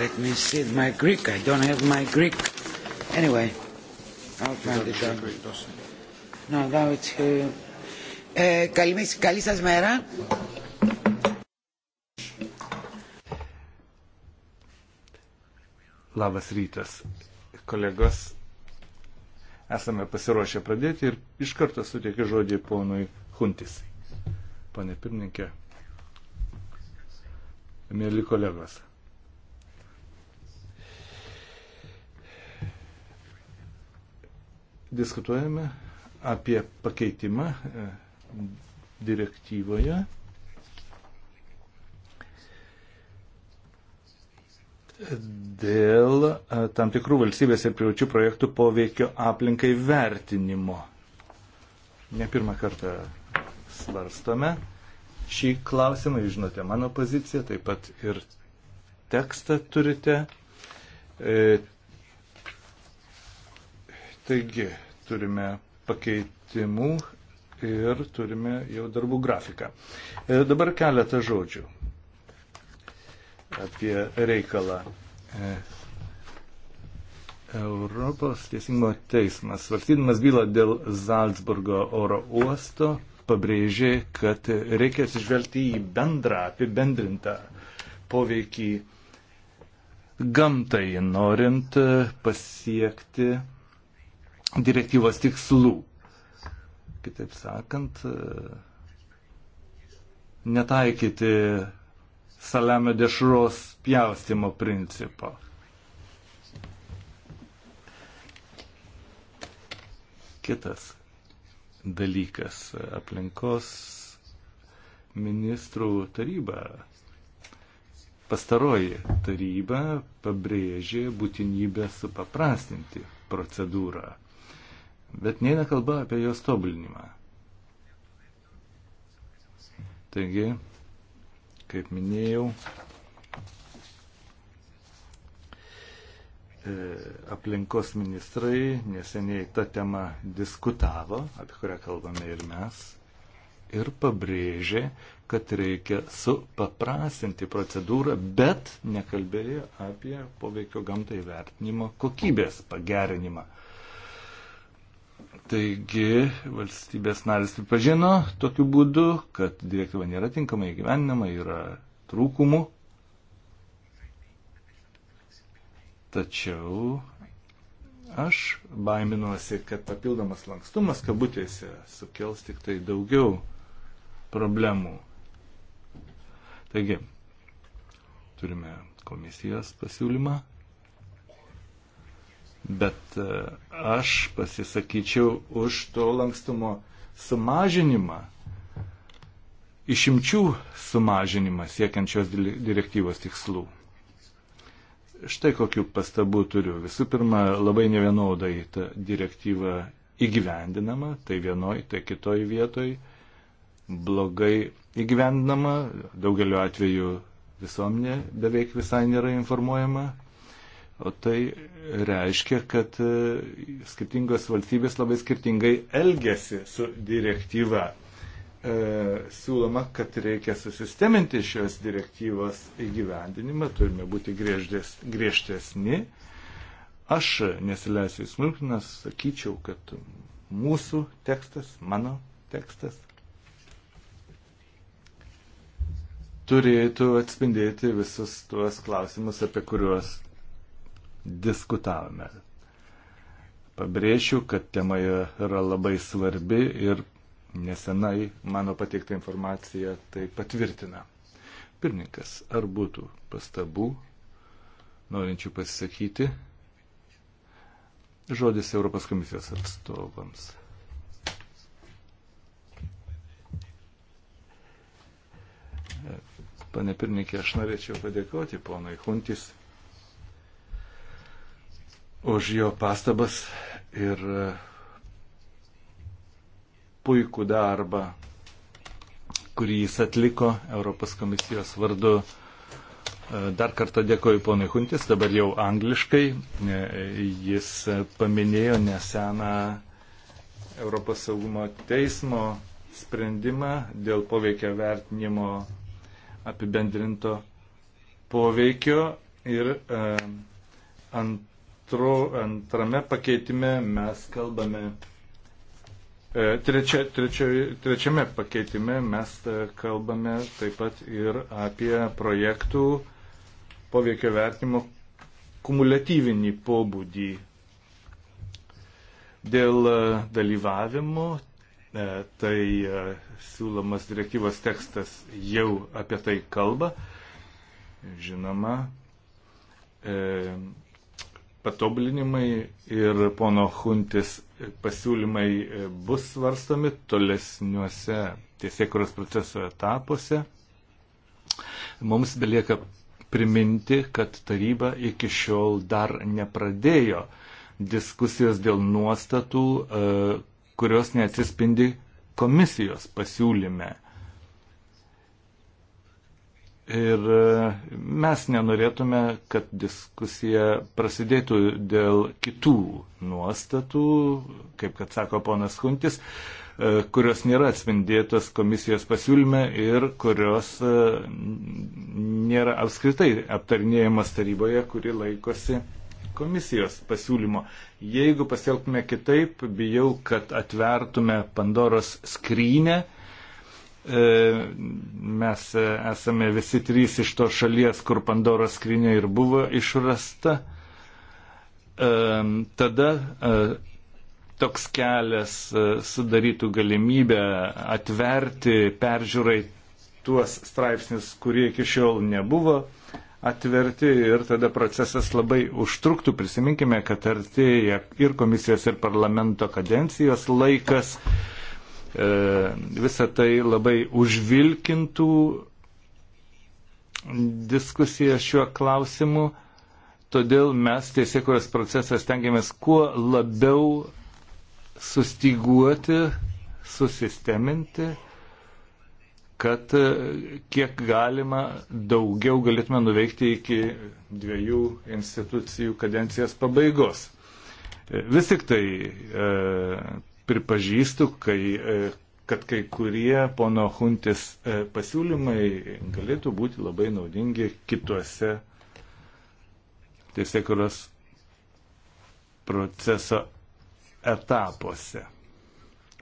Let me see my Greek. I don't have my Greek. Anyway, I'll find it out. No, now it's here. Ε, eh, καλή, καλή σας μέρα. Labas rytas, kolegos. Esame pasiruošę pradėti ir iš karto suteikiu žodį ponui Huntisai. Pane pirmininkė, mėly kolegos. Diskutuojame apie pakeitimą e, direktyvoje. Dėl e, tam tikrų valstybės ir privačių projektų poveikio aplinkai vertinimo. Ne pirmą kartą svarstome šį klausimą, jūs žinote mano poziciją, taip pat ir tekstą turite. E, Taigi, turime pakeitimų ir turime jau darbų grafiką. E, dabar keletą žodžių apie reikalą. E, Europos teisingumo teismas, svarstydamas bylą dėl Zalzburgo oro uosto, pabrėžė, kad reikia atsižvelgti į bendrą, apibendrintą poveikį gamtai, norint pasiekti direktyvos tikslų. Kitaip sakant, e, netaikyti saliamio dešros pjaustimo principo. Kitas dalykas - aplinkos ministrų taryba pastaroji taryba pabrėžė būtinybę supaprastinti procedūrą bet neina kalba apie jos tobulinimą. Taigi, kaip minėjau, e, aplinkos ministrai neseniai tą temą diskutavo, apie kurią kalbame ir mes, ir pabrėžė, kad reikia supaprastinti procedūrą, bet nekalbėjo apie poveikio gamtai vertinimo kokybės pagerinimą. Taigi valstybės narės pripažino tokiu būdu, kad direktyva nėra tinkamai gyvenama, yra trūkumų. Tačiau aš baiminuosi, kad papildomas lankstumas kabutėse sukels tik tai daugiau problemų. Taigi, turime komisijos pasiūlymą bet e, aš pasisakyčiau už to lankstumo sumažinimą, išimčių sumažinimą siekiančios direktyvos tikslų. Štai kokiu pastabu turiu. Visų pirma, labai nevienodai ta direktyva įgyvendinama, tai vienoj, tai kitoj vietoj, blogai įgyvendinama, daugeliu atveju visuomenė beveik visai nėra informuojama O tai reiškia, kad e, skirtingos valstybės labai skirtingai elgesi su direktyva. E, siūloma, kad reikia susisteminti šios direktyvos įgyvendinimą, turime būti griežtės, griežtesni. Aš nesileisiu į smulkinas, sakyčiau, kad mūsų tekstas, mano tekstas turėtų atspindėti visus tuos klausimus, apie kuriuos diskutavome. Pabrėšiu, kad tema yra labai svarbi ir nesenai mano pateikta informacija tai patvirtina. Pirmininkas, ar būtų pastabų, norinčių pasisakyti? Žodis Europos komisijos atstovams. Pane pirmininkė, aš norėčiau padėkoti ponui Huntis už jo pastabas ir e, puikų darbą, kurį jis atliko Europos komisijos vardu. E, dar kartą dėkoju ponui Huntis, dabar jau angliškai. E, jis paminėjo neseną Europos saugumo teismo sprendimą dėl poveikio vertinimo apibendrinto poveikio ir e, ant antru, antrame pakeitime mes kalbame, e, trečia, trečia, trečiame pakeitime mes e, kalbame taip pat ir apie projektų poveikio vertinimo kumuliatyvinį pobūdį. Dėl e, dalyvavimo, tai siūlomas direktyvos tekstas jau apie tai kalba. Žinoma, patobulinimai ir pono Huntis pasiūlymai bus svarstomi tolesniuose tiesiekuros proceso etapuose. Mums belieka priminti, kad taryba iki šiol dar nepradėjo diskusijos dėl nuostatų, e, kurios neatsispindi komisijos pasiūlyme. Ir e, mes nenorėtume, kad diskusija prasidėtų dėl kitų nuostatų, kaip kad sako ponas Huntis, e, kurios nėra atspindėtos komisijos pasiūlyme ir kurios e, nėra apskritai aptarnėjamas taryboje, kuri laikosi komisijos pasiūlymo. Jeigu pasielgtume kitaip, bijau, kad atvertume Pandoros skrynę E, mes esame visi trys iš to šalies, kur Pandoros skrinė ir buvo išrasta. E, tada e, toks kelias sudarytų galimybę atverti peržiūrai tuos straipsnius, kurie iki šiol nebuvo atverti ir tada procesas labai užtruktų. Prisiminkime, kad artėja ir komisijos, ir parlamento kadencijos laikas. E, E, visą tai labai užvilkintų diskusiją šiuo klausimu. Todėl mes tiesiekuros procesą stengiamės kuo labiau sustiguoti, susisteminti, kad e, kiek galima daugiau galėtume nuveikti iki dviejų institucijų kadencijos pabaigos. E, vis tik tai pripažįstu, kai, e, kad kai kurie pono Huntis e, pasiūlymai galėtų būti labai naudingi kituose tiesiekuros proceso etapuose.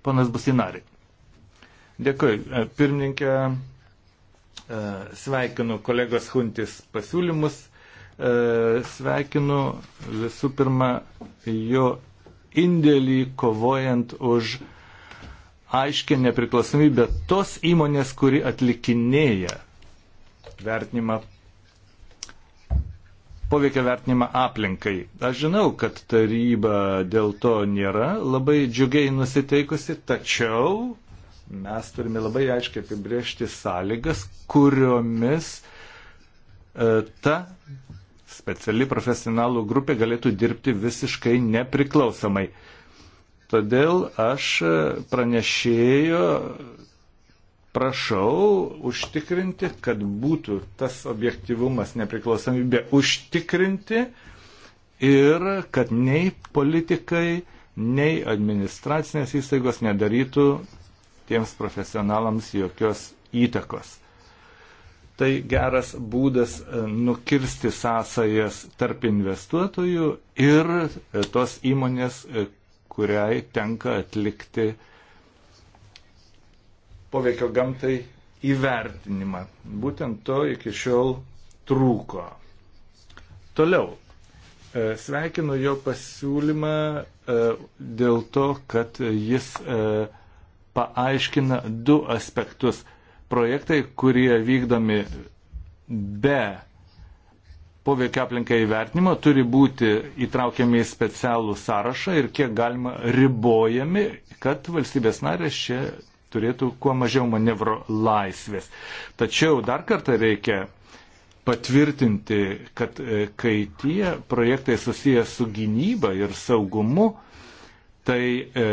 Ponas Businari. Dėkui. E, pirmininkė, sveikinu kolegos Huntis pasiūlymus sveikinu visų pirma jo indėlį kovojant už aiškę nepriklausomybę tos įmonės, kuri atlikinėja vertinimą, poveikia vertinimą aplinkai. Aš žinau, kad taryba dėl to nėra labai džiugiai nusiteikusi, tačiau mes turime labai aiškiai apibriežti sąlygas, kuriomis e, ta speciali profesionalų grupė galėtų dirbti visiškai nepriklausomai. Todėl aš pranešėjo prašau užtikrinti, kad būtų tas objektivumas, nepriklausomybė užtikrinti ir kad nei politikai, nei administracinės įstaigos nedarytų tiems profesionalams jokios įtakos tai geras būdas e, nukirsti sąsajas tarp investuotojų ir e, tos įmonės, e, kuriai tenka atlikti poveikio gamtai įvertinimą. Būtent to iki šiol trūko. Toliau. Sveikinu jo pasiūlymą dėl to, kad jis paaiškina du aspektus projektai, kurie vykdomi be poveikio aplinkai įvertinimo, turi būti įtraukiami į specialų sąrašą ir kiek galima ribojami, kad valstybės narės čia turėtų kuo mažiau manevro laisvės. Tačiau dar kartą reikia patvirtinti, kad e, kai tie projektai susiję su gynyba ir saugumu, tai e,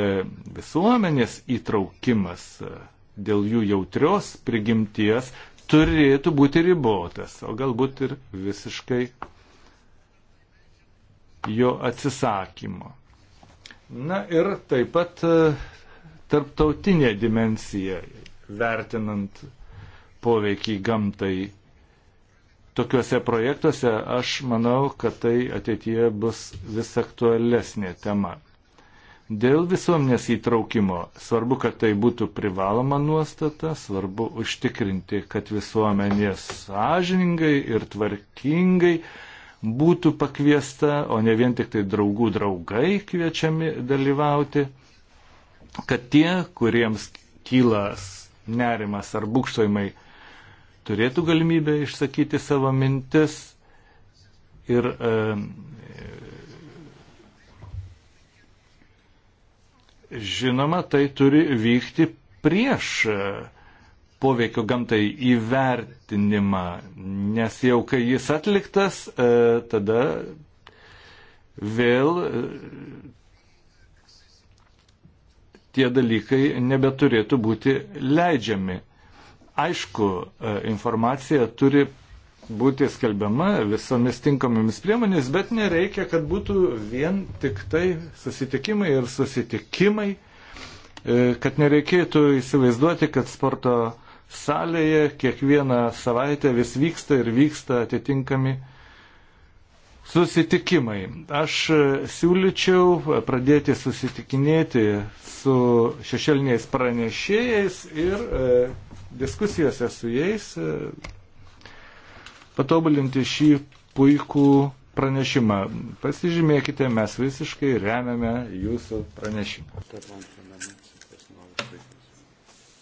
visuomenės įtraukimas e, dėl jų jautrios prigimties turėtų būti ribotas, o galbūt ir visiškai jo atsisakymo. Na ir taip pat e, tarptautinė dimensija, vertinant poveikį gamtai. Tokiuose projektuose aš manau, kad tai ateityje bus vis aktualesnė tema. Dėl visuomenės įtraukimo svarbu, kad tai būtų privaloma nuostata, svarbu užtikrinti, kad visuomenė sąžiningai ir tvarkingai būtų pakviesta, o ne vien tik tai draugų draugai kviečiami dalyvauti, kad tie, kuriems kyla nerimas ar būkštojimai, turėtų galimybę išsakyti savo mintis ir e, Žinoma, tai turi vykti prieš e, poveikio gamtai įvertinimą, nes jau kai jis atliktas, e, tada vėl e, tie dalykai nebeturėtų būti leidžiami. Aišku, informacija turi būti skelbiama visomis tinkamomis priemonės, bet nereikia, kad būtų vien tik tai susitikimai ir susitikimai, e, kad nereikėtų įsivaizduoti, kad sporto salėje kiekvieną savaitę vis vyksta ir vyksta atitinkami susitikimai. Aš siūlyčiau pradėti susitikinėti su šešeliniais pranešėjais ir e, diskusijose su jais e, patobulinti šį puikų pranešimą. Pasižymėkite, mes visiškai remiame jūsų pranešimą.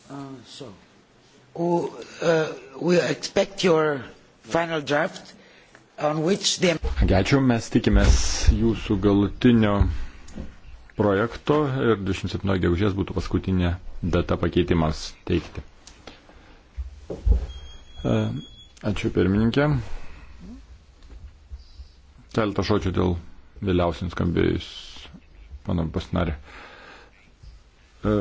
Uh, so. uh, we expect your final draft on which the... Ačiū, mes tikimės jūsų galutinio projekto ir 27 gegužės būtų paskutinė data pakeitimams teikti. Uh, Ačiū pirmininkė. Keletą žodžių dėl vėliausiai skambėjus mano pasinarė e,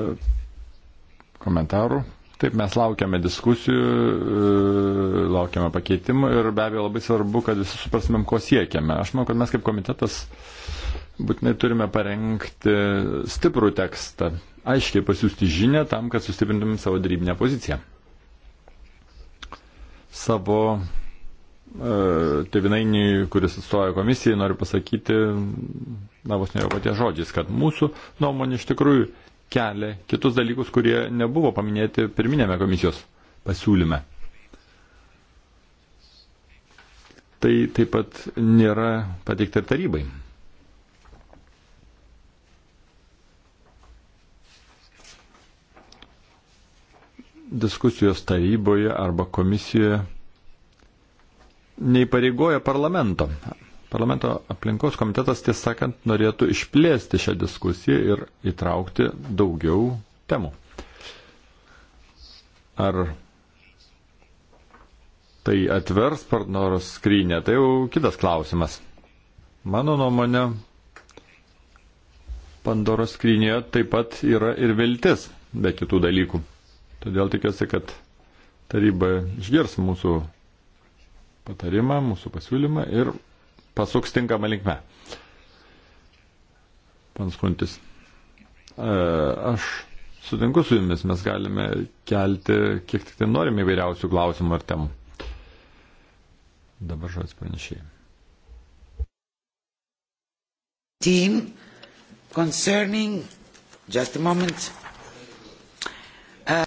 komentarų. Taip, mes laukiame diskusijų, e, laukiame pakeitimų ir be abejo labai svarbu, kad visi suprastumėm, ko siekiame. Aš manau, kad mes kaip komitetas būtinai turime parengti stiprų tekstą, aiškiai pasiūsti žinę tam, kad sustiprintumėm savo darybinę poziciją savo e, tevinainį, kuris atstovauja komisijai, noriu pasakyti, na, vos ne jo paties žodžiais, kad mūsų nuomonė iš tikrųjų kelia kitus dalykus, kurie nebuvo paminėti pirminėme komisijos pasiūlyme. Tai taip pat nėra pateikta ir tarybai. diskusijos taryboje arba komisijoje neįpareigoja parlamento. Parlamento aplinkos komitetas, tiesą sakant, norėtų išplėsti šią diskusiją ir įtraukti daugiau temų. Ar tai atvers partnoros skrynę, tai jau kitas klausimas. Mano nuomonė, Pandoros skrynėje taip pat yra ir viltis, be kitų dalykų. Todėl tikiuosi, kad taryba išgirs mūsų patarimą, mūsų pasiūlymą ir pasuks tinkamą linkmę. Pans Kuntis, e, aš sutinku su jumis, mes galime kelti, kiek tik tai norime įvairiausių klausimų ar temų. Dabar žodis pranešėjai. Team concerning, just a moment. Uh,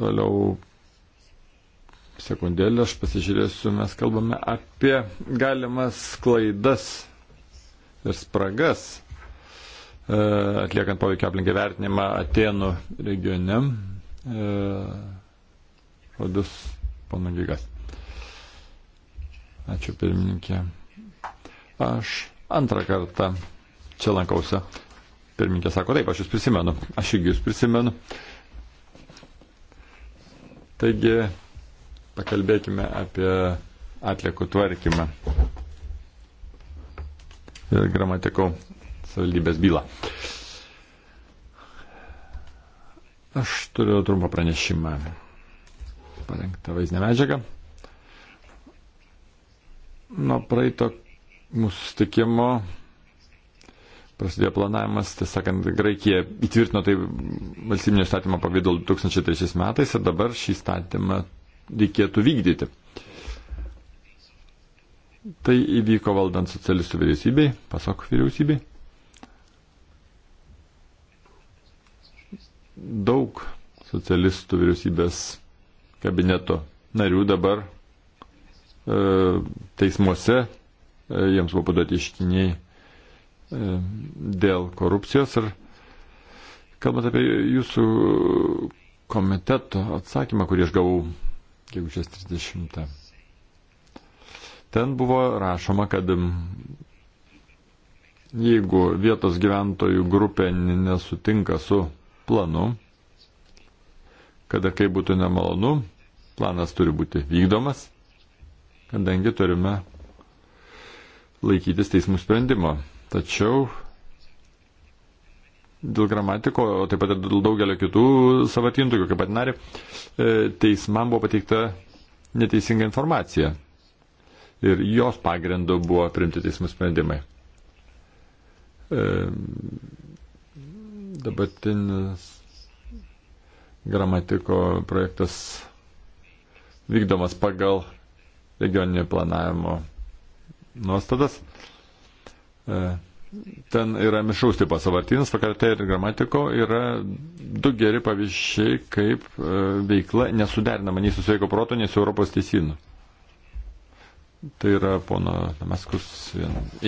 Toliau sekundėlį aš pasižiūrėsiu, mes kalbame apie galimas klaidas ir spragas e, atliekant poveikio aplinkai vertinimą Atenų regione. Vadus e, panagigas. Ačiū pirmininkė. Aš antrą kartą čia lankausi. Pirmininkė sako, taip, aš jūs prisimenu, aš irgi jūs prisimenu. Taigi, pakalbėkime apie atliekų tvarkymą. Ir gramatikau savivaldybės bylą. Aš turiu trumpą pranešimą. Parengta vaizdinė medžiaga. Nuo praeito mūsų stikimo prasidėjo planavimas, tiesą sakant, Graikija įtvirtino tai valstybinio įstatymo pavydalu 2003 metais ir dabar šį įstatymą reikėtų vykdyti. Tai įvyko valdant socialistų vyriausybei, pasok vyriausybei. Daug socialistų vyriausybės kabineto narių dabar e, teismuose e, jiems buvo padoti iškiniai E, dėl korupcijos ir kalbant apie jūsų komiteto atsakymą, kurį aš gavau gegužės 30. Ten buvo rašoma, kad jeigu vietos gyventojų grupė nesutinka su planu, kada kai būtų nemalonu, planas turi būti vykdomas, kadangi turime laikytis teismų sprendimo. Tačiau dėl gramatiko, o taip pat ir dėl daugelio kitų savatynų, tokių kaip patinari, e, teismam buvo pateikta neteisinga informacija. Ir jos pagrindu buvo priimti teismų sprendimai. E, dabartinis gramatiko projektas vykdomas pagal regioninio planavimo nuostatas. E, E, ten yra mišrus tipas savartinis, fakultė ir gramatiko yra du geri pavyzdžiai, kaip e, veikla nesuderinama nei su sveiko proto, nei su Europos teisinu. Tai yra pono Damaskus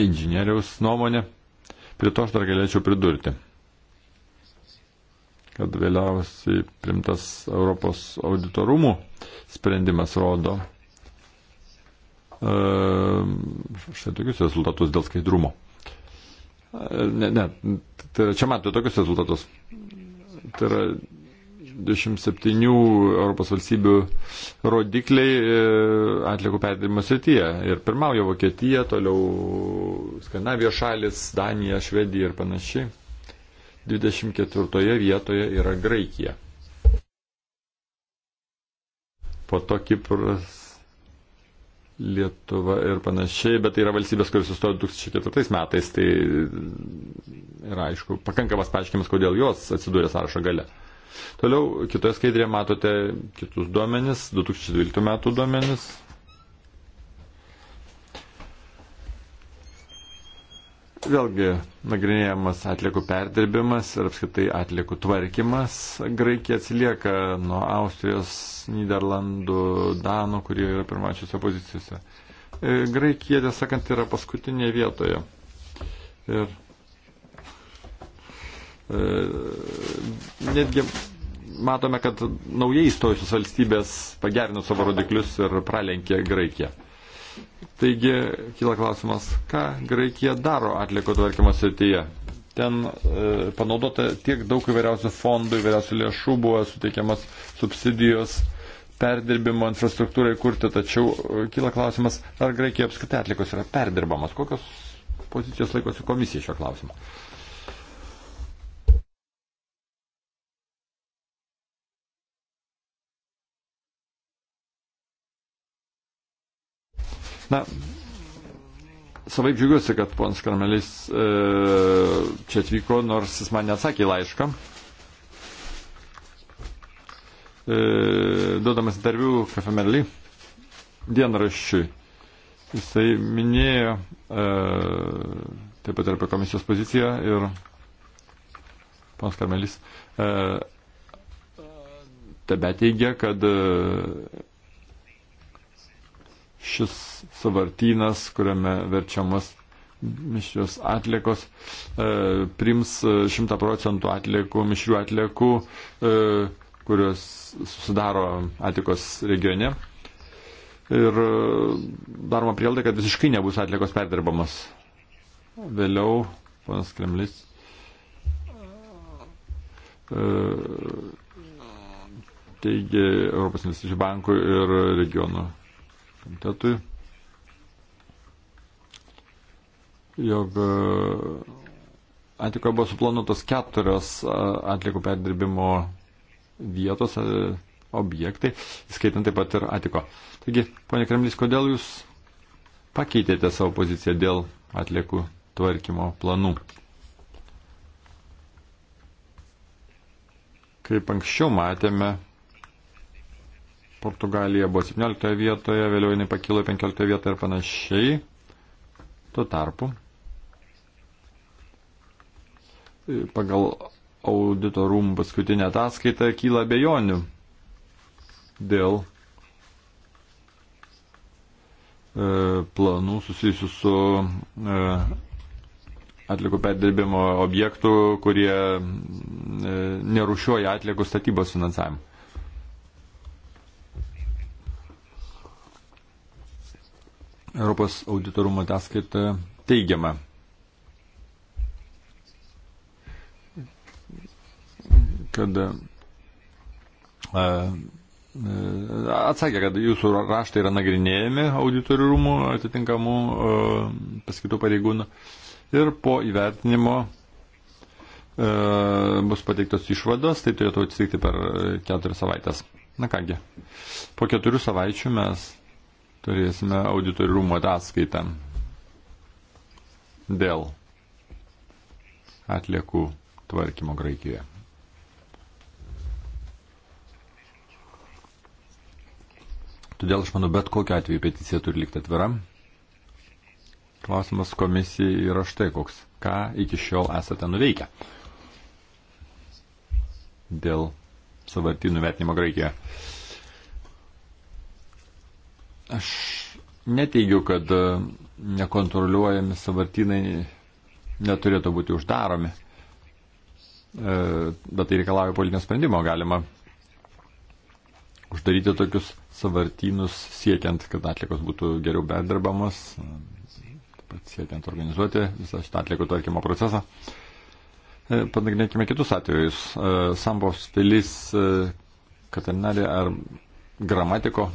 inžinieriaus nuomonė. Prie to aš dar galėčiau pridurti, kad vėliausiai primtas Europos auditorumų sprendimas rodo e, štai tokius rezultatus dėl skaidrumo. Ne, ne. Tai čia matau tokius rezultatus. Tai yra 27 Europos valstybių rodikliai e, atliekų perdirbimo srityje. Ir pirmauja Vokietija, toliau Skandinavijos šalis, Danija, Švedija ir panašiai. 24 vietoje yra Graikija. Po to Kipras, Lietuva ir panašiai, bet tai yra valstybės, kuris sustojo 2004 metais, tai yra aišku pakankamas paaiškinimas, kodėl jos atsidūrė sąrašo gale. Toliau kitoje skaidrėje matote kitus duomenis, 2012 metų duomenis, Vėlgi nagrinėjamas atliekų perdirbimas ir apskritai atliekų tvarkymas. Graikija atsilieka nuo Austrijos, Niderlandų, Danų, kurie yra pirmačiose pozicijose. E, Graikija, tiesą sakant, yra paskutinėje vietoje. Ir e, netgi matome, kad naujai įstojusios valstybės pagerino savo rodiklius ir pralenkė Graikiją. Taigi, kyla klausimas, ką Graikija daro atliko tvarkymo srityje. Ten e, panaudota tiek daug įvairiausių fondų, įvairiausių lėšų buvo suteikiamas subsidijos perdirbimo infrastruktūrai kurti, tačiau e, kyla klausimas, ar Graikija apskritai atlikos yra perdirbamas. Kokios pozicijos laikosi komisija šio klausimo? Na, savai džiugiuosi, kad pons Karmelis e, čia atvyko, nors jis man neatsakė į laišką. E, duodamas interviu Kafemerly dienraščiui, jisai minėjo e, taip pat ir apie komisijos poziciją ir pons Karmelis e, tebe teigia, kad e, šis savartynas, kuriame verčiamas mišrios atliekos, e, prims 100 procentų atliekų, mišrių atliekų, e, kurios susidaro atliekos regione. Ir daroma prielda, kad visiškai nebus atliekos perdirbamas. Vėliau, panas Kremlis, e, teigia Europos investicijų bankų ir regionų komitetui, jog e, Antikoje buvo suplanuotos keturios e, atlikų perdirbimo vietos, e, objektai, skaitant taip pat ir Atiko. Taigi, ponė Kremlis, kodėl jūs pakeitėte savo poziciją dėl atliekų tvarkymo planų? Kaip anksčiau matėme, Portugalija buvo 17 vietoje, vėliau jinai pakilo 15 vietą ir panašiai. Tuo tarpu pagal audito rūmų paskutinę ataskaitą kyla bejonių dėl e, planų susijusių su e, atlikų perdirbimo objektų, kurie e, nerušiuoja atlikų statybos finansavimu. Europos auditorumo ataskaita teigiama. Kad e, e, atsakė, kad jūsų raštai yra nagrinėjami auditorių rūmų atitinkamų e, paskitų pareigūnų ir po įvertinimo bus pateiktos išvados, tai turėtų atsitikti per keturias savaitės. Na kągi, po keturių savaičių mes turėsime auditoriumo ataskaitą dėl atliekų tvarkymo Graikijoje. Todėl aš manau, bet kokiu atveju peticija turi likti atvira. Klausimas komisijai yra štai koks. Ką iki šiol esate nuveikę dėl savartynų vertinimo Graikijoje? Aš neteigiu, kad e, nekontroliuojami savartinai neturėtų būti uždaromi. E, bet tai reikalauja politinio sprendimo. Galima uždaryti tokius savartynus siekiant, kad atlikos būtų geriau perdirbamos, taip pat siekiant organizuoti visą šitą atlikų tvarkymo procesą. E, panagrinėkime kitus atvejus. Sambos pilis, Katanelė ar Gramatiko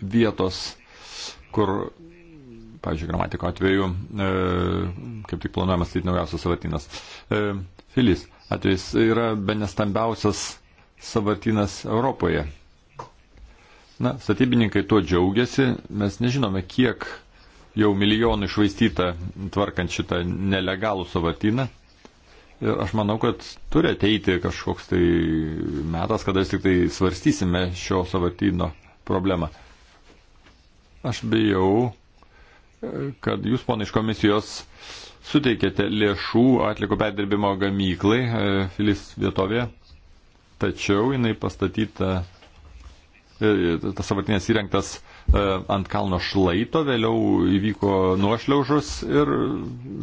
vietos, kur, pavyzdžiui, gramatiko atveju, e, kaip tik planuojamas tai naujausias savartinas. E, Filis atvejs yra be nestambiausias savartinas Europoje. Na, statybininkai tuo džiaugiasi, mes nežinome, kiek jau milijonų išvaistyta tvarkant šitą nelegalų savartiną. Ir aš manau, kad turi ateiti kažkoks tai metas, kada vis tik tai svarstysime šio savartino problemą. Aš bijau, kad jūs, ponai iš komisijos, suteikėte lėšų atliko perdirbimo gamyklai e, Filis vietovėje, tačiau jinai pastatyta, e, tas savartinės įrengtas e, ant kalno šlaito, vėliau įvyko nuošliaužus ir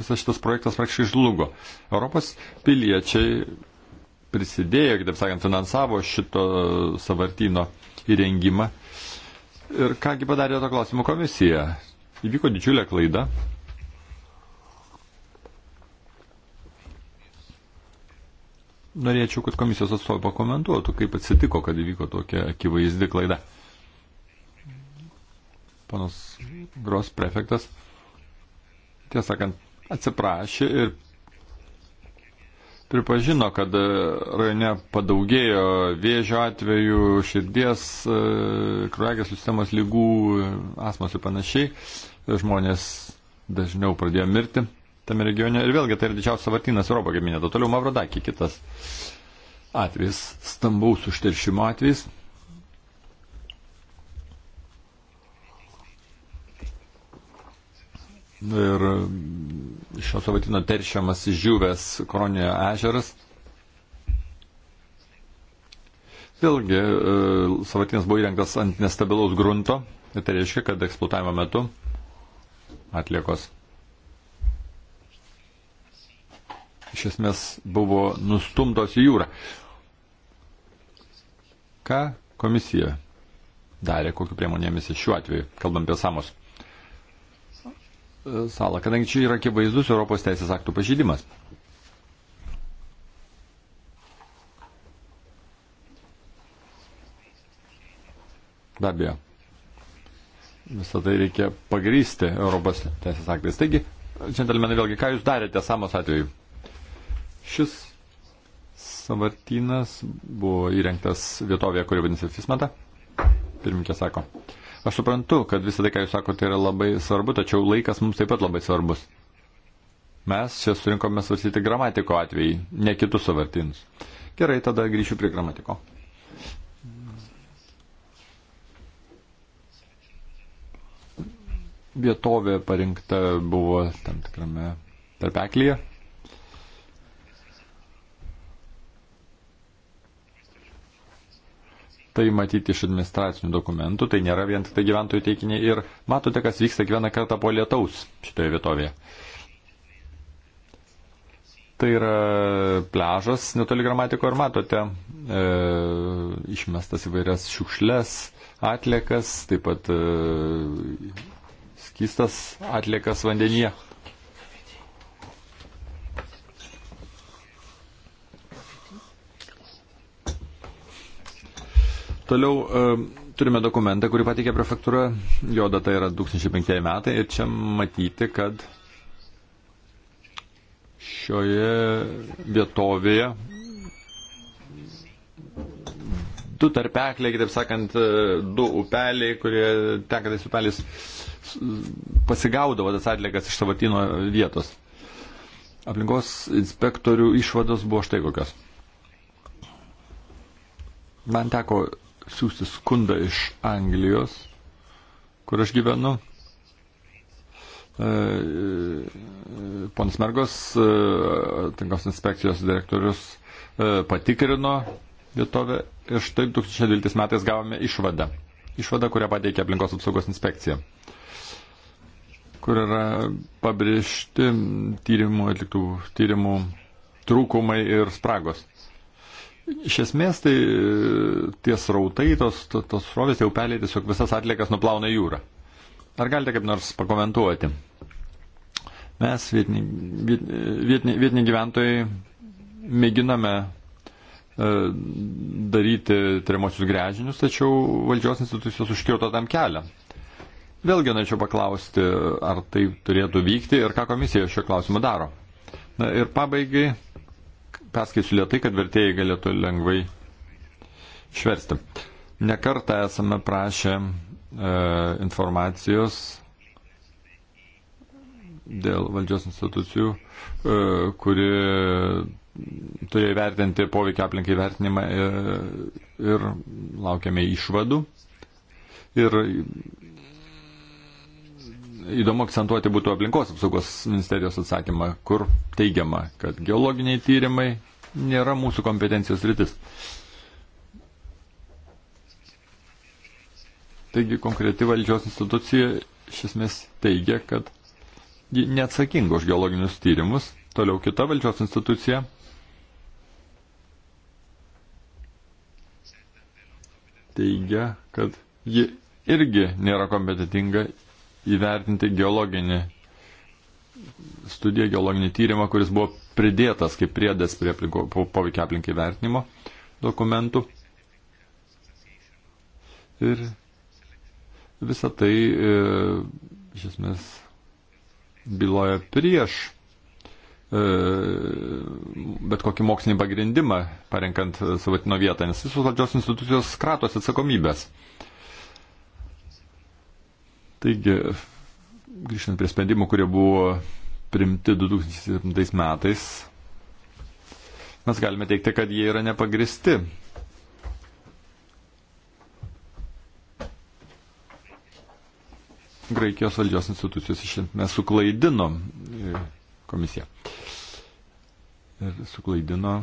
visas šitas projektas praktiškai žlugo. Europos piliečiai prisidėjo, kitaip sakant, finansavo šito savartino įrengimą Ir kągi padarė to klausimo komisija? Įvyko didžiulė klaida. Norėčiau, kad komisijos atstovai pakomentuotų, kaip atsitiko, kad įvyko tokia akivaizdi klaida. Panas Gros prefektas, tiesą sakant, atsiprašė ir pripažino, kad e, rajone padaugėjo vėžio atvejų, širdies, e, kraujagės sistemos lygų, asmos ir panašiai. Žmonės dažniau pradėjo mirti tame regione. Ir vėlgi tai yra didžiausias savartinas Europo gaminėto. Toliau Mavrodakį kitas atvejis, stambaus užteršimo atvejis. Ir šio savaitino teršiamas žyvęs Koronijo ežeras. Vėlgi, e, savatinas buvo įrengtas ant nestabilaus grunto, tai reiškia, kad eksploatavimo metu atliekos iš esmės buvo nustumtos į jūrą. Ką komisija darė, kokiu priemonėmis šiuo atveju, kalbant apie samos? salą, kadangi čia yra akivaizdus Europos teisės aktų pažydimas. Be abejo. Visą tai reikia pagrysti Europos teisės aktais. Taigi, džentelmenai, vėlgi, ką jūs darėte Samos atveju? Šis savartynas buvo įrengtas vietovėje, kuri vadinasi Fismata. Pirminkė sako. Uh, Aš suprantu, kad visą tai, ką jūs sakote, yra labai svarbu, tačiau laikas mums taip pat labai svarbus. Mes čia surinkome svarstyti gramatiko atvejį, ne kitus savartinus. Gerai, tada grįšiu prie gramatiko. Vietovė parinkta buvo tam tikrame tarpeklyje. tai matyti iš administracinių dokumentų, tai nėra vien tik tai gyventojų teikiniai ir matote, kas vyksta kiekvieną kartą po lietaus šitoje vietovėje. Tai yra pležas netoli gramatiko ir matote e, išmestas įvairias šiukšles, atliekas, taip pat e, skistas atliekas vandenyje. Toliau e, turime dokumentą, kurį patikė prefektūra, jo data yra 2005 metai ir čia matyti, kad šioje vietovėje du tarpekliai, kitaip sakant, e, du upeliai, kurie tekantis upelis pasigaudavo tas atliekas iš savatino vietos. Aplinkos inspektorių išvados buvo štai kokios. Man teko siūsti skundą iš Anglijos, kur aš gyvenu. E, e, ponas Mergos, e, tinkos inspekcijos direktorius, patikrino vietovę ir štai 2012 metais gavome išvadą. Išvada, kurią pateikė aplinkos apsaugos inspekcija, kur yra pabrėžti tyrimų atliktų tyrimų trūkumai ir spragos. Iš esmės tai e, tie srautai, tos, tos srovės, tie upeliai tiesiog visas atliekas nuplauna jūrą. Ar galite kaip nors pakomentuoti? Mes, vietiniai, vietiniai, e, vietiniai gyventojai, mėginame e, daryti tremosius grežinius, tačiau valdžios institucijos užkirto tam kelią. Vėlgi norėčiau paklausti, ar tai turėtų vykti ir ką komisija šio klausimu daro. Na ir pabaigai perskaičiu lietai, kad vertėjai galėtų lengvai išversti. Nekartą esame prašę e, informacijos dėl valdžios institucijų, e, kuri turėjo vertinti poveikio aplinkai vertinimą ir, e, ir laukiame išvadų. Ir įdomu akcentuoti būtų aplinkos apsaugos ministerijos atsakymą, kur teigiama, kad geologiniai tyrimai nėra mūsų kompetencijos rytis. Taigi konkreti valdžios institucija iš esmės teigia, kad ji neatsakinga už geologinius tyrimus. Toliau kita valdžios institucija teigia, kad ji irgi nėra kompetitinga įvertinti geologinį studiją, geologinį tyrimą, kuris buvo pridėtas kaip priedas prie aplinko, po, poveikia aplinkai vertinimo dokumentų. Ir visa tai e, iš esmės byloja prieš e, bet kokį mokslinį pagrindimą parenkant savatino vietą, nes visos valdžios institucijos kratos atsakomybės. E, Taigi, grįžtant prie sprendimų, kurie buvo primti 2007 metais, mes galime teikti, kad jie yra nepagristi. Graikijos valdžios institucijos iš esmės suklaidino e, komisiją. Ir suklaidino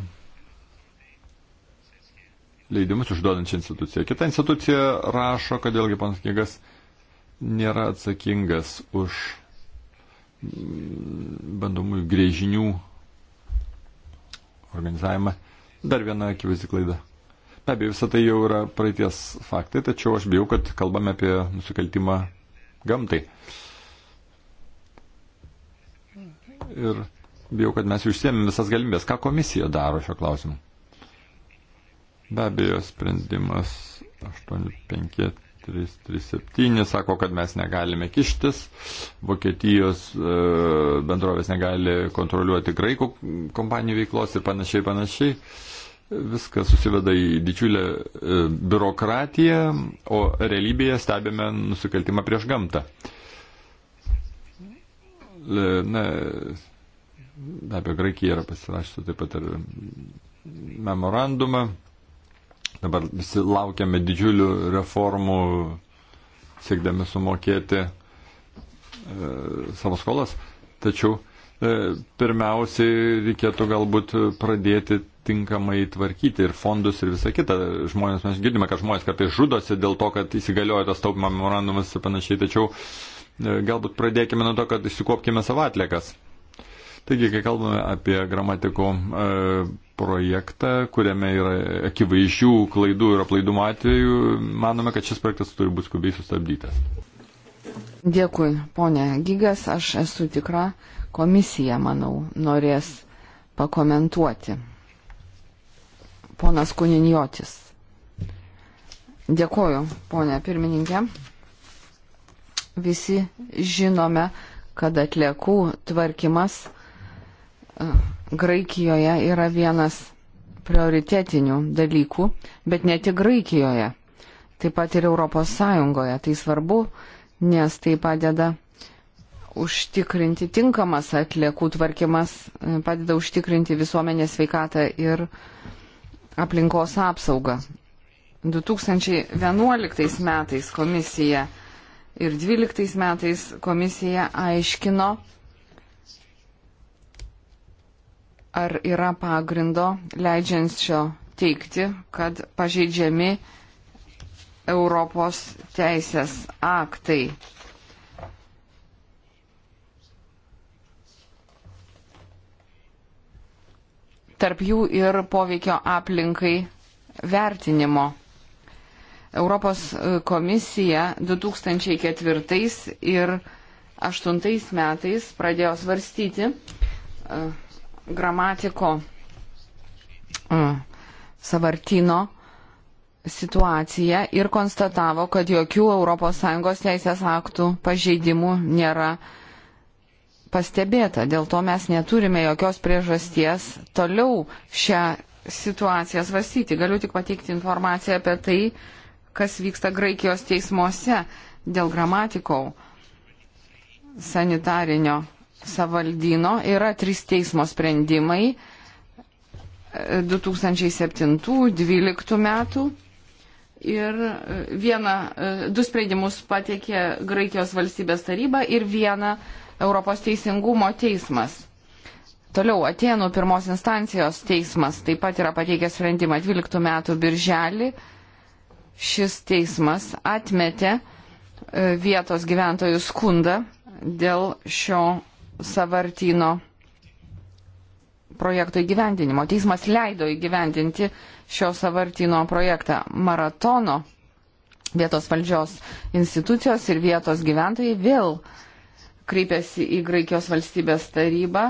leidimus išduodančią instituciją. Kita institucija rašo, kad vėlgi panas knygas nėra atsakingas už bandomųjų grėžinių organizavimą. Dar viena akivaizdi klaida. Be abejo, visą tai jau yra praeities faktai, tačiau aš bijau, kad kalbame apie nusikaltimą gamtai. Ir bijau, kad mes užsiemėm visas galimybės. Ką komisija daro šio klausimu? Be abejo, sprendimas 85 337 sako, kad mes negalime kištis, Vokietijos e, bendrovės negali kontroliuoti graikų kompanijų veiklos ir panašiai, panašiai. Viskas susiveda į didžiulę e, biurokratiją, o realybėje stebime nusikaltimą prieš gamtą. E, na, be abejo, Graikija yra pasirašyta taip pat ir memorandumą Dabar visi laukiame didžiulių reformų, siekdami sumokėti e, savo skolas. Tačiau e, pirmiausiai reikėtų galbūt pradėti tinkamai tvarkyti ir fondus ir visą kitą. Žmonės, mes girdime, kad žmonės kartais žudosi dėl to, kad įsigaliojo tas taupimo memorandumas ir panašiai. Tačiau e, galbūt pradėkime nuo to, kad išsikopkime savatlėkas. Taigi, kai kalbame apie gramatikų e, projektą, kuriame yra akivaizdžių klaidų ir aplaidumo atveju, manome, kad šis projektas turi būti skubiai sustabdytas. Dėkui, ponė Gigas, aš esu tikra, komisija, manau, norės pakomentuoti. Ponas Kuninjotis. Dėkoju, ponė pirmininkė. Visi žinome, kad atliekų tvarkymas uh, Graikijoje yra vienas prioritetinių dalykų, bet ne tik Graikijoje, taip pat ir Europos Sąjungoje. Tai svarbu, nes tai padeda užtikrinti tinkamas atliekų tvarkymas, padeda užtikrinti visuomenės sveikatą ir aplinkos apsaugą. 2011 metais komisija ir 2012 metais komisija aiškino, ar yra pagrindo leidžiančio teikti, kad pažeidžiami Europos teisės aktai. Tarp jų ir poveikio aplinkai vertinimo. Europos komisija 2004 ir 2008 metais pradėjo svarstyti gramatiko savartino situaciją ir konstatavo, kad jokių ES teisės aktų pažeidimų nėra pastebėta. Dėl to mes neturime jokios priežasties toliau šią situaciją svarstyti. Galiu tik pateikti informaciją apie tai, kas vyksta Graikijos teismuose dėl gramatikau sanitarinio savaldyno yra trys teismo sprendimai 2007-2012 e, metų. Ir e, vieną, e, du sprendimus pateikė Graikijos valstybės taryba ir vieną Europos teisingumo teismas. Toliau Atenų pirmos instancijos teismas taip pat yra pateikęs sprendimą 12 metų birželį. Šis teismas atmetė vietos gyventojų skundą dėl šio savartino projekto įgyvendinimo. Teismas leido įgyvendinti šio savartino projektą maratono. Vietos valdžios institucijos ir vietos gyventojai vėl kreipėsi į Graikijos valstybės tarybą,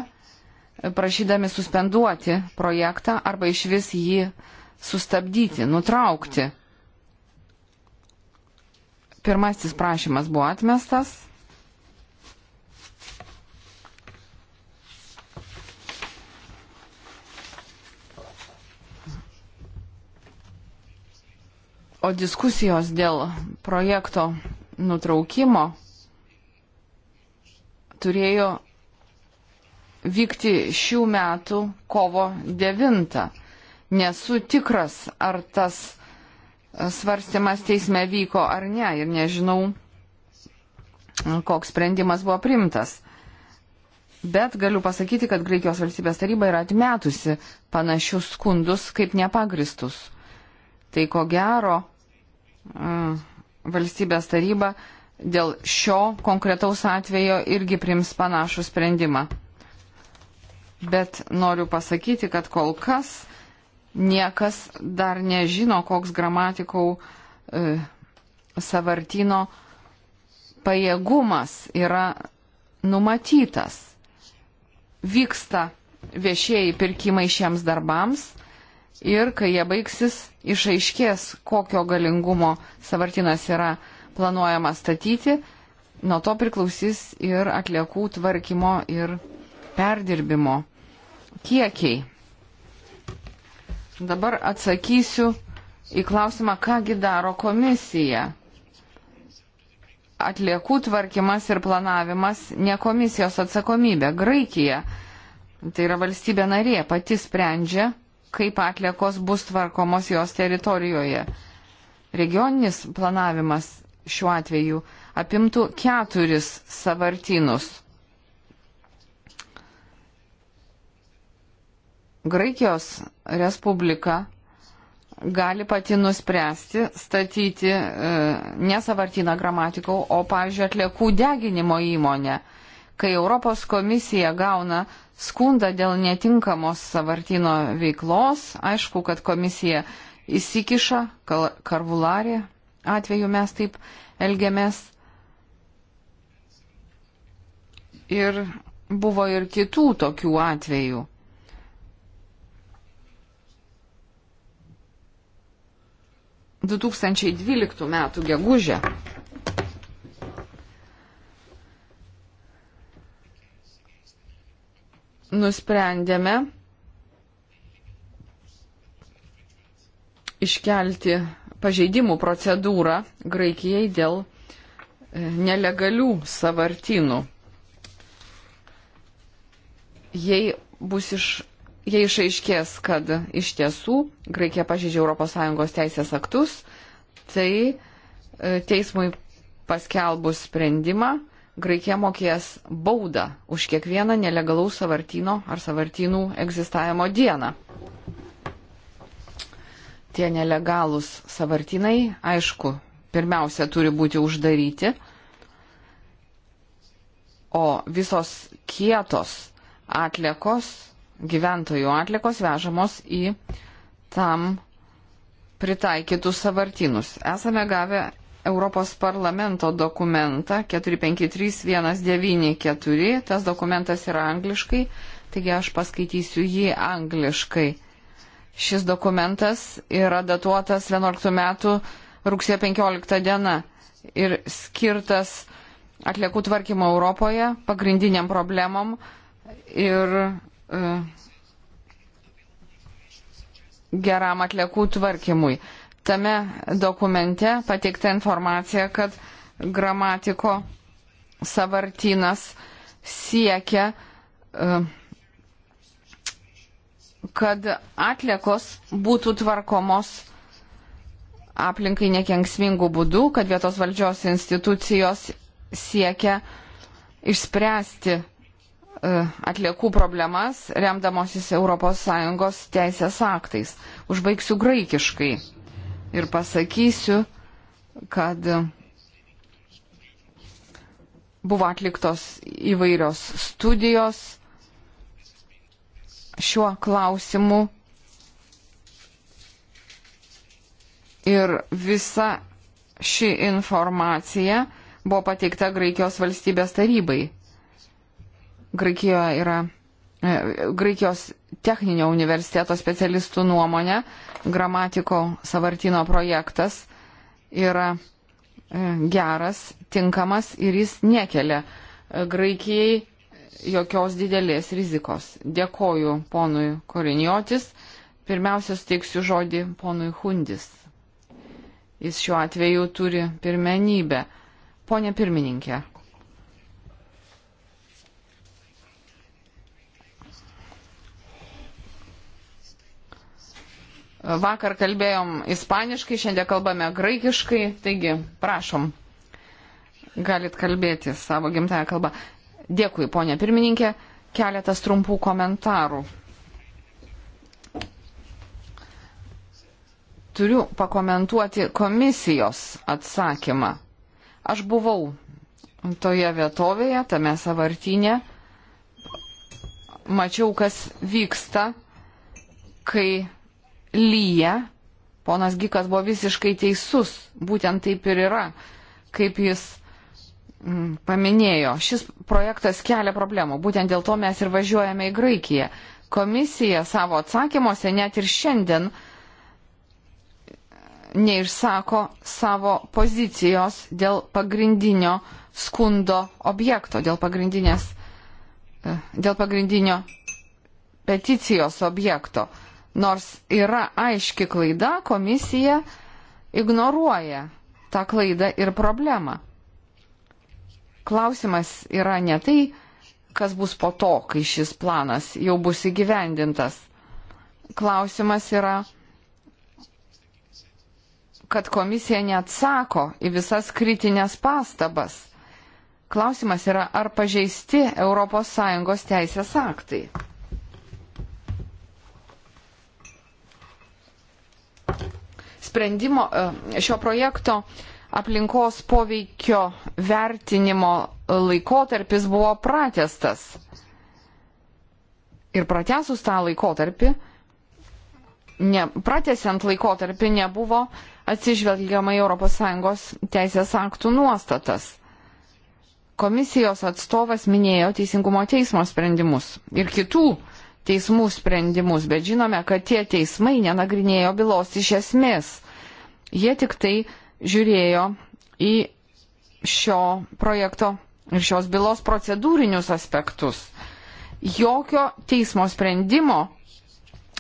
prašydami suspenduoti projektą arba iš vis jį sustabdyti, nutraukti. Pirmasis prašymas buvo atmestas, O diskusijos dėl projekto nutraukimo turėjo vykti šių metų kovo 9. Nesu tikras, ar tas svarstymas teisme vyko ar ne ir nežinau, koks sprendimas buvo primtas. Bet galiu pasakyti, kad Graikijos valstybės taryba yra atmetusi panašius skundus kaip nepagristus. Tai ko gero, valstybės taryba dėl šio konkretaus atvejo irgi prims panašų sprendimą. Bet noriu pasakyti, kad kol kas niekas dar nežino, koks gramatikau e, savartino pajėgumas yra numatytas. Vyksta viešieji pirkimai šiems darbams ir kai jie baigsis, išaiškės, kokio galingumo savartinas yra planuojama statyti, nuo to priklausys ir atliekų tvarkymo ir perdirbimo kiekiai. Dabar atsakysiu į klausimą, kągi daro komisija. Atliekų tvarkymas ir planavimas ne komisijos atsakomybė. Graikija, tai yra valstybė narė, pati sprendžia kaip atliekos bus tvarkomos jos teritorijoje. Regioninis planavimas šiuo atveju apimtų keturis savartinus. Graikijos Respublika gali pati nuspręsti statyti e, ne savartyną gramatikų, o, pavyzdžiui, atliekų deginimo įmonę. E, kai Europos komisija gauna skundą dėl netinkamos savartino veiklos, aišku, kad komisija įsikiša, karvularė atveju mes taip elgiamės. Ir buvo ir kitų tokių atvejų. – 2012 m. gegužę nusprendėme iškelti pažeidimų procedūrą Graikijai dėl e, nelegalių savartinų. Jei bus iš, jei išaiškės, kad iš tiesų Graikija pažeidžia ES teisės aktus, tai e, teismui paskelbus sprendimą Graikija mokės baudą už kiekvieną nelegalaus savartino ar savartinų egzistavimo dieną. Tie nelegalūs savartinai, aišku, pirmiausia turi būti uždaryti, o visos kietos atlikos, gyventojų atlikos vežamos į tam pritaikytus savartinus. Esame gavę Europos parlamento dokumentą 453194. Tas dokumentas yra angliškai, taigi aš paskaitysiu jį angliškai. Šis dokumentas yra datuotas 11 metų rugsėjo 15 diena ir skirtas atliekų tvarkymo Europoje pagrindiniam problemom ir uh, geram atliekų tvarkymui. Uh, tame dokumente pateikta informacija, kad gramatiko savartinas siekia, e, kad atliekos būtų tvarkomos aplinkai nekenksmingų būdų, kad vietos valdžios institucijos siekia išspręsti e, atliekų problemas, remdamosis ES teisės aktais. Užbaigsiu graikiškai ir pasakysiu, kad buvo atliktos įvairios studijos šiuo klausimu ir visa ši informacija buvo pateikta Graikijos valstybės tarybai. Graikijoje yra E, Graikijos techninio universiteto specialistų nuomonė, gramatiko savartino projektas yra e, geras, tinkamas ir jis nekelia e, Graikijai jokios didelės rizikos. Dėkoju ponui Koriniotis. Pirmiausia, steiksiu žodį ponui Hundis. Jis šiuo atveju turi pirmenybę. Pone pirmininkė. Vakar kalbėjom ispaniškai, šiandien kalbame graikiškai, taigi prašom, galit kalbėti savo gimtają kalbą. Dėkui, ponė pirmininkė, keletas trumpų komentarų. Turiu pakomentuoti komisijos atsakymą. Aš buvau toje vietovėje, tame savartinė, mačiau, kas vyksta, kai lyja, ponas Gikas buvo visiškai teisus, būtent taip ir yra, kaip jis mm, paminėjo. Šis projektas kelia problemų, būtent dėl to mes ir važiuojame į Graikiją. Komisija savo atsakymuose net ir šiandien neišsako savo pozicijos dėl pagrindinio skundo objekto, dėl, e, dėl pagrindinio peticijos objekto. Nors yra aiški klaida, komisija ignoruoja tą klaidą ir problemą. Klausimas yra ne tai, kas bus po to, kai šis planas jau bus įgyvendintas. Klausimas yra, kad komisija neatsako į visas kritinės pastabas. Klausimas yra, ar pažeisti ES teisės aktai. sprendimo, e, šio projekto aplinkos poveikio vertinimo laikotarpis buvo pratestas. Ir pratesus tą laikotarpį, ne, pratesiant laikotarpį nebuvo atsižvelgiama į ES teisės aktų nuostatas. Komisijos atstovas minėjo Teisingumo teismo sprendimus ir kitų teismų sprendimus, bet žinome, kad tie teismai nenagrinėjo bylos iš esmės. Jie tik tai žiūrėjo į šio projekto ir šios bylos procedūrinius aspektus. Jokio teismo sprendimo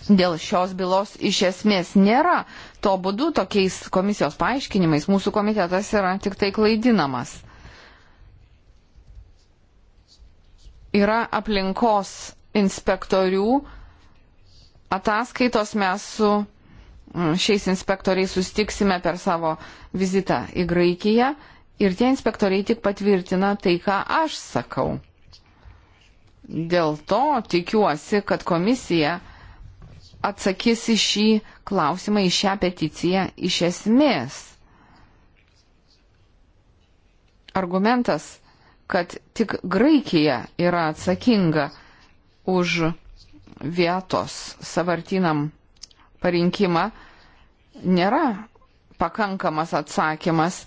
dėl šios bylos iš esmės nėra. To būdu tokiais komisijos paaiškinimais mūsų komitetas yra tik tai klaidinamas. Yra aplinkos inspektorių ataskaitos mes su mm, šiais inspektoriais sustiksime per savo vizitą į Graikiją ir tie inspektoriai tik patvirtina tai, ką aš sakau. Dėl to tikiuosi, kad komisija atsakys į šį klausimą, į šią peticiją iš esmės. Argumentas, kad tik Graikija yra atsakinga už vietos savartinam parinkimą nėra pakankamas atsakymas.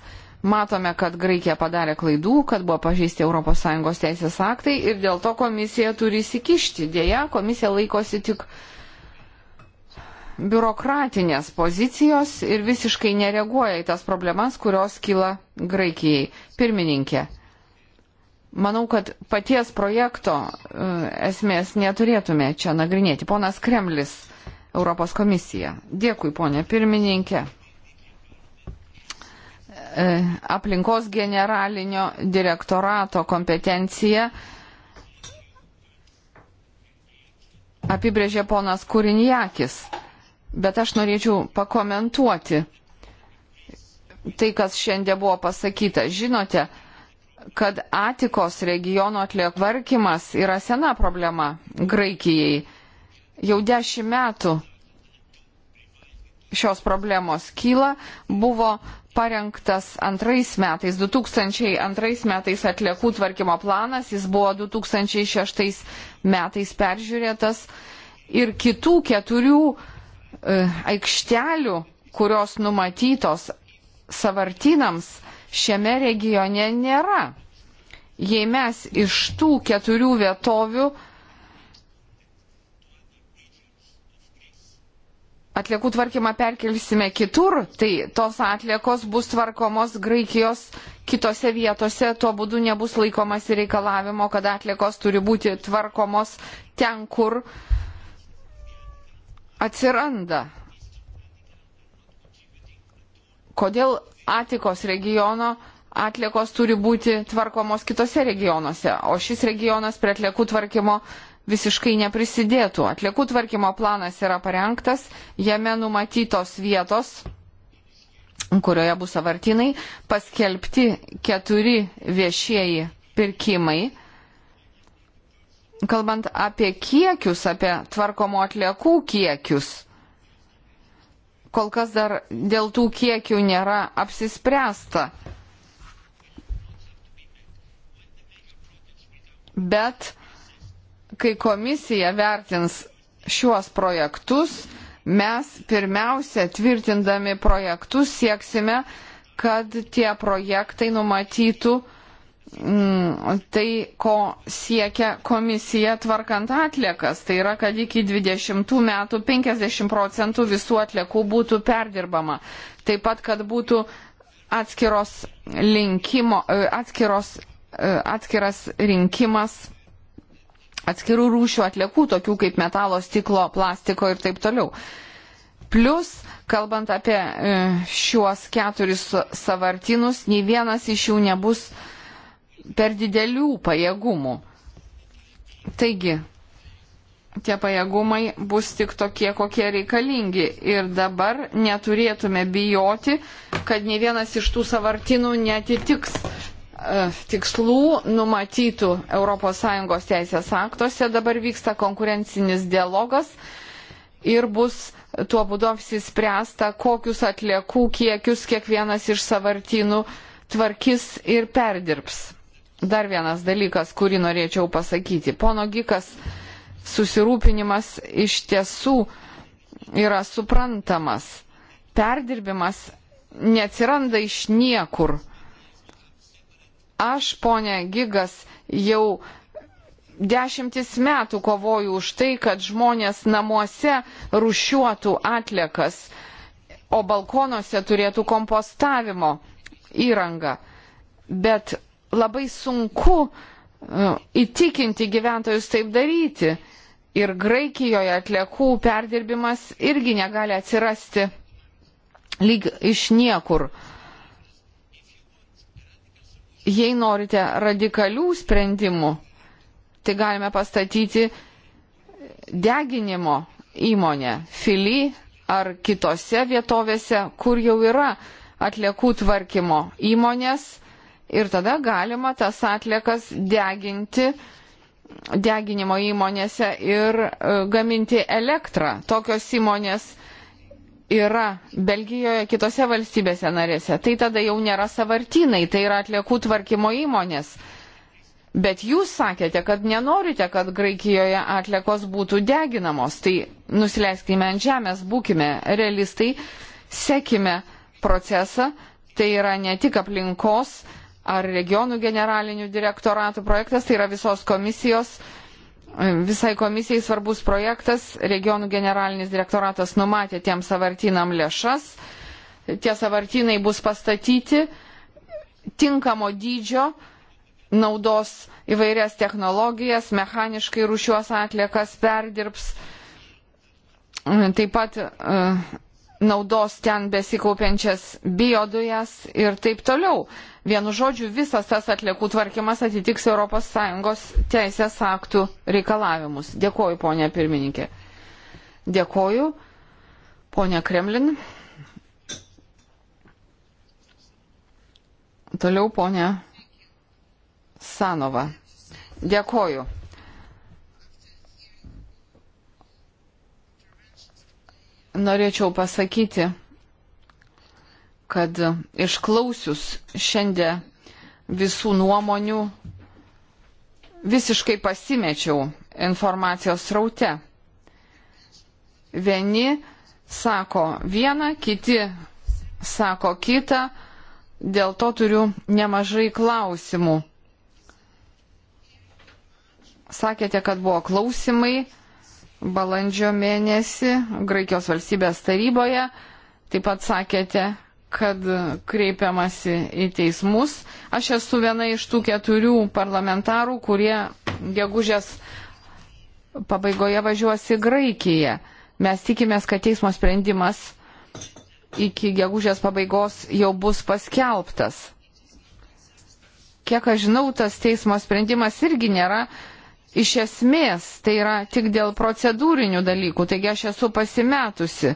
Matome, kad Graikija padarė klaidų, kad buvo pažeisti ES teisės aktai ir dėl to komisija turi įsikišti. Deja, komisija laikosi tik biurokratinės pozicijos ir visiškai nereaguoja į tas problemas, kurios kyla Graikijai. Pirmininkė, Manau, kad paties projekto e, esmės neturėtume čia nagrinėti. Ponas Kremlis, Europos komisija. Dėkui, ponė pirmininkė. E, aplinkos generalinio direktorato kompetencija apibrėžė ponas Kurinjakis, bet aš norėčiau pakomentuoti tai, kas šiandien buvo pasakyta. Žinote, kad Atikos regiono atliekvarkimas yra sena problema Graikijai. Jau dešimt metų šios problemos kyla, buvo parengtas antrais metais, 2002 metais atliekų tvarkymo planas, jis buvo 2006 metais peržiūrėtas ir kitų keturių e, aikštelių, kurios numatytos savartinams, šiame regione nėra. Jei mes iš tų keturių vietovių atliekų tvarkymą perkelsime kitur, tai tos atliekos bus tvarkomos Graikijos kitose vietose, tuo būdu nebus laikomas reikalavimo, kad atliekos turi būti tvarkomos ten, kur atsiranda. Kodėl Atikos regiono atliekos turi būti tvarkomos kitose regionuose, o šis regionas prie atliekų tvarkymo visiškai neprisidėtų. Atliekų tvarkymo planas yra parengtas, jame numatytos vietos, kurioje bus avartinai, paskelbti keturi viešieji pirkimai. Kalbant apie kiekius, apie tvarkomo atliekų kiekius, kol kas dar dėl tų kiekių nėra apsispręsta. Bet kai komisija vertins šiuos projektus, mes pirmiausia, tvirtindami projektus, sieksime, kad tie projektai numatytų uh, Mm, tai, ko siekia komisija tvarkant atliekas. Tai yra, kad iki 20 metų 50 procentų visų atliekų būtų perdirbama. Taip pat, kad būtų atskiros linkimo, e, atskiros, e, atskiras rinkimas atskirų rūšių atliekų, tokių kaip metalo, stiklo, plastiko ir taip toliau. Plus, kalbant apie e, šiuos keturis savartinus, nei vienas iš jų nebus uh, per didelių pajėgumų. Taigi, tie pajėgumai bus tik tokie, kokie reikalingi. Ir dabar neturėtume bijoti, kad ne vienas iš tų savartinų netitiks e, tikslų numatytų ES teisės aktuose. Dabar vyksta konkurencinis dialogas ir bus tuo būdu apsispręsta, kokius atliekų kiekius kiekvienas iš savartinų tvarkis ir perdirbs dar vienas dalykas, kurį norėčiau pasakyti. Pono Gikas susirūpinimas iš tiesų yra suprantamas. Perdirbimas neatsiranda iš niekur. Aš, ponė Gigas, jau dešimtis metų kovoju už tai, kad žmonės namuose rušiuotų atliekas, o balkonuose turėtų kompostavimo įrangą. Bet labai sunku e, įtikinti gyventojus taip daryti. Ir Graikijoje atliekų perdirbimas irgi negali atsirasti lyg iš niekur. Jei norite radikalių sprendimų, tai galime pastatyti deginimo įmonę Fili ar kitose vietovėse, kur jau yra atliekų tvarkymo įmonės ir tada galima tas atliekas deginti deginimo įmonėse ir e, gaminti elektrą. Tokios įmonės yra Belgijoje, kitose valstybėse narėse. Tai tada jau nėra savartinai, tai yra atliekų tvarkymo įmonės. Bet jūs sakėte, kad nenorite, kad Graikijoje atliekos būtų deginamos. Tai nusileiskime ant žemės, būkime realistai, sekime procesą. Tai yra ne tik aplinkos, uh, ar regionų generalinių direktoratų projektas, tai yra visos komisijos, visai komisijai svarbus projektas, regionų generalinis direktoratas numatė tiem savartinam lėšas, tie savartinai bus pastatyti tinkamo dydžio, naudos įvairias technologijas, mechaniškai rušiuos atliekas perdirbs. Taip pat e, naudos ten besikaupiančias biodujas ir taip toliau. Vienu žodžiu, visas tas atliekų tvarkymas atitiks ES teisės aktų reikalavimus. Dėkoju, ponė pirmininkė. Dėkoju, ponė Kremlin. Toliau, ponė Sanova. Dėkoju. norėčiau pasakyti, kad išklausius šiandien visų nuomonių visiškai pasimečiau informacijos raute. Vieni sako vieną, kiti sako kitą, dėl to turiu nemažai klausimų. Sakėte, kad buvo klausimai balandžio mėnesį Graikijos valstybės taryboje. Taip pat sakėte, kad kreipiamasi į teismus. Aš esu viena iš tų keturių parlamentarų, kurie gegužės pabaigoje važiuosi į Graikiją. Mes tikimės, kad teismo sprendimas iki gegužės pabaigos jau bus paskelbtas. Kiek aš žinau, tas teismo sprendimas irgi nėra iš esmės, tai yra tik dėl procedūrinių dalykų, taigi aš esu pasimetusi.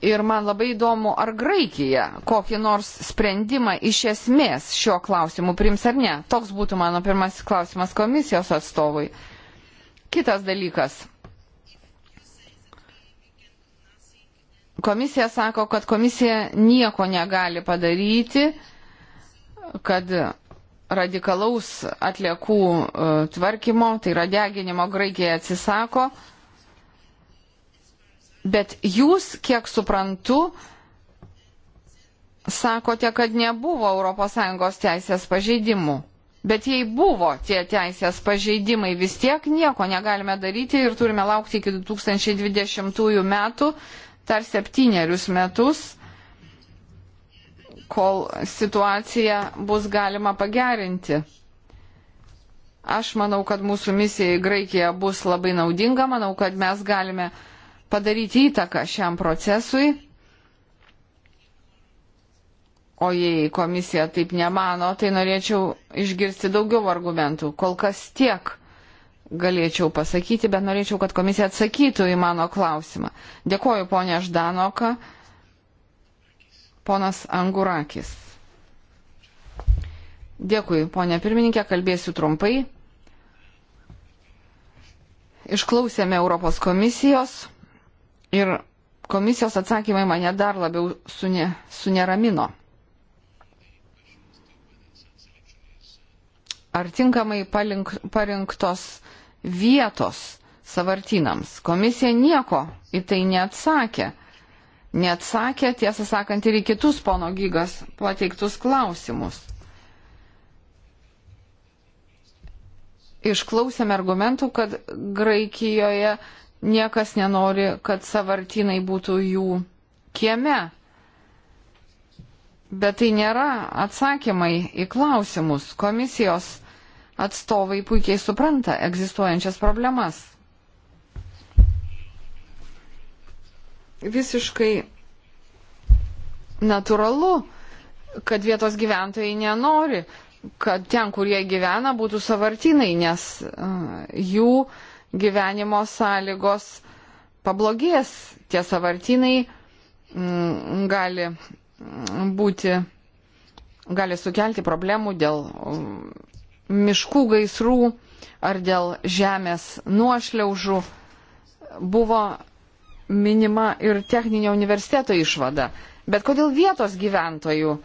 Ir man labai įdomu, ar Graikija kokį nors sprendimą iš esmės šiuo klausimu prims ar ne. Toks būtų mano pirmasis klausimas komisijos atstovui. Kitas dalykas. Komisija sako, kad komisija nieko negali padaryti, kad radikalaus atliekų e, tvarkymo, tai yra deginimo Graikija atsisako. Bet jūs, kiek suprantu, sakote, kad nebuvo ES teisės pažeidimų. Bet jei buvo tie teisės pažeidimai, vis tiek nieko negalime daryti ir turime laukti iki 2020 metų, dar septynerius metus kol situaciją bus galima pagerinti. Aš manau, kad mūsų misija į Graikiją bus labai naudinga, manau, kad mes galime padaryti įtaką šiam procesui. O jei komisija taip nemano, tai norėčiau išgirsti daugiau argumentų. Kol kas tiek galėčiau pasakyti, bet norėčiau, kad komisija atsakytų į mano klausimą. Dėkoju, ponė Ždanoka ponas Angurakis. Dėkui, ponė pirmininkė, kalbėsiu trumpai. Išklausėme Europos komisijos ir komisijos atsakymai mane dar labiau sune, suneramino. Ar tinkamai palink, parinktos vietos savartinams? Komisija nieko į tai neatsakė neatsakė, tiesą sakant, ir į kitus pono gygas pateiktus klausimus. Išklausėme argumentų, kad Graikijoje niekas nenori, kad savartinai būtų jų kieme. Bet tai nėra atsakymai į klausimus. Komisijos atstovai puikiai supranta egzistuojančias problemas. visiškai natūralu, kad vietos gyventojai nenori, kad ten, kur jie gyvena, būtų savartinai, nes e, jų gyvenimo sąlygos pablogės. Tie savartinai mm, gali mm, būti, gali sukelti problemų dėl mm, miškų gaisrų ar dėl žemės nuošliaužų. Buvo minima ir techninio universiteto išvada. Bet kodėl vietos gyventojų e,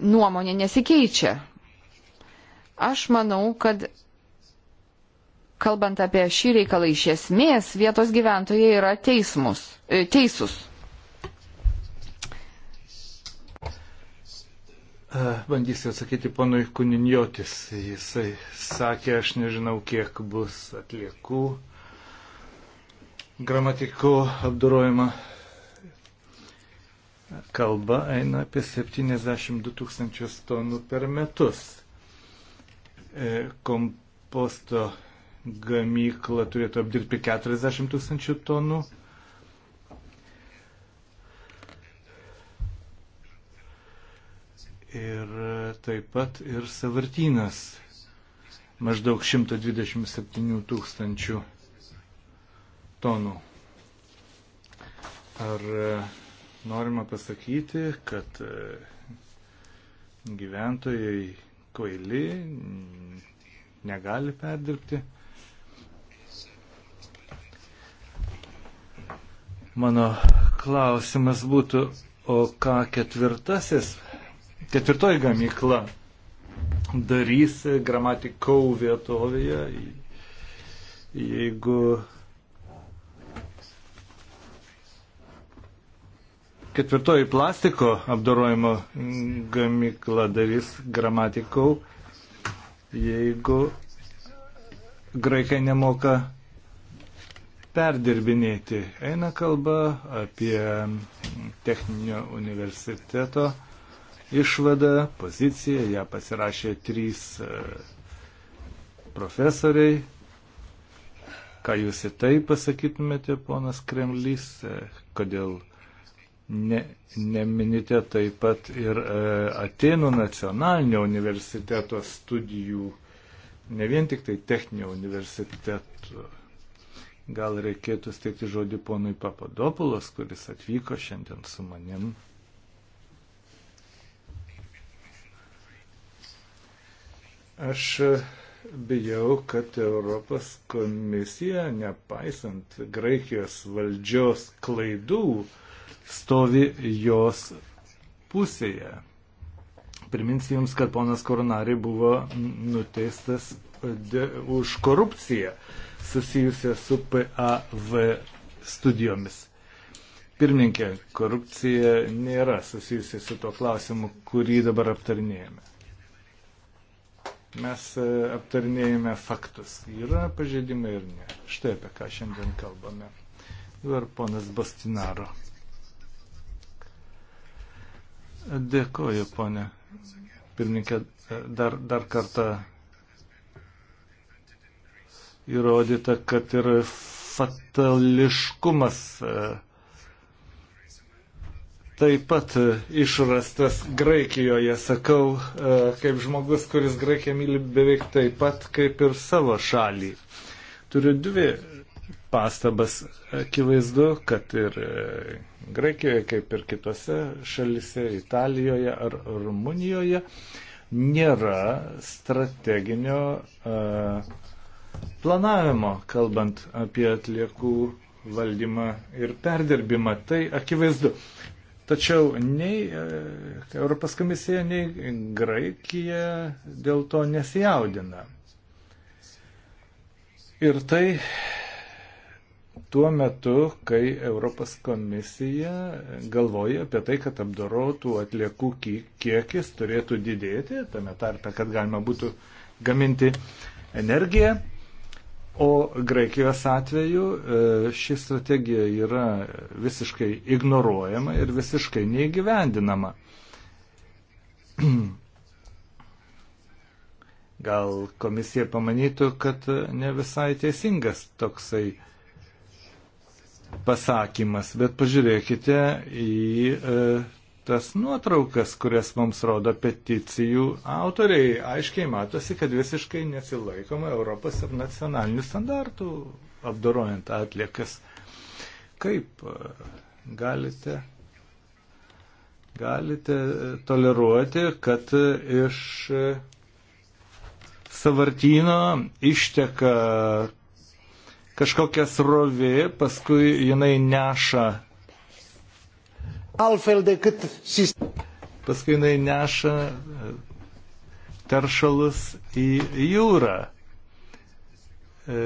nuomonė nesikeičia? Aš manau, kad kalbant apie šį reikalą iš esmės, vietos gyventojai yra teismus, e, teisus. E, bandysiu atsakyti ponui Kuninjotis. Jisai sakė, aš nežinau, kiek bus atliekų. Uh, gramatikų apdorojama kalba eina apie 72 tūkstančius tonų per metus. E, komposto gamykla turėtų apdirbti 40 tūkstančių tonų. Ir taip pat ir savartynas maždaug 127 tūkstančių tonų tonų. Ar e, norima pasakyti, kad e, gyventojai kvaili, negali perdirbti? Mano klausimas būtų, o ką ketvirtasis, ketvirtoji gamykla darys gramatikau vietovėje, jeigu Ketvirtoji plastiko apdorojimo gamykla darys gramatikau, jeigu graikai nemoka perdirbinėti. Eina kalba apie techninio universiteto išvadą, poziciją, ją pasirašė trys e, profesoriai. Ką jūs į tai pasakytumėte, ponas Kremlys, e, kodėl ne, neminite taip pat ir e, Atenų nacionalinio universiteto studijų, ne vien tik tai techninio universiteto. Gal reikėtų steigti žodį ponui Papadopulos, kuris atvyko šiandien su manim. Aš e, bijau, kad Europos komisija, nepaisant Graikijos valdžios klaidų, uh, stovi jos pusėje. Priminsiu Jums, kad ponas Koronari buvo nuteistas e, už korupciją susijusią su PAV studijomis. Pirmininkė, korupcija nėra susijusi su tuo klausimu, kurį dabar aptarinėjame. Mes e, aptarinėjame faktus. Yra pažeidimai ir ne. Štai apie ką šiandien kalbame. Dabar ponas Bastinaro. Dėkoju, ponė. Pirmininkė, dar, dar kartą įrodyta, kad ir fatališkumas e, taip pat išrastas Graikijoje. Sakau, e, kaip žmogus, kuris Graikiją myli beveik taip pat kaip ir savo šalį. Turiu dvi pastabas. Akivaizdu, kad ir e, Graikijoje, kaip ir kitose šalise, Italijoje ar Rumunijoje, nėra strateginio e, planavimo, kalbant apie atliekų valdymą ir perdirbimą. Tai akivaizdu. Tačiau nei e, Europos komisija, nei Graikija dėl to nesijaudina. Ir tai tuo metu, kai Europos komisija galvoja apie tai, kad apdorotų atliekų kiekis turėtų didėti, tame tarpe, kad galima būtų gaminti energiją. O Graikijos atveju e, ši strategija yra visiškai ignoruojama ir visiškai neįgyvendinama. Gal komisija pamanytų, kad ne visai teisingas toksai pasakymas, bet pažiūrėkite į e, tas nuotraukas, kurias mums rodo peticijų autoriai. Aiškiai matosi, kad visiškai nesilaikoma Europos ir nacionalinių standartų apdorojant atliekas. Kaip e, galite, galite toleruoti, kad iš e, savartino išteka kažkokia srovė, paskui jinai neša. Altfel decât sistemul paskui jinai neša e, teršalus į jūrą. E,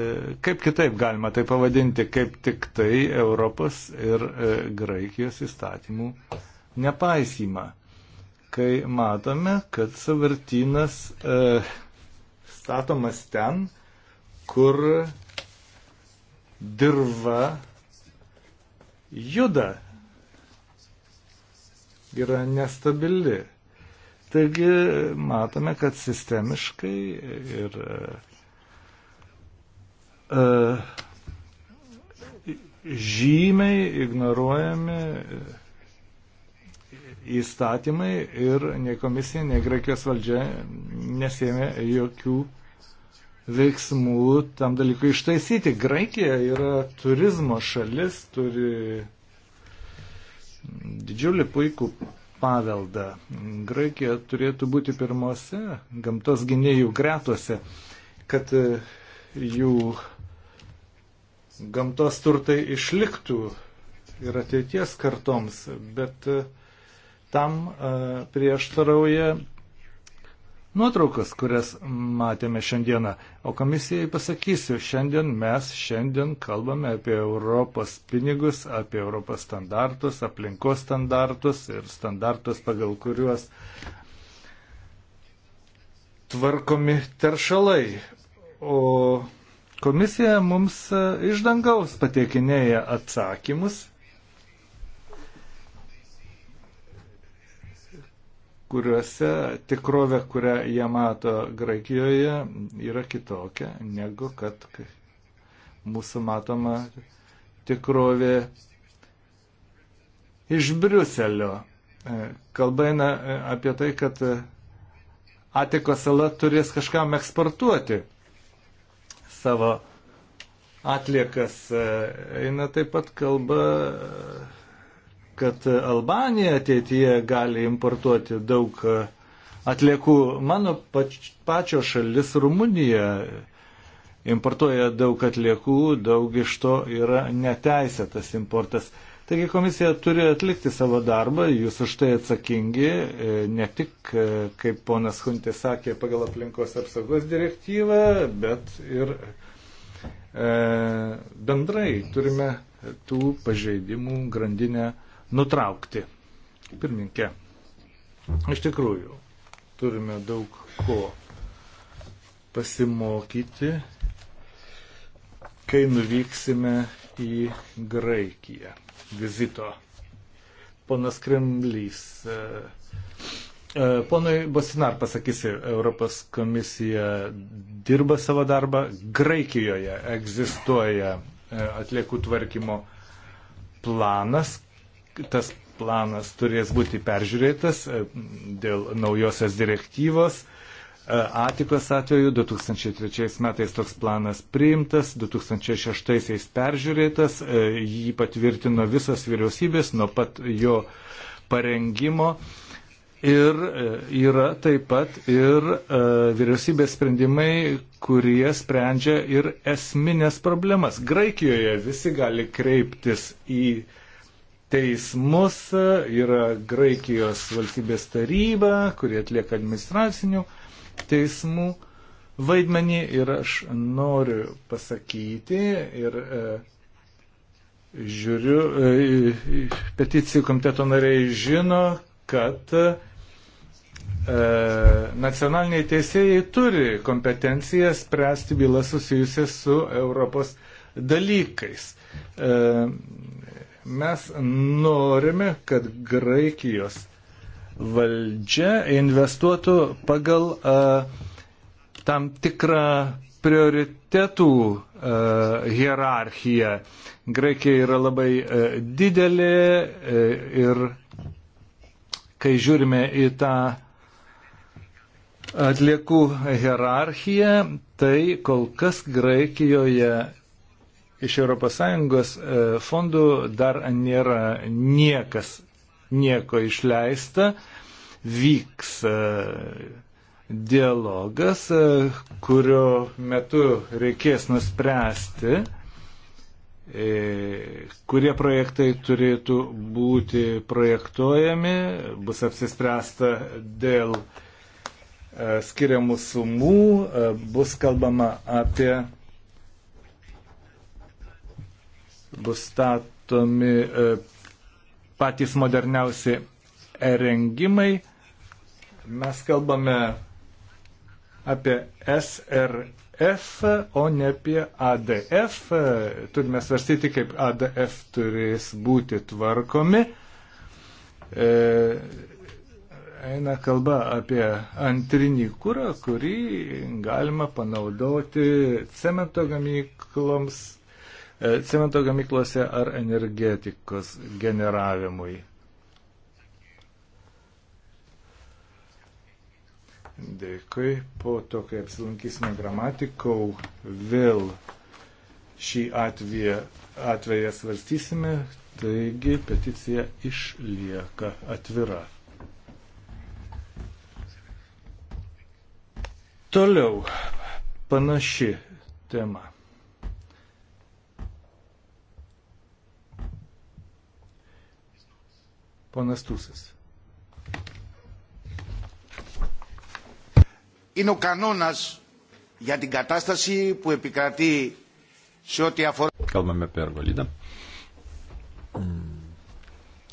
kaip kitaip galima tai pavadinti, kaip tik tai Europos ir e, Graikijos įstatymų nepaisymą, kai matome, kad savartinas statomas ten, kur dirva juda, yra nestabili. Taigi matome, kad sistemiškai ir uh, žymiai ignoruojami įstatymai ir nei komisija, nei Graikijos valdžia nesėmė jokių uh, veiksmų tam dalykui ištaisyti. Graikija yra turizmo šalis, turi didžiulį puikų paveldą. Graikija turėtų būti pirmose gamtos gynėjų gretose, kad e, jų gamtos turtai išliktų ir ateities kartoms, bet e, tam e, prieštarauja nuotraukas, kurias matėme šiandieną. O komisijai pasakysiu, šiandien mes šiandien kalbame apie Europos pinigus, apie Europos standartus, aplinkos standartus ir standartus, pagal kuriuos tvarkomi teršalai. O komisija mums iš dangaus pateikinėja atsakymus kuriuose tikrovė, kurią jie mato Graikijoje, yra kitokia negu kad mūsų matoma tikrovė iš Briuselio. E, kalba eina e, apie tai, kad e, Atiko sala turės kažkam eksportuoti savo atliekas. Eina taip pat kalba kad Albanija ateityje gali importuoti daug atliekų. Mano pačio šalis Rumunija importuoja daug atliekų, daug iš to yra neteisėtas importas. Taigi komisija turi atlikti savo darbą, jūs už tai atsakingi, e, ne tik, e, kaip ponas Huntė sakė, pagal aplinkos apsaugos direktyvą, bet ir e, bendrai turime tų pažeidimų grandinę nutraukti. Pirminkė, iš tikrųjų, turime daug ko pasimokyti, kai nuvyksime į Graikiją vizito. Ponas Kremlys. E, e, ponui Bosinar pasakysi, Europos komisija dirba savo darbą, Graikijoje egzistuoja e, atliekų tvarkymo planas, tas planas turės būti peržiūrėtas e, dėl naujosios direktyvos. E, Atikos atveju 2003 metais toks planas priimtas, 2006 peržiūrėtas, e, jį patvirtino visas vyriausybės nuo pat jo parengimo. Ir yra taip pat ir vyriausybės sprendimai, kurie sprendžia ir esminės problemas. Graikijoje visi gali kreiptis į uh, teismus, yra Graikijos valstybės taryba, kurie atlieka administracinių teismų vaidmenį ir aš noriu pasakyti ir e, žiūriu, e, peticijų komiteto nariai žino, kad e, nacionaliniai teisėjai turi kompetenciją spręsti bylas susijusias su Europos dalykais. E, Mes norime, kad Graikijos valdžia investuotų pagal a, tam tikrą prioritetų a, hierarchiją. Graikija yra labai a, didelė a, ir kai žiūrime į tą atliekų hierarchiją, tai kol kas Graikijoje iš ES e, fondų dar nėra niekas, nieko išleista. Vyks e, dialogas, e, kurio metu reikės nuspręsti, kurie projektai turėtų būti projektuojami, bus apsispręsta dėl skiriamų sumų, bus kalbama apie bus statomi e, patys moderniausi rengimai. Mes kalbame apie SRF, o ne apie ADF. Turime svarstyti, kaip ADF turės būti tvarkomi. E, eina kalba apie antrinį kūrą, kurį galima panaudoti cemento gamykloms, E, cemento gamiklose ar energetikos generavimui. Dėkui. Po to, kai apsilankysime gramatikau, vėl šį atveją, atveją svarstysime, taigi peticija išlieka atvira. Toliau panaši tema. Ponas Tūsas. Είναι ο κανόνας για την κατάσταση που επικρατεί σε ό,τι αφορά... Kalbame apie Argolidą.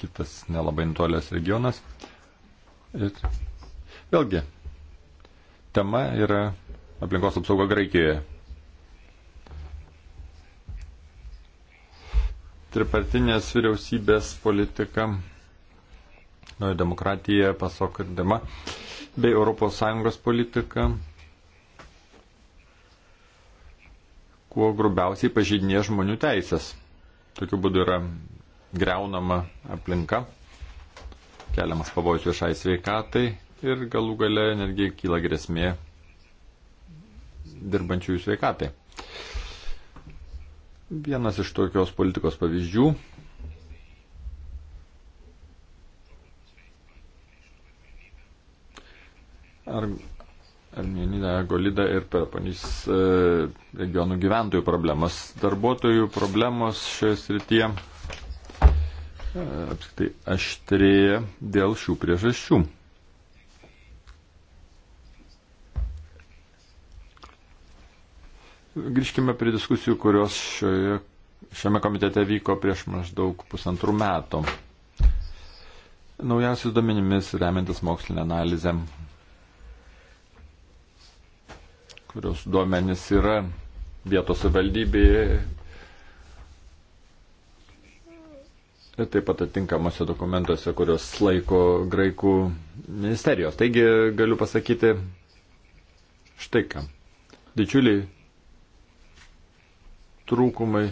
Kitas nelabai nutolęs regionas. Ir vėlgi, tema yra aplinkos apsauga Graikijoje. Tripartinės vyriausybės politika Nuo demokratija, pasok ir dema, bei ES politika kuo grubiausiai pažydinė žmonių teisės. Tokiu būdu yra greunama aplinka, keliamas pavojus viešai sveikatai ir galų gale netgi kyla grėsmė dirbančiųjų sveikatai. Vienas iš tokios politikos pavyzdžių ar Armenija, Golida ir Peloponys e, regionų gyventojų problemas. Darbuotojų problemos šioje srityje e, apskritai aštrėja dėl šių priežasčių. Grįžkime prie diskusijų, kurios šioje, šiame komitete vyko prieš maždaug pusantrų metų. Naujausiais duomenimis remiantis mokslinę analizę kurios duomenys yra vietos valdybėje ir taip pat atinkamuose dokumentuose, kurios laiko graikų ministerijos. Taigi galiu pasakyti štai ką. Didžiuliai trūkumai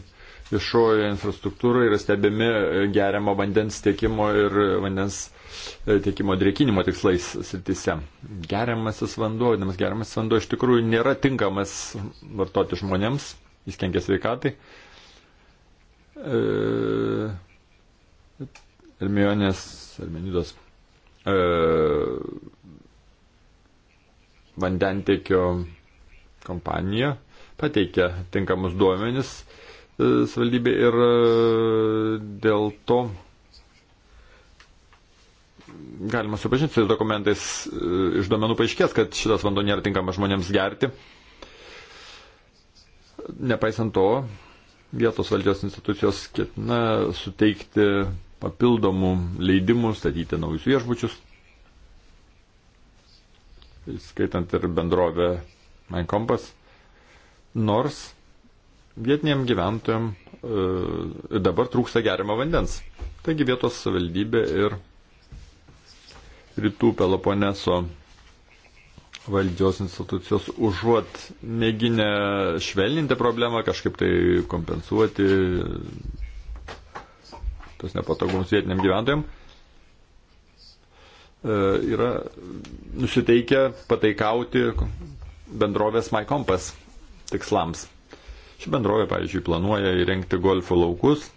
viešojoje infrastruktūroje yra stebimi geriamo vandens tiekimo ir vandens E, tiekimo drėkinimo tikslais sritise. Geriamasis vanduo, vadinamas geriamasis vanduo iš tikrųjų nėra tinkamas vartoti žmonėms, jis kenkia sveikatai. E, Ermionės, Ermenidos e, vandentiekio kompanija pateikia tinkamus duomenis e, savaldybė ir dėl to galima supažinti su dokumentais, e, iš duomenų paaiškės, kad šitas vanduo nėra tinkamas žmonėms gerti. Nepaisant to, vietos valdžios institucijos ketina suteikti papildomų leidimų statyti naujus viešbučius, skaitant ir bendrovę Mainkompas, nors vietiniam gyventojam e, dabar trūksta geriamo vandens. Taigi vietos savivaldybė ir rytų Peloponeso valdžios institucijos užuot mėginę švelninti problemą, kažkaip tai kompensuoti tos nepatogumus vietiniam gyventojim, e, yra nusiteikę pataikauti bendrovės MyCompass tikslams. Ši bendrovė, pavyzdžiui, planuoja įrengti golfo laukus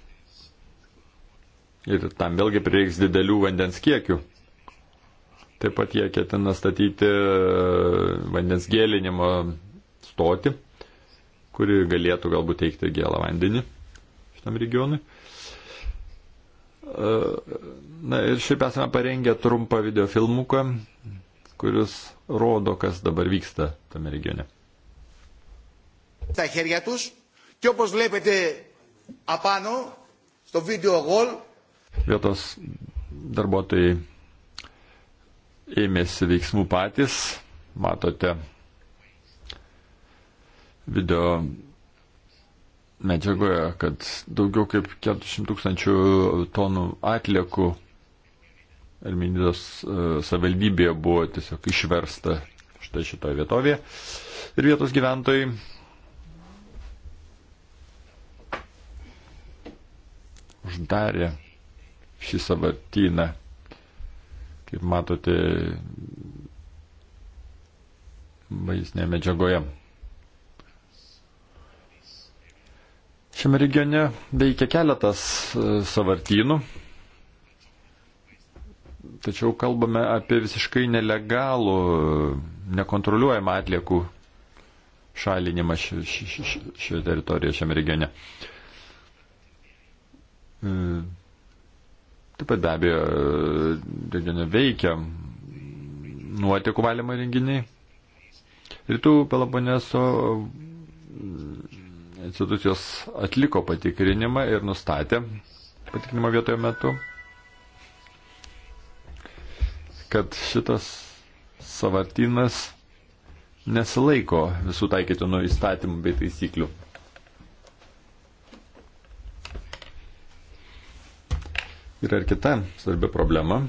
ir tam vėlgi prireiks didelių vandens kiekių. Taip pat jie ketina statyti e, vandens gėlinimo stotį, kuri galėtų galbūt teikti gėlą vandenį šitam regionui. E, na ir šiaip esame parengę trumpą video filmuką, kuris rodo, kas dabar vyksta tame regione. Στα χέρια τους και όπως βλέπετε απάνω στο video wall. Vietos darbuotojai ėmėsi veiksmų patys. Matote video medžiagoje, kad daugiau kaip 400 tūkstančių tonų atliekų Armenidos e, savivaldybėje buvo tiesiog išversta štai šitoje vietovėje. Ir vietos gyventojai uždarė šį savartyną kaip matote, vaizdinėje medžiagoje. Šiame regione veikia keletas e, savartynų, tačiau kalbame apie visiškai nelegalų, e, nekontroliuojamą atliekų šalinimą šioje ši, ši, ši, teritorijoje, šiame regione. E Taip pat be abejo, regione tai veikia nuotekų valymo renginiai. Rytų Peloponeso e, institucijos atliko patikrinimą ir nustatė patikrinimo vietoje metu, kad šitas savartinas nesilaiko visų taikytinų įstatymų bei taisyklių. Yra ir kita svarbi problema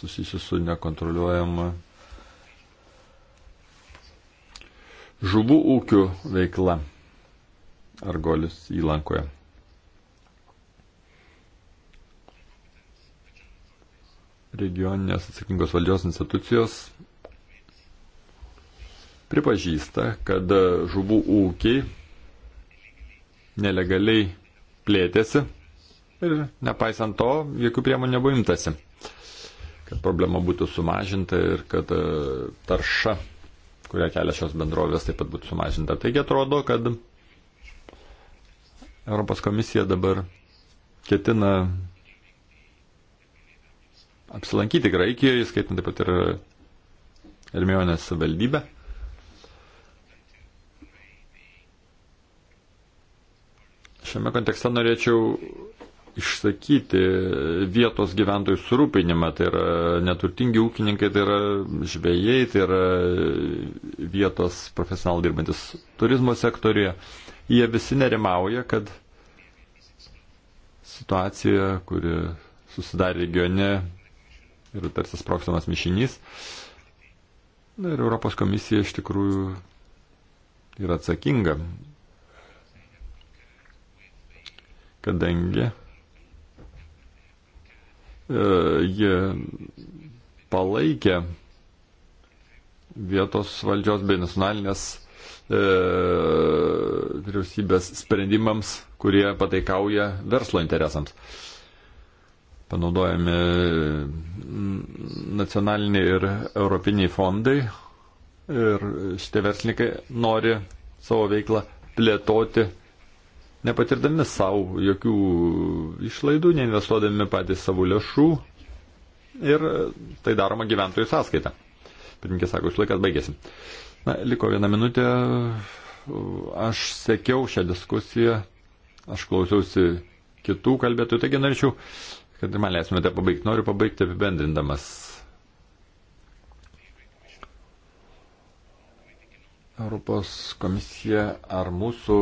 susijusi su nekontroliuojama žuvų ūkių veikla Argolis įlankoje. Regioninės atsakingos valdžios institucijos pripažįsta, kad žuvų ūkiai nelegaliai plėtėsi ir nepaisant to, jokių priemonių nebuvo imtasi, kad problema būtų sumažinta ir kad e, tarša, kurią kelia šios bendrovės, taip pat būtų sumažinta. Taigi atrodo, kad Europos komisija dabar ketina apsilankyti Graikijoje, skaitant taip pat ir Elmionės valdybę. Šiame kontekste norėčiau išsakyti vietos gyventojų surūpinimą, tai yra neturtingi ūkininkai, tai yra žvėjai, tai yra vietos profesionalai dirbantis turizmo sektoriuje. Jie visi nerimauja, kad situacija, kuri susidarė regione, yra tarsi sprokstamas mišinys. Na ir Europos komisija iš tikrųjų yra atsakinga kadangi e, ji palaikė vietos valdžios bei nacionalinės e, vyriausybės sprendimams, kurie pataikauja verslo interesams. Panaudojami nacionaliniai ir europiniai fondai ir šitie verslininkai nori savo veiklą plėtoti nepatirdami savo jokių išlaidų, neinvestuodami patys savo lėšų ir e, tai daroma gyventojų sąskaita. Pirmininkė sako, jūs laikas baigėsi. Na, liko viena minutė, aš sekiau šią diskusiją, aš klausiausi kitų kalbėtojų, taigi norėčiau, kad man leisumėte pabaigti. Noriu pabaigti apibendrindamas. Europos komisija ar mūsų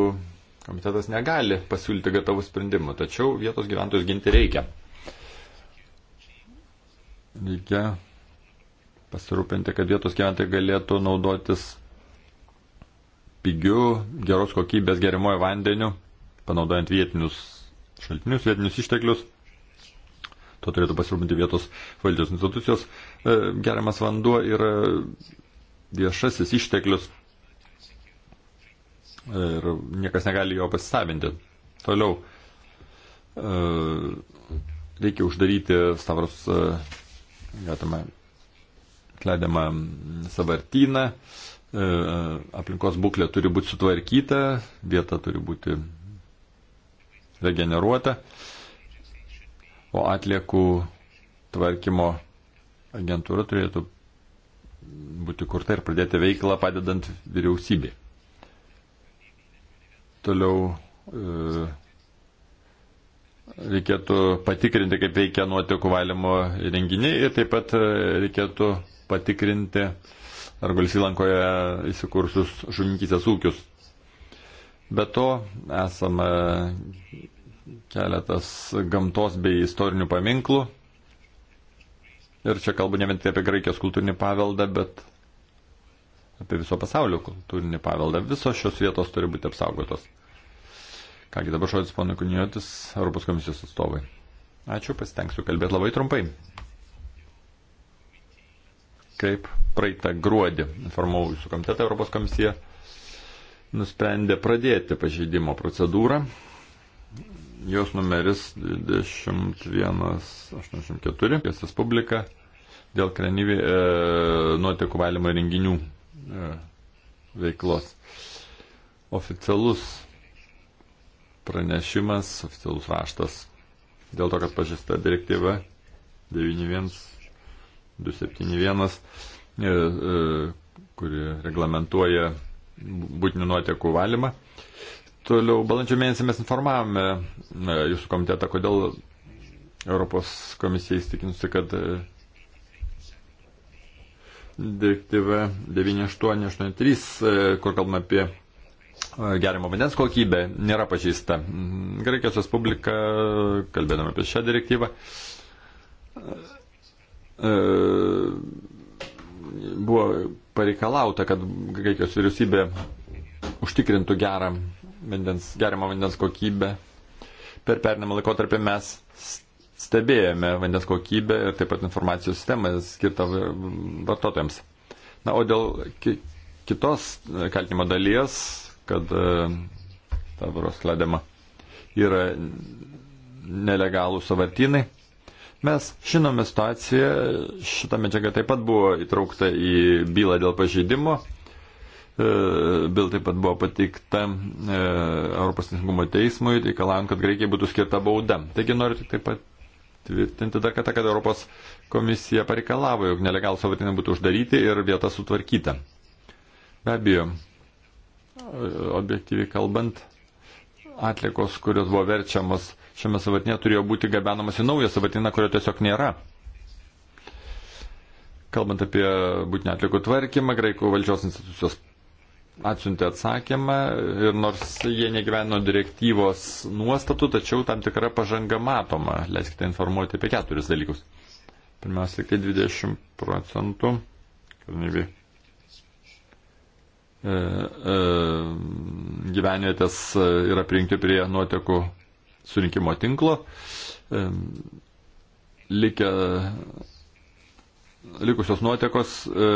Komitetas negali pasiūlyti gatavų sprendimų, tačiau vietos gyventojus ginti reikia. Reikia pasirūpinti, kad vietos gyventojai galėtų naudotis pigių, geros kokybės gerimojo vandeniu, panaudojant vietinius šaltinius, vietinius išteklius. Tuo turėtų pasirūpinti vietos valdžios institucijos. E, geriamas vanduo yra viešasis išteklius ir niekas negali jo pasisavinti. Toliau e, reikia uždaryti Stavros e, gatame kledamą savartyną, e, aplinkos būklė turi būti sutvarkyta, vieta turi būti regeneruota, o atliekų tvarkymo agentūra turėtų būti kurta ir pradėti veiklą padedant vyriausybei. Toliau e, reikėtų patikrinti, kaip veikia nuotekų valymo renginiai ir taip pat e, reikėtų patikrinti Argolis įlankoje įsikursius žuvininkysės ūkius. Be to esame keletas gamtos bei istorinių paminklų. Ir čia kalbu ne vien tik apie Graikijos kultūrinį paveldą, bet apie viso pasaulio kultūrinį paveldą. Visos šios vietos turi būti apsaugotos. Kągi dabar žodis ponui Kunijotis, Europos komisijos atstovai. Ačiū, pasitengsiu kalbėti labai trumpai. Kaip praeitą gruodį informavau jūsų komitetą Europos komisija, nusprendė pradėti pažeidimo procedūrą. Jos numeris 2184, Piesas publika, dėl krenyvi e, nuotekų valymo renginių E, veiklos. Oficialus pranešimas, oficialus raštas dėl to, kad pažįsta direktyva 91271, e, e, kuri reglamentuoja būtinių nuotekų valymą. Toliau balandžio mėnesį mes informavome jūsų komitetą, kodėl Europos komisija įstikinusi, kad direktyva 9883, e, kur kalbame apie e, gerimo vandens kokybę, nėra pažįsta. Graikijos Respublika, kalbėdama apie šią direktyvą, e, buvo pareikalauta, kad Graikijos vyriausybė užtikrintų gerą vandens, gerimo vandens kokybę. Per pernamą laikotarpį mes stebėjome vandens kokybę ir taip pat informacijos sistemą skirtą vartotojams. Na, o dėl ki kitos e, kaltinimo dalies, kad e, ta varos kladema yra nelegalų savartinai, mes žinome situaciją, šita medžiaga taip pat buvo įtraukta į bylą dėl pažeidimo. E, bil taip pat buvo pateikta Europos teisingumo teismui, reikalaujant, kad greikiai būtų skirta bauda. Taigi noriu tik taip pat patvirtinti dar kartą, kad Europos komisija pareikalavo, jog nelegalų savatinai būtų uždaryti ir vieta sutvarkyta. Be abejo, objektyviai kalbant, atlikos, kurios buvo verčiamas šiame savatinė, turėjo būti gabenamas į naują savatiną, kurio tiesiog nėra. Kalbant apie būtinę atlikų tvarkymą, graikų valdžios institucijos atsiuntė atsakymą ir nors jie negyveno direktyvos nuostatų, tačiau tam tikra pažanga matoma. Leiskite informuoti apie keturis dalykus. Pirmiausia, tik tai 20 procentų karnyviai e, e, gyvenvietės e, yra prijungti prie nuotekų surinkimo tinklo. Likę likusios nuotekos e,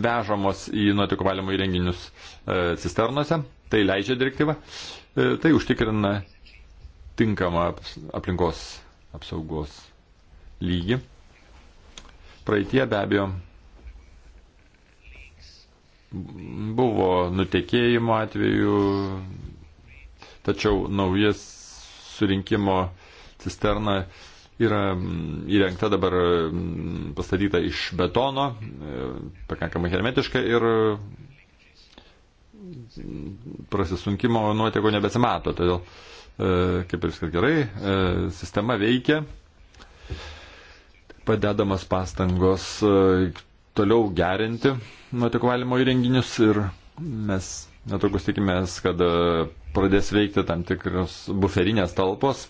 vežamos į nuotekų valymo įrenginius e, cisternose, tai leidžia direktyva, e, tai užtikrina tinkamą aplinkos apsaugos lygį. Praeitie be abejo buvo nutekėjimo atveju, tačiau naujas surinkimo cisterna yra mm, įrengta dabar mm, pastatyta iš betono, e, pakankamai hermetiška ir mm, prasisunkimo nuotėko nebesimato. Todėl, e, kaip ir viskas gerai, e, sistema veikia, padedamas pastangos toliau gerinti nuotėko valymo įrenginius ir mes netrukus tikimės, kad pradės veikti tam tikros buferinės talpos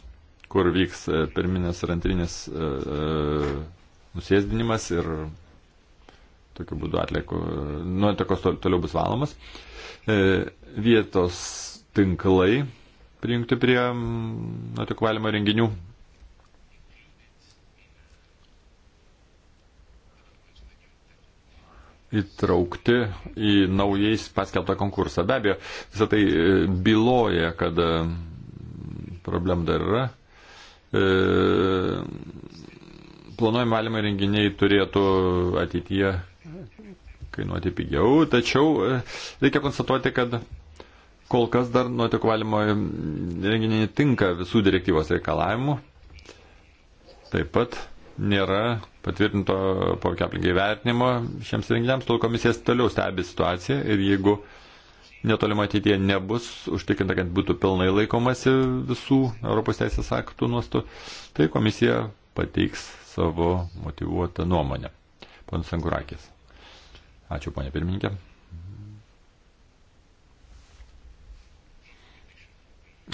kur vyks e, pirminis ir antrinis e, e, nusėsdinimas ir tokiu būdu atliekų, nuotekos toliau bus valomas. Vietos tinklai prijungti prie nuotekų valymo renginių. Įtraukti į naujais paskelbtą konkursą. Be abejo, visą tai byloja, kad problemų dar yra. E, planuojami valymo renginiai turėtų ateityje kainuoti pigiau, tačiau e, reikia konstatuoti, kad kol kas dar nuotekų valymo renginiai netinka visų direktyvos reikalavimų. Taip pat nėra patvirtinto poveikio aplinkai vertinimo šiems renginiams, tol komisijas toliau stebi situaciją ir jeigu uh, netolima ateitie nebus užtikrinta, kad būtų pilnai laikomasi visų Europos teisės aktų nuostų, tai komisija pateiks savo motivuotą nuomonę. Ponas Angurakis. Ačiū, ponė pirmininkė.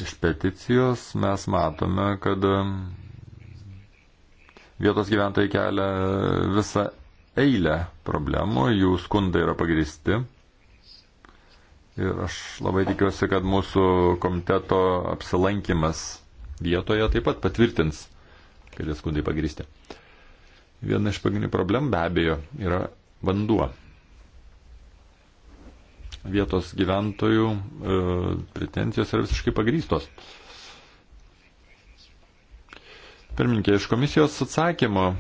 Iš peticijos mes matome, kad vietos gyventojai kelia visą eilę problemų, jų skundai yra pagristi. Ir aš labai tikiuosi, kad mūsų komiteto apsilankimas vietoje taip pat patvirtins, kad jie skundai pagristi. Viena iš pagrindinių problemų be abejo yra vanduo. Vietos gyventojų e, pretencijos yra visiškai pagrystos. Pirminkė, iš komisijos atsakymo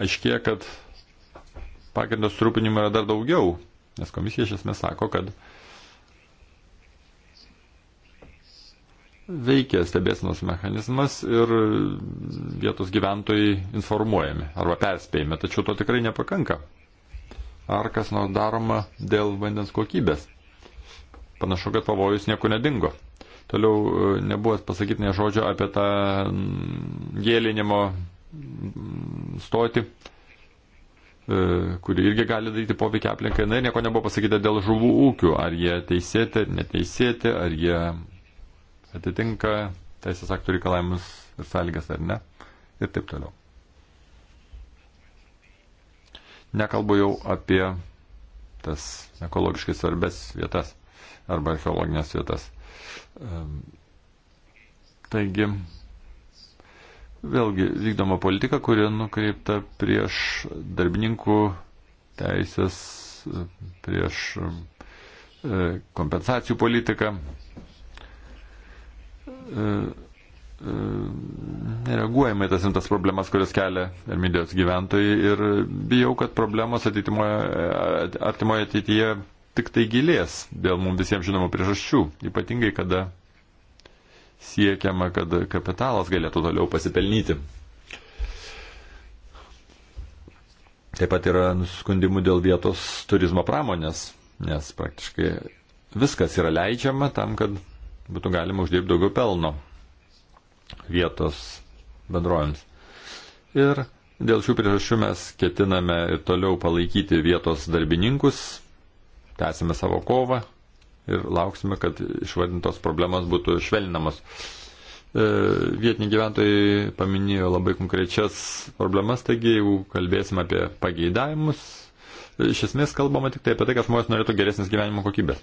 aiškėja, kad pagrindos trūpinimo yra dar daugiau. Nes komisija iš esmės sako, kad veikia stebėsinos mechanizmas ir vietos gyventojai informuojami arba perspėjami, tačiau to tikrai nepakanka. Ar kas nors daroma dėl vandens kokybės? Panašu, kad pavojus niekur nedingo. Toliau e, nebuvo pasakyti ne žodžio apie tą gėlinimo stoti. E, kuri irgi gali daryti poveikį aplinkai. Na ir nieko nebuvo pasakyta dėl žuvų ūkių, ar jie teisėti, ar neteisėti, ar jie atitinka teisės aktų reikalavimus ir sąlygas ar ne. Ir taip toliau. Nekalbu jau apie tas ekologiškai svarbes vietas arba archeologinės vietas. Ehm, taigi, vėlgi vykdoma politika, kuri nukreipta prieš darbininkų teisės, prieš e, kompensacijų politiką. E, e, Nereaguojame tas rimtas problemas, kurias kelia Ermidijos gyventojai ir bijau, kad problemos artimoje ateityje tik tai gilės dėl mums visiems žinomų priežasčių, ypatingai kada siekiama, kad kapitalas galėtų toliau pasipelnyti. Taip pat yra nusiskundimų dėl vietos turizmo pramonės, nes praktiškai viskas yra leidžiama tam, kad būtų galima uždirbti daugiau pelno vietos bendrovėms. Ir dėl šių priežasčių mes ketiname toliau palaikyti vietos darbininkus, tęsime savo kovą ir lauksime, kad išvardintos problemas būtų švelninamos. E, vietiniai gyventojai paminėjo labai konkrečias problemas, taigi jeigu kalbėsim apie pageidavimus, e, iš esmės kalbama tik tai apie tai, kad žmonės norėtų geresnės gyvenimo kokybės.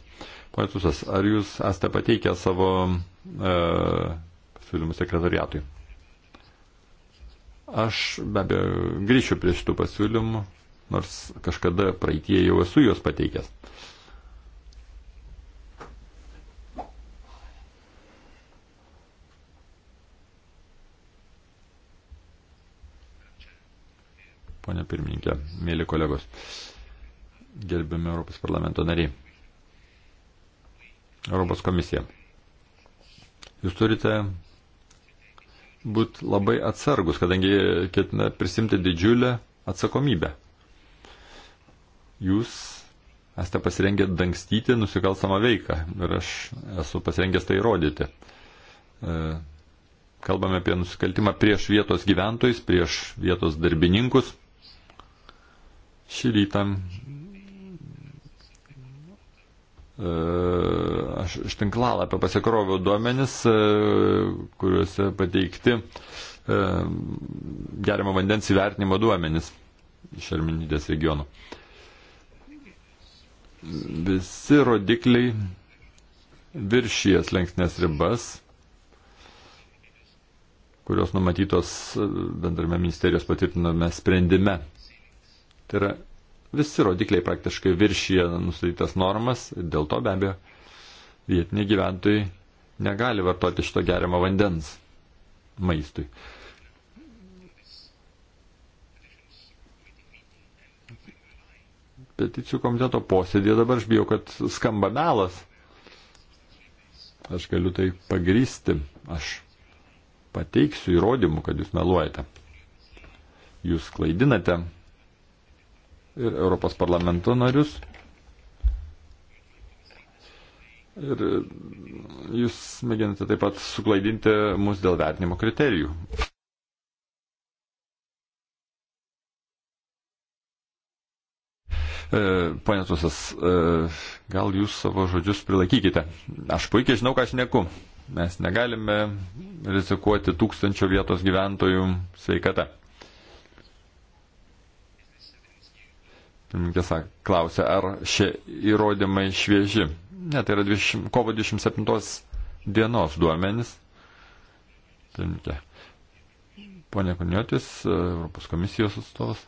Pone Susas, ar jūs esate pateikę savo e, pasiūlymus sekretariatui? Aš be abejo grįšiu prie šitų pasiūlymų, nors kažkada praeitie jau esu juos pateikęs. ponė pirmininkė, mėly kolegos, gerbiami Europos parlamento nariai, Europos komisija. Jūs turite būti labai atsargus, kadangi ketina prisimti didžiulę atsakomybę. Jūs esate pasirengę dangstyti nusikalstamą veiką ir aš esu pasirengęs tai įrodyti. E, kalbame apie nusikaltimą prieš vietos gyventojus, prieš vietos darbininkus. Šį rytą e, aš iš tinklalapio pasikroviau duomenis, e, kuriuose pateikti e, gerimo vandens įvertinimo duomenis iš Arminidės regiono. Visi rodikliai viršijas lenksnės ribas, kurios numatytos bendrame ministerijos patvirtiname sprendime Tai yra visi rodikliai praktiškai viršyje nustatytas normas, dėl to be abejo vietiniai gyventojai negali vartoti šito geriamo vandens maistui. Peticijų komiteto posėdėje dabar aš bijau, kad skamba melas. Aš galiu tai pagrysti. Aš pateiksiu įrodymų, kad jūs meluojate. Jūs klaidinate ir Europos parlamento narius. Ir jūs mėginate taip pat suklaidinti mus dėl vertinimo kriterijų. E, Pane Tusas, e, gal jūs savo žodžius prilaikykite. Aš puikiai žinau, ką aš neku. Mes negalime rizikuoti tūkstančio vietos gyventojų sveikata. pirmininkė sakė, klausė, ar šie įrodymai švieži. Ne, tai yra 20, kovo 27 dienos duomenys. Pirmininkė. Pone Kuniotis, Europos komisijos atstovas.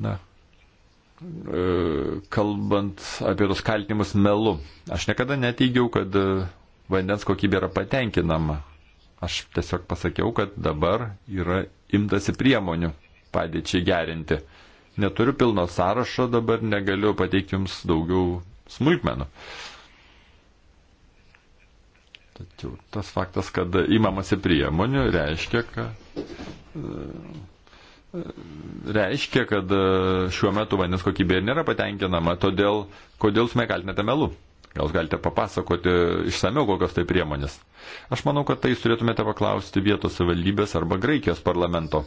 Na, e, kalbant apie tos kaltinimus melu, aš niekada neteigiau, kad e, vandens kokybė yra patenkinama. Aš tiesiog pasakiau, kad dabar yra imtasi priemonių padėčiai gerinti. Neturiu pilno sąrašo, dabar negaliu pateikti jums daugiau smulkmenų. Tačiau tas faktas, kad įmamasi priemonių, reiškia, kad, e, e, reiškia, kad e, šiuo metu vandens kokybė nėra patenkinama, todėl kodėl jūs mekaltinate melu? Gal galite papasakoti išsameu kokios tai priemonės? Aš manau, kad tai turėtumėte paklausti vietos savivaldybės arba Graikijos parlamento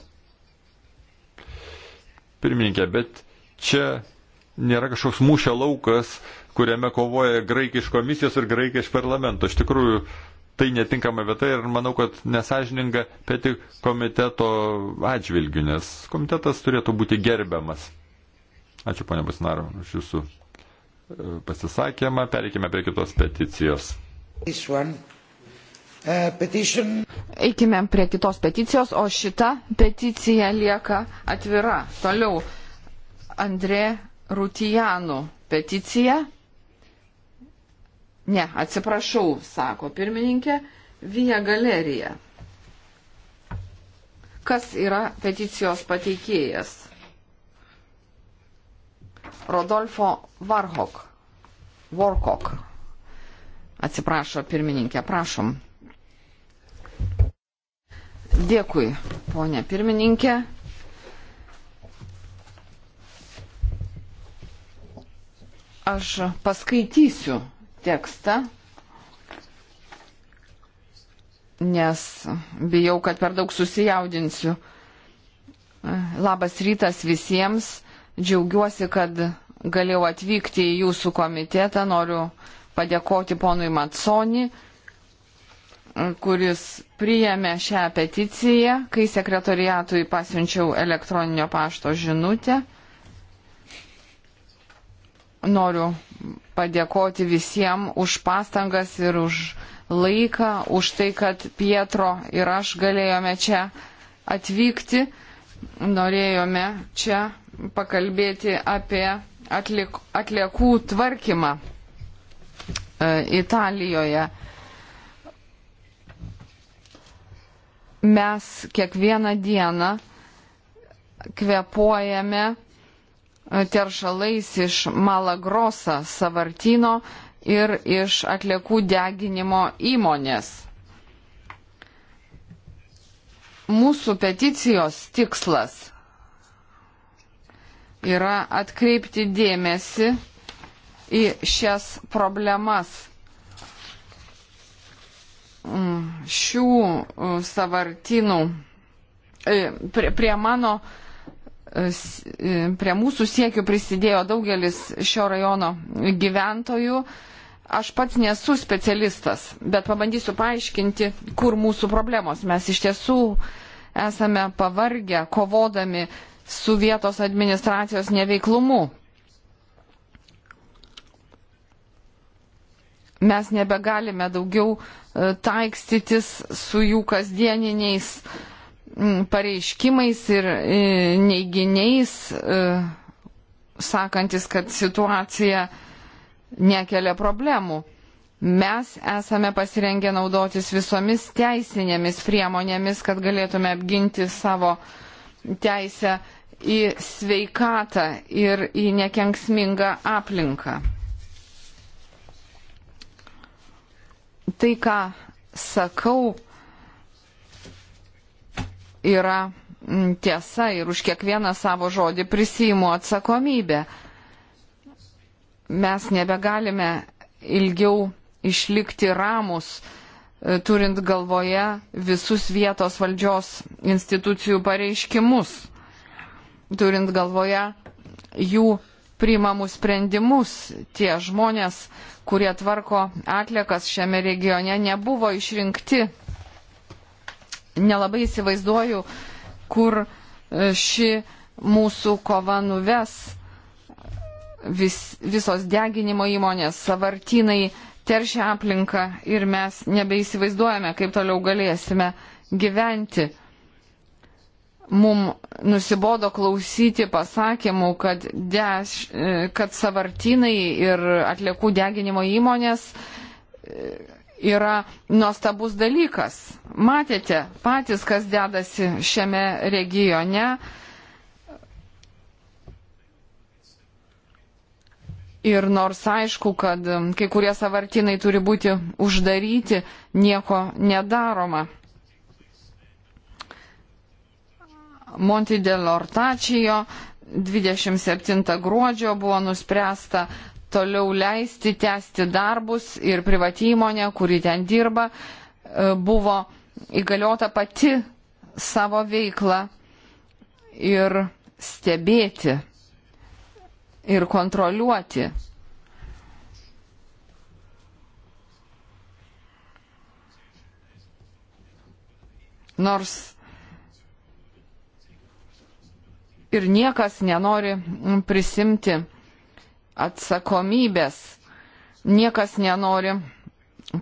pirmininkė, bet čia nėra kažkoks mūšio laukas, kuriame kovoja graikiško misijos ir graikiš parlamento. Iš tikrųjų, tai netinkama vieta ir manau, kad nesažininga peti komiteto atžvilgių, nes komitetas turėtų būti gerbiamas. Ačiū, ponė Busnaro, už jūsų e, pasisakymą. Pereikime prie kitos peticijos. This one. Uh, petition. Eikime prie kitos peticijos, o šita peticija lieka atvira. Toliau Andrė Rutijanų peticija. Ne, atsiprašau, sako pirmininkė, Vija galerija. Kas yra peticijos pateikėjas? Rodolfo Varhok. Vorkok. Atsiprašo pirmininkė, prašom. Dėkui, ponė pirmininkė. Aš paskaitysiu tekstą, nes bijau, kad per daug susijaudinsiu. Labas rytas visiems. Džiaugiuosi, kad galėjau atvykti į jūsų komitetą. Noriu padėkoti ponui Matsoni kuris priėmė šią peticiją, kai sekretoriatui pasiunčiau elektroninio pašto žinutę. Noriu padėkoti visiems už pastangas ir už laiką, už tai, kad Pietro ir aš galėjome čia atvykti. Norėjome čia pakalbėti apie atlik, atliekų tvarkymą e, Italijoje. mes kiekvieną dieną kvepuojame e, teršalais iš Malagrosa savartino ir iš atliekų deginimo įmonės. Mūsų peticijos tikslas yra atkreipti dėmesį į šias problemas šių e, savartinų e, prie, prie mano, e, prie mūsų siekių prisidėjo daugelis šio rajono gyventojų. Aš pats nesu specialistas, bet pabandysiu paaiškinti, kur mūsų problemos. Mes iš tiesų esame pavargę kovodami su vietos administracijos neveiklumu. mes nebegalime daugiau e, taikstytis su jų kasdieniniais mm, pareiškimais ir e, neiginiais, e, sakantis, kad situacija nekelia problemų. Mes esame pasirengę naudotis visomis teisinėmis priemonėmis, kad galėtume apginti savo teisę į sveikatą ir į nekenksmingą aplinką. tai, ką sakau, yra mm, tiesa ir už kiekvieną savo žodį prisijimu atsakomybę. Mes nebegalime ilgiau išlikti ramus, e, turint galvoje visus vietos valdžios institucijų pareiškimus, turint galvoje jų priimamus sprendimus. Tie žmonės, kurie tvarko atliekas šiame regione, nebuvo išrinkti. Nelabai įsivaizduoju, kur e, ši mūsų kova nuves. Vis, visos deginimo įmonės, savartinai teršia aplinką ir mes nebeįsivaizduojame, kaip toliau galėsime gyventi mums nusibodo klausyti pasakymų, kad, deš, kad savartinai ir atliekų deginimo įmonės e, yra nuostabus dalykas. Matėte patys, kas dedasi šiame regione. Ir nors aišku, kad kai kurie savartinai turi būti uždaryti, nieko nedaroma. Monti dell'Ortacijo 27 gruodžio buvo nuspręsta toliau leisti tęsti darbus ir privati įmonė, kuri ten dirba, e, buvo įgaliota pati savo veiklą ir stebėti ir kontroliuoti. Nors ir niekas nenori prisimti atsakomybės, niekas nenori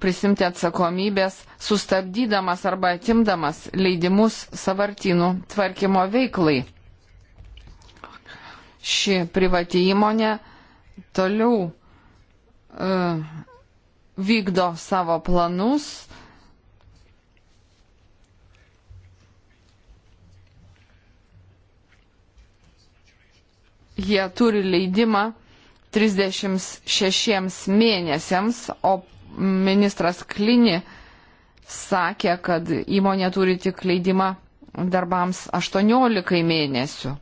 prisimti atsakomybės, sustabdydamas arba atimdamas leidimus savartinų tvarkymo veiklai. Ši privati įmonė toliau uh, vykdo savo planus, uh, jie turi leidimą 36 mėnesiams, o ministras Klini sakė, kad įmonė turi tik leidimą darbams 18 mėnesių.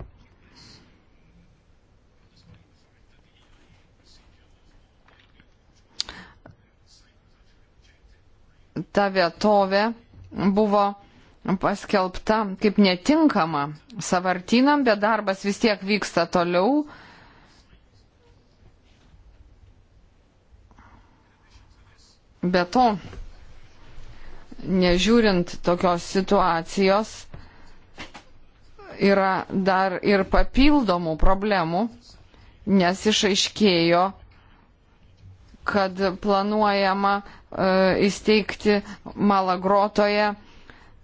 Ta vietovė buvo paskelbta kaip netinkama savartinam, bet darbas vis tiek vyksta toliau. Be to, nežiūrint tokios situacijos, yra dar ir papildomų problemų, nes išaiškėjo, kad planuojama e, įsteigti Malagrotoje e,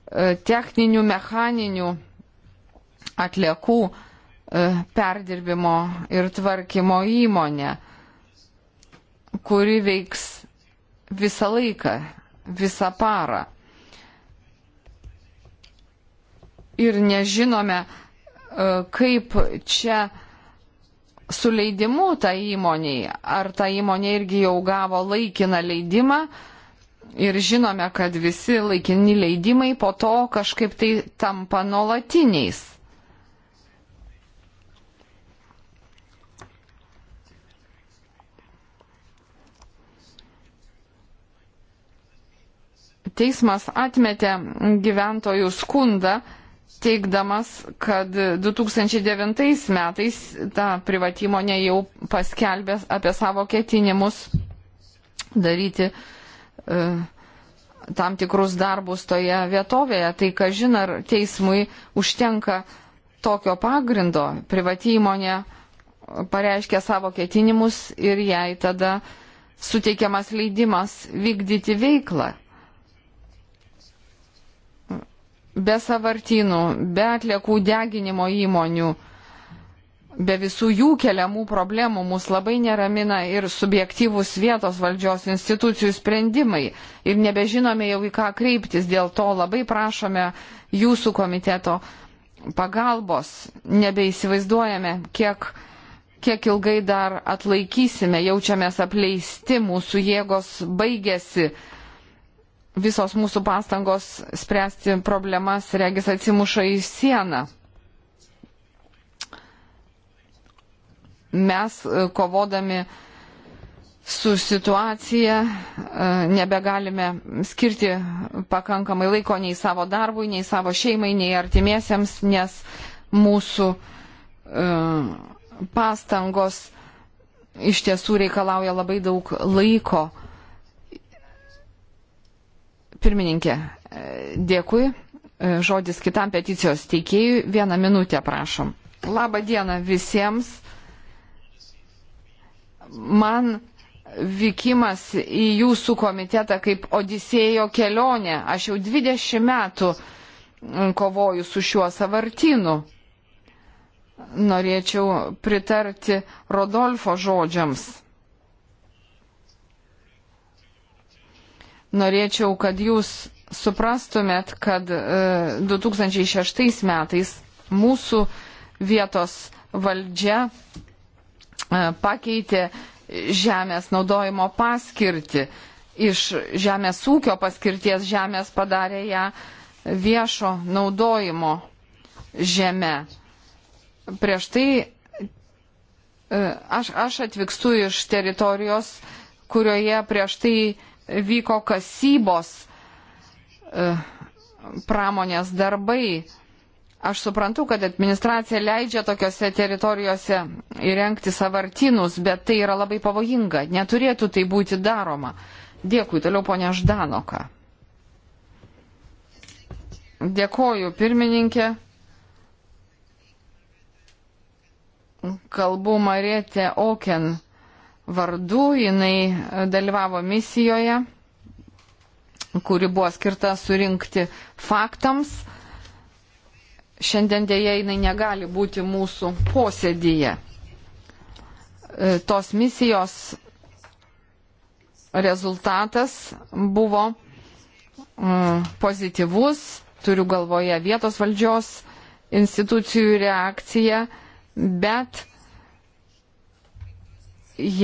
E, techninių, mechaninių atliekų e, perdirbimo ir tvarkymo įmonė, kuri veiks visą laiką, visą parą. Ir nežinome, e, kaip čia su leidimu ta įmonė, ar ta įmonė irgi jau gavo laikiną leidimą, ir žinome, kad visi laikini leidimai po to kažkaip tai tampa nuolatiniais. Teismas atmetė gyventojų skundą, teikdamas, kad 2009 metais ta privatymonė jau paskelbė apie savo ketinimus daryti uh, E, tam tikrus darbus toje vietovėje, tai kažin ar teismui užtenka tokio pagrindo. Privati įmonė pareiškia savo ketinimus ir jai tada suteikiamas leidimas vykdyti veiklą. Be savartinų, be atliekų deginimo įmonių be visų jų keliamų problemų mus labai neramina ir subjektyvūs vietos valdžios institucijų sprendimai ir nebežinome jau į ką kreiptis, dėl to labai prašome jūsų komiteto pagalbos, nebeįsivaizduojame, kiek, kiek ilgai dar atlaikysime, jaučiamės apleisti, mūsų jėgos baigėsi, visos mūsų pastangos spręsti problemas regis atsimuša į sieną. mes e, kovodami su situacija e, nebegalime skirti pakankamai laiko nei savo darbui, nei savo šeimai, nei artimiesiems, nes mūsų e, pastangos iš tiesų reikalauja labai daug laiko. Pirmininkė, dėkui. Žodis kitam peticijos teikėjui. Vieną minutę prašom. Labą dieną visiems man vykimas į jūsų komitetą kaip Odisėjo kelionė. Aš jau 20 metų mm, kovoju su šiuo savartinu. Norėčiau pritarti Rodolfo žodžiams. Norėčiau, kad jūs suprastumėt, kad 2006 e, metais mūsų vietos valdžia E, pakeitė žemės naudojimo paskirtį. Iš žemės ūkio paskirties žemės padarė ją viešo naudojimo žemę. Prieš tai e, aš, aš atvykstu iš teritorijos, kurioje prieš tai vyko kasybos e, pramonės darbai Aš suprantu, kad administracija leidžia tokiuose teritorijose įrengti savartinus, bet tai yra labai pavojinga. Neturėtų tai būti daroma. Dėkui, toliau ponia Ždanoka. Dėkoju, pirmininkė. Kalbu Marietė Oken vardu, jinai dalyvavo misijoje, kuri buvo skirta surinkti faktams Šiandien dėja jinai negali būti mūsų posėdyje. E, tos misijos rezultatas buvo e, pozityvus, turiu galvoje vietos valdžios institucijų reakciją, bet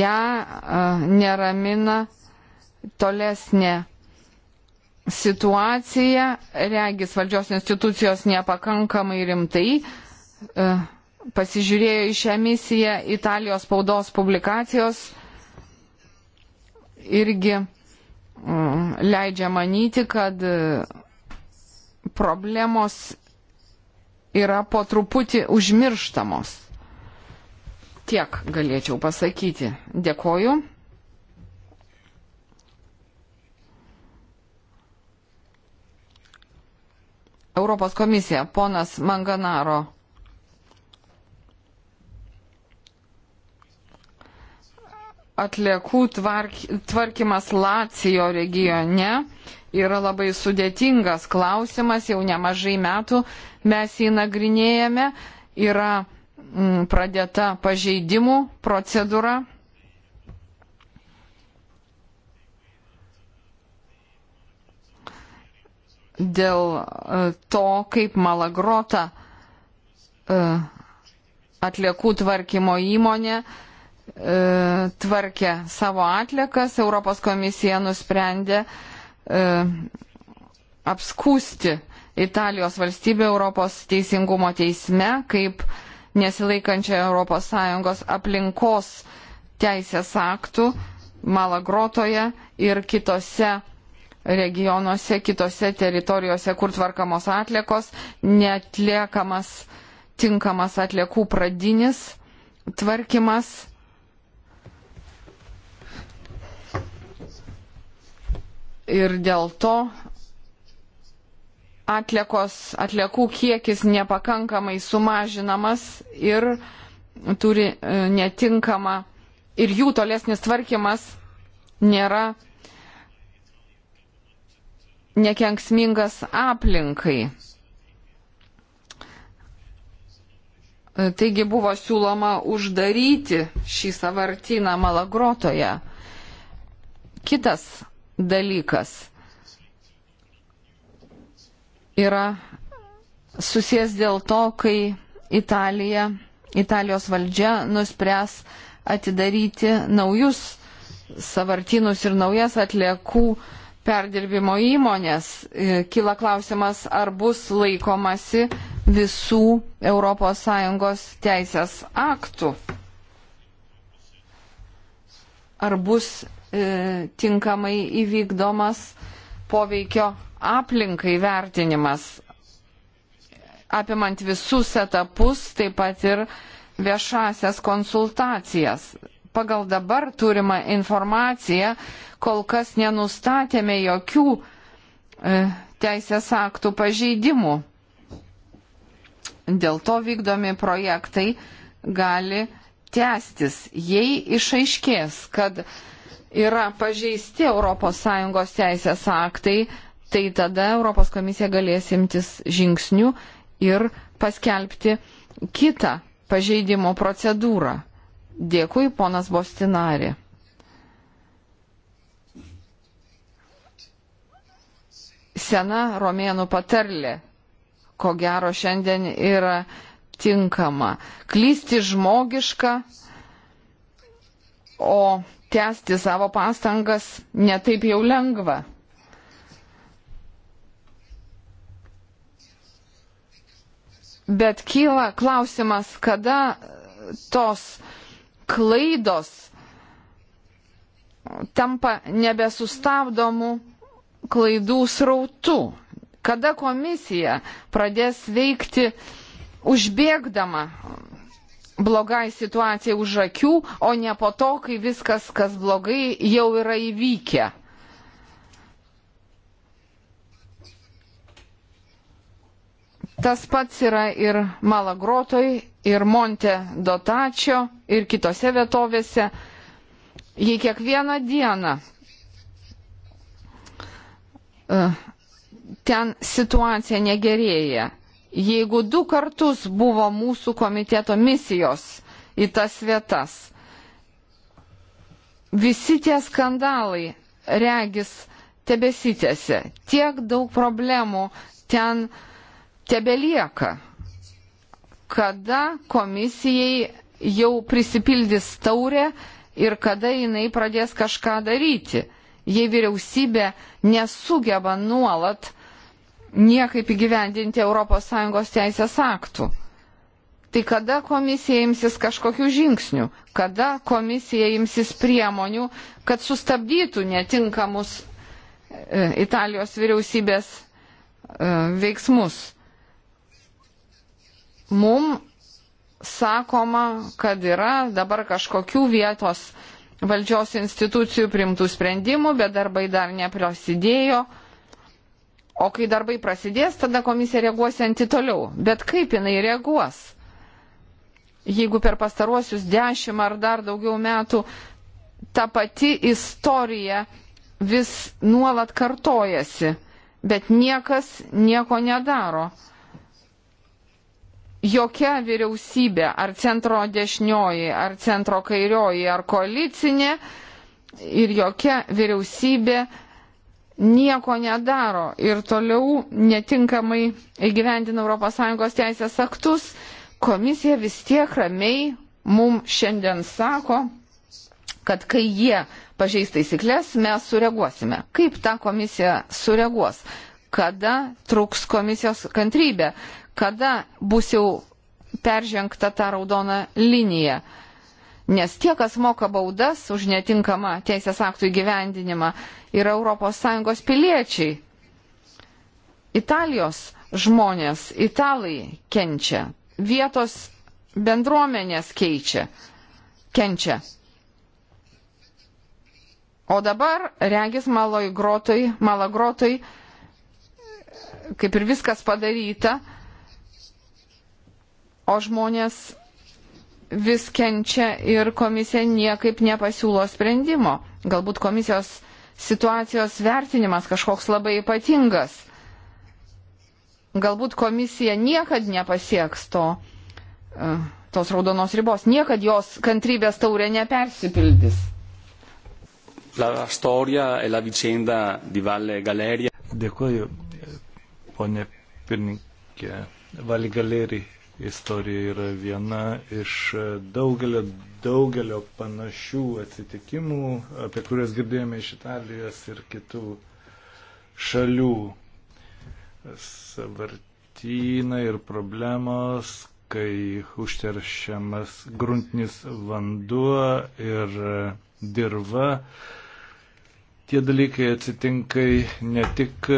ją e, neramina tolesnė situaciją, regis valdžios institucijos nepakankamai rimtai e, pasižiūrėjo į šią misiją Italijos spaudos publikacijos irgi leidžia manyti, kad e, problemos yra po truputį užmirštamos. Tiek galėčiau pasakyti. Dėkoju. Europos komisija, ponas Manganaro. Atliekų tvark, tvarkymas Lacijo regione yra labai sudėtingas klausimas, jau nemažai metų mes jį nagrinėjame, yra m, mm, pradėta pažeidimų procedūra dėl e, to, kaip Malagrota e, atliekų tvarkymo įmonė e, tvarkė savo atliekas, Europos komisija nusprendė apskūsti Italijos valstybę Europos teisingumo teisme kaip nesilaikančią ES aplinkos teisės aktų Malagrotoje ir kitose regionuose, kitose teritorijose, kur tvarkamos atliekos, netliekamas tinkamas atliekų pradinis tvarkymas. Ir dėl to atliekos, atliekų kiekis nepakankamai sumažinamas ir turi e, netinkamą ir jų tolesnis tvarkymas nėra nekenksmingas aplinkai. Taigi buvo siūloma uždaryti šį savartyną Malagrotoje. Kitas dalykas yra susijęs dėl to, kai Italija, Italijos valdžia nuspręs atidaryti naujus savartynus ir naujas atliekų uh, perdirbimo įmonės. E, Kila klausimas, ar bus laikomasi visų ES teisės aktų. Ar bus e, tinkamai įvykdomas poveikio aplinkai vertinimas, apimant visus etapus, taip pat ir viešasias konsultacijas. Pagal dabar turimą informaciją kol kas nenustatėme jokių e, teisės aktų pažeidimų. Dėl to vykdomi projektai gali tęstis, jei išaiškės, kad yra pažeisti ES teisės aktai, tai tada Europos komisija galės imtis žingsnių ir paskelbti kitą pažeidimo procedūrą. Dėkui, ponas Bostinari. sena romėnų patarlė, ko gero šiandien yra tinkama. Klysti žmogiška, o tęsti savo pastangas netaip jau lengva. Bet kyla klausimas, kada tos klaidos tampa nebesustabdomų klaidų srautu? Kada komisija pradės veikti užbėgdama blogai situacijai už akių, o ne po to, kai viskas, kas blogai, jau yra įvykę? Tas pats yra ir Malagrotoj, ir Monte Dotačio, ir kitose vietovėse. Jei kiekvieną dieną E, ten situacija negerėja. Jeigu du kartus buvo mūsų komiteto misijos į tas vietas, visi tie skandalai, regis, tebesitėsi. Tiek daug problemų ten tebelieka. Kada komisijai jau prisipildys taurė ir kada jinai pradės kažką daryti? jei vyriausybė nesugeba nuolat niekaip įgyvendinti ES teisės aktų. Tai kada komisija imsis kažkokių žingsnių, kada komisija imsis priemonių, kad sustabdytų netinkamus e, Italijos vyriausybės e, veiksmus. Mums sakoma, kad yra dabar kažkokių vietos valdžios institucijų primtų sprendimų, bet darbai dar neprasidėjo. O kai darbai prasidės, tada komisija reaguos anti toliau. Bet kaip jinai reaguos? Jeigu per pastaruosius dešimt ar dar daugiau metų ta pati istorija vis nuolat kartojasi, bet niekas nieko nedaro jokia vyriausybė, ar centro dešinioji, ar centro kairioji, ar koalicinė, ir jokia vyriausybė nieko nedaro ir toliau netinkamai įgyvendina ES teisės aktus, komisija vis tiek ramiai mum šiandien sako, kad kai jie pažeis taisyklės, mes sureaguosime. Kaip ta komisija sureaguos? kada truks komisijos kantrybė, kada bus jau peržengta ta raudona linija. Nes tie, kas moka baudas už netinkamą teisės aktų įgyvendinimą, yra ES piliečiai. Italijos žmonės, italai kenčia, vietos bendruomenės keičia, kenčia. O dabar, regis malagrotui, malagrotui, kaip ir viskas padaryta, o žmonės vis kenčia ir komisija niekaip nepasiūlo sprendimo. Galbūt komisijos situacijos vertinimas kažkoks labai ypatingas. Galbūt komisija niekad nepasieks to, e, tos raudonos ribos, niekad jos kantrybės taurė nepersipildys. La storia e la vicenda di Valle Galeria. Dėkuoju ponė pirmininkė. Valgaleri istorija yra viena iš daugelio, daugelio panašių atsitikimų, apie kurias girdėjome iš Italijos ir kitų šalių. Savartynai ir problemos, kai užteršiamas gruntinis vanduo ir dirba. Tie dalykai atsitinka ne tik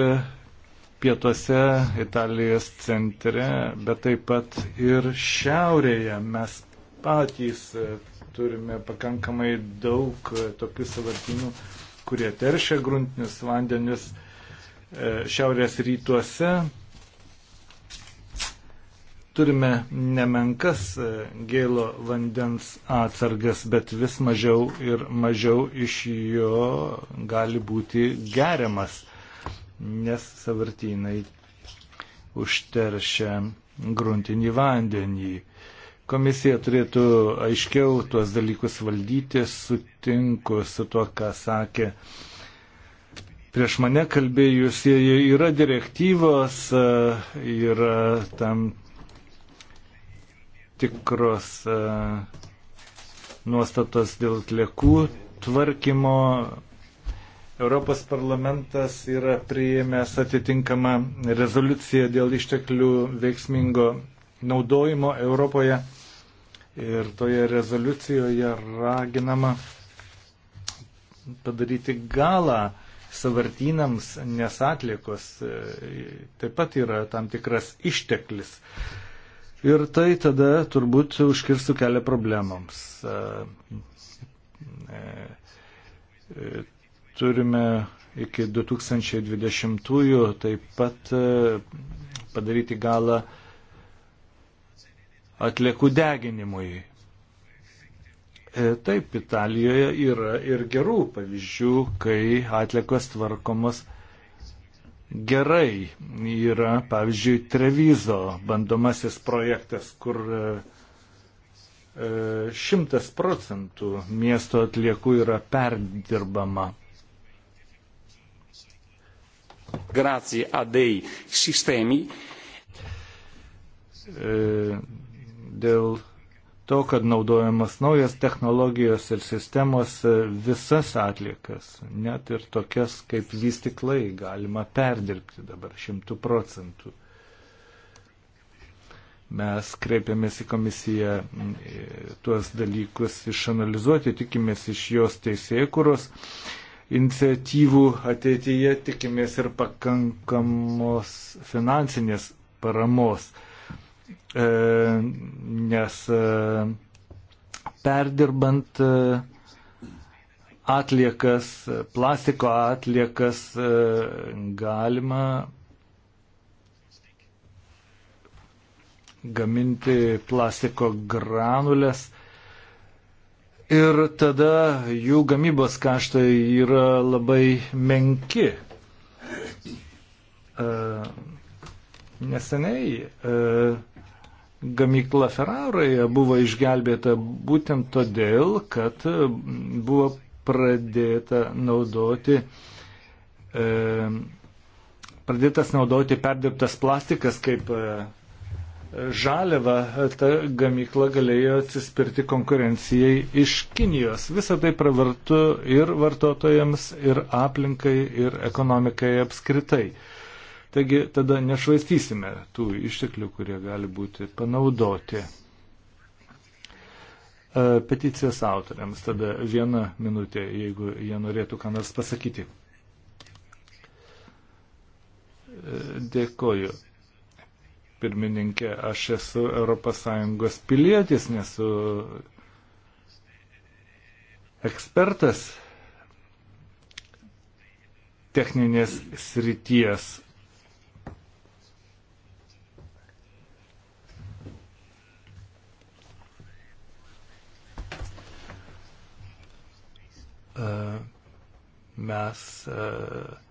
pietuose, Italijos centre, bet taip pat ir šiaurėje mes patys e, turime pakankamai daug e, tokių savartinių, kurie teršia gruntinius vandenius e, šiaurės rytuose. Turime nemenkas gėlo vandens atsargas, bet vis mažiau ir mažiau iš jo gali būti geriamas nes savartinai užteršia gruntinį vandenį. Komisija turėtų aiškiau tuos dalykus valdyti, sutinku su tuo, ką sakė prieš mane kalbėjusieji. Yra direktyvos, yra tam tikros e, nuostatos dėl atliekų tvarkymo, Europos parlamentas yra priėmęs atitinkamą rezoliuciją dėl išteklių veiksmingo naudojimo Europoje. Ir toje rezoliucijoje raginama padaryti galą savartynams, nes atliekos e, taip pat yra tam tikras išteklis. Ir tai tada turbūt užkirstų kelią problemams e, e, turime iki 2020-ųjų taip pat e, padaryti galą atliekų deginimui. E, taip, Italijoje yra ir gerų pavyzdžių, kai atliekos tvarkomos gerai. Yra, pavyzdžiui, Trevizo bandomasis projektas, kur e, šimtas procentų miesto atliekų yra perdirbama grazie a dei sistemi. E, dėl to, kad naudojamas naujas technologijos ir sistemos e, visas atliekas, net ir tokias kaip vystiklai, galima perdirbti dabar šimtų procentų. Mes kreipiamės į komisiją e, tuos dalykus išanalizuoti, tikimės iš jos teisėkuros. kuros iniciatyvų ateityje tikimės ir pakankamos finansinės paramos, e, nes e, perdirbant e, atliekas, plastiko atliekas e, galima gaminti plastiko granulės, ir tada jų gamybos kaštai yra labai menki. E, neseniai e, gamykla Ferraroje buvo išgelbėta būtent todėl, kad buvo pradėta naudoti, e, pradėtas naudoti perdirbtas plastikas kaip žaliava ta gamykla galėjo atsispirti konkurencijai iš Kinijos. Visą tai pravartu ir vartotojams, ir aplinkai, ir ekonomikai apskritai. Taigi tada nešvaistysime tų išteklių, kurie gali būti panaudoti. E, peticijos autoriams tada viena minutė, jeigu jie norėtų ką nors pasakyti. E, dėkoju pirmininkė, aš esu ES pilietis, nesu ekspertas techninės srities. Mes uh,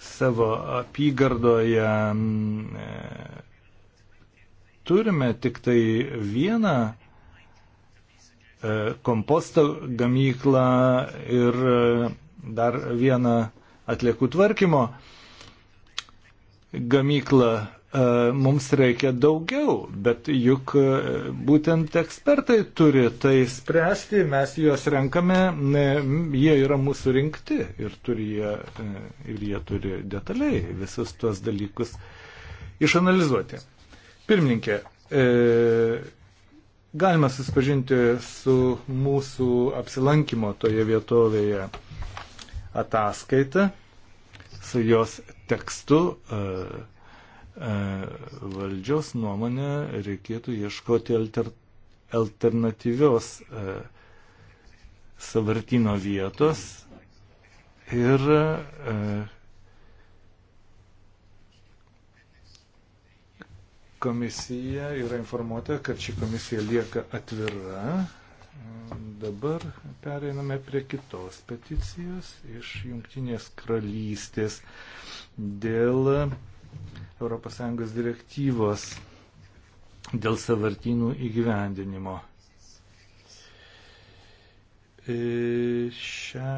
savo apygardoje e, turime tik tai vieną e, komposto gamyklą ir e, dar vieną atliekų tvarkymo gamyklą E, mums reikia daugiau, bet juk e, būtent ekspertai turi tai spręsti, mes juos renkame, jie yra mūsų rinkti ir, turi jie, e, ir jie turi detaliai visus tuos dalykus išanalizuoti. Pirmininkė, e, galima susipažinti su mūsų apsilankimo toje vietovėje ataskaita, su jos tekstu. E, E, valdžios nuomonę reikėtų ieškoti alter, alternatyvios e, savartino vietos ir e, komisija yra informuota, kad ši komisija lieka atvira. Dabar pereiname prie kitos peticijos iš Junktinės karalystės dėl ES direktyvos dėl savartynų įgyvendinimo. E, šią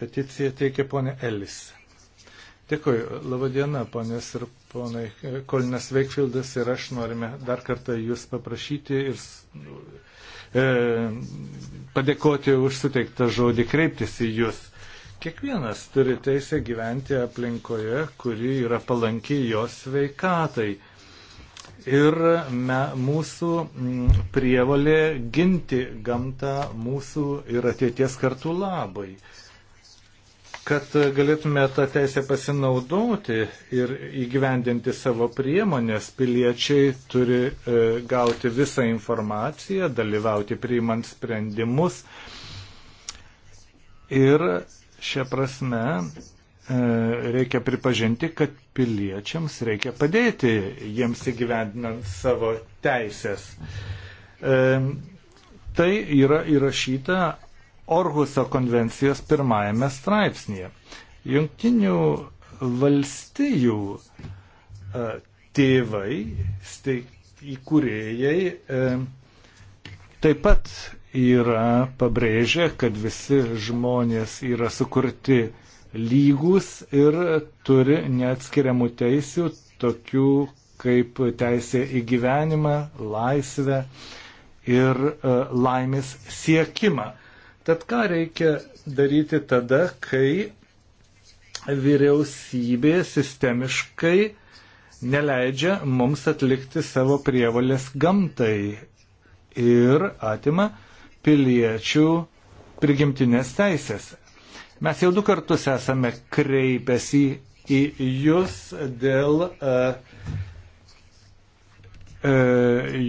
peticiją teikia ponė Ellis. Dėkui, labadiena, ponės ir ponai. E, Kolinas Veikfildas ir aš norime dar kartą jūs paprašyti ir e, padėkoti už suteiktą žodį, kreiptis į jūs. Kiekvienas turi teisę gyventi aplinkoje, kuri yra palanki jos veikatai. Ir me, mūsų mm, prievalė ginti gamtą mūsų ir ateities kartų labai kad galėtume tą teisę pasinaudoti ir įgyvendinti savo priemonės, piliečiai turi e, gauti visą informaciją, dalyvauti priimant sprendimus ir e, Šią prasme e, reikia pripažinti, kad piliečiams reikia padėti jiems įgyvendinant savo teisės. E, tai yra įrašyta Orhuso konvencijos pirmajame straipsnėje. Jungtinių valstijų e, tėvai, įkūrėjai, taip pat yra pabrėžę, kad visi žmonės yra sukurti lygus ir turi neatskiriamų teisių, tokių kaip teisė į gyvenimą, laisvę ir e, laimės siekimą. Tad ką reikia daryti tada, kai vyriausybė sistemiškai neleidžia mums atlikti savo prievalės gamtai ir atima piliečių prigimtinės teisės. Mes jau du kartus esame kreipęsi į jūs dėl uh, e, e,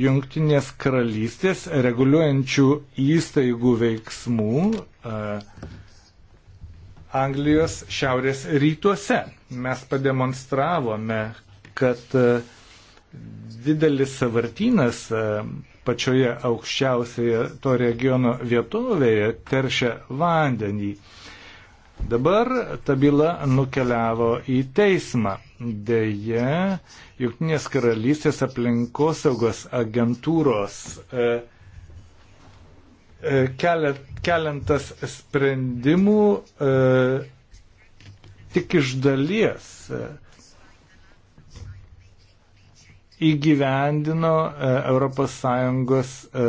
Junktinės karalystės reguliuojančių įstaigų veiksmų e, Anglijos šiaurės rytuose. Mes pademonstravome, kad didelis savartynas pačioje aukščiausioje to regiono vietovėje teršia vandenį. Dabar ta byla nukeliavo į teismą. Deja, Junktinės karalystės aplinkosaugos agentūros e, e, keliantas sprendimų e, tik iš dalies e, įgyvendino e, ES e,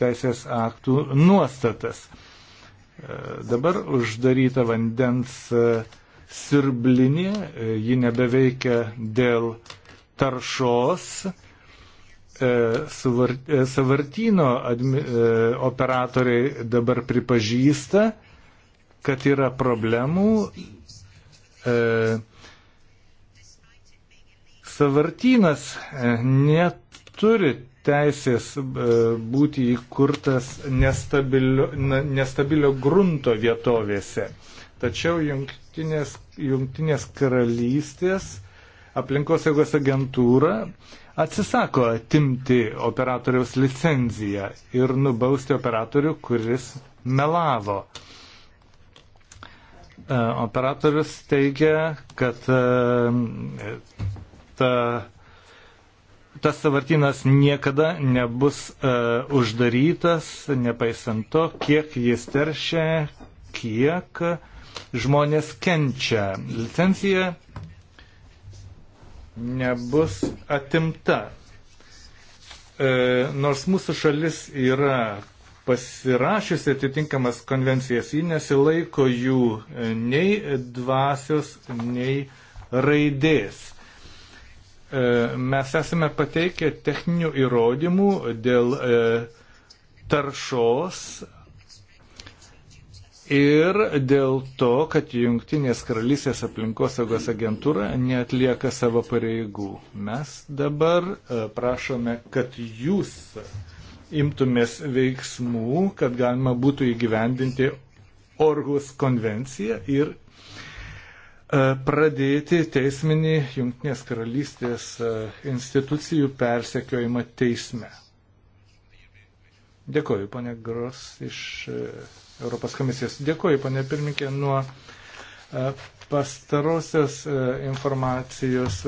teisės aktų nuostatas. E, dabar uždaryta vandens sirblinė, ji nebeveikia dėl taršos. Savartino operatoriai dabar pripažįsta, kad yra problemų. E, Savartynas e, neturi teisės e, būti įkurtas nestabilio, nestabilio grunto vietovėse. Tačiau jungtinės, jungtinės karalystės aplinkosaugos agentūra atsisako atimti operatoriaus licenciją ir nubausti operatorių, kuris melavo. E, operatorius teigia, kad ta, tas savartinas niekada nebus uh, uždarytas, nepaisant to, kiek jis teršia, kiek žmonės kenčia. Licencija nebus atimta. E, nors mūsų šalis yra pasirašiusi atitinkamas konvencijas, ji nesilaiko jų e, nei dvasios, nei raidės. E, mes esame pateikę techninių įrodymų dėl e, taršos ir dėl to, kad Junktinės karalystės aplinkosaugos agentūra neatlieka savo pareigų. Mes dabar e, prašome, kad jūs imtumės veiksmų, kad galima būtų įgyvendinti Orgus konvenciją ir E, pradėti teisminį Junktinės karalystės e, institucijų persekiojimą teisme. Dėkoju, ponė Gros iš e, Europos komisijos. Dėkoju, ponė pirmininkė, nuo pastarosios informacijos,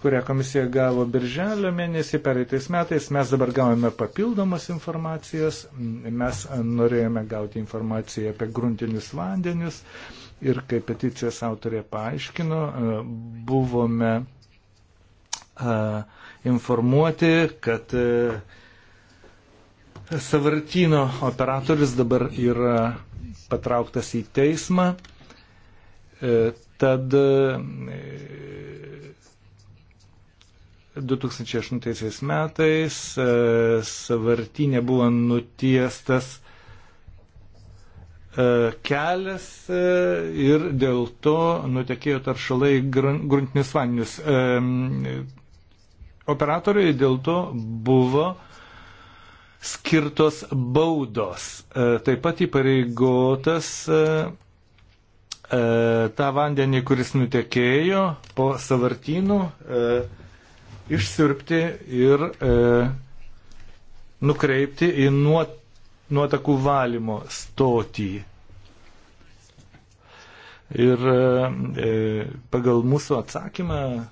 kurią komisija gavo birželio mėnesį pereitais metais. Mes dabar gavome papildomas informacijos. Mes norėjome gauti informaciją apie gruntinius vandenius. Ir kaip peticijos autorė paaiškino, e, buvome e, informuoti, kad e, savartino operatorius dabar yra patrauktas į teismą. Tad 2008 metais savartinė buvo nutiestas E, kelias e, ir dėl to nutekėjo taršalai gruntinius vandenius. E, Operatoriui dėl to buvo skirtos baudos. Taip pat įpareigotas tą vandenį, kuris nutekėjo po savartynų, išsirpti ir nukreipti į nuot nuotakų valymo stotį. Ir e, e, pagal mūsų atsakymą e,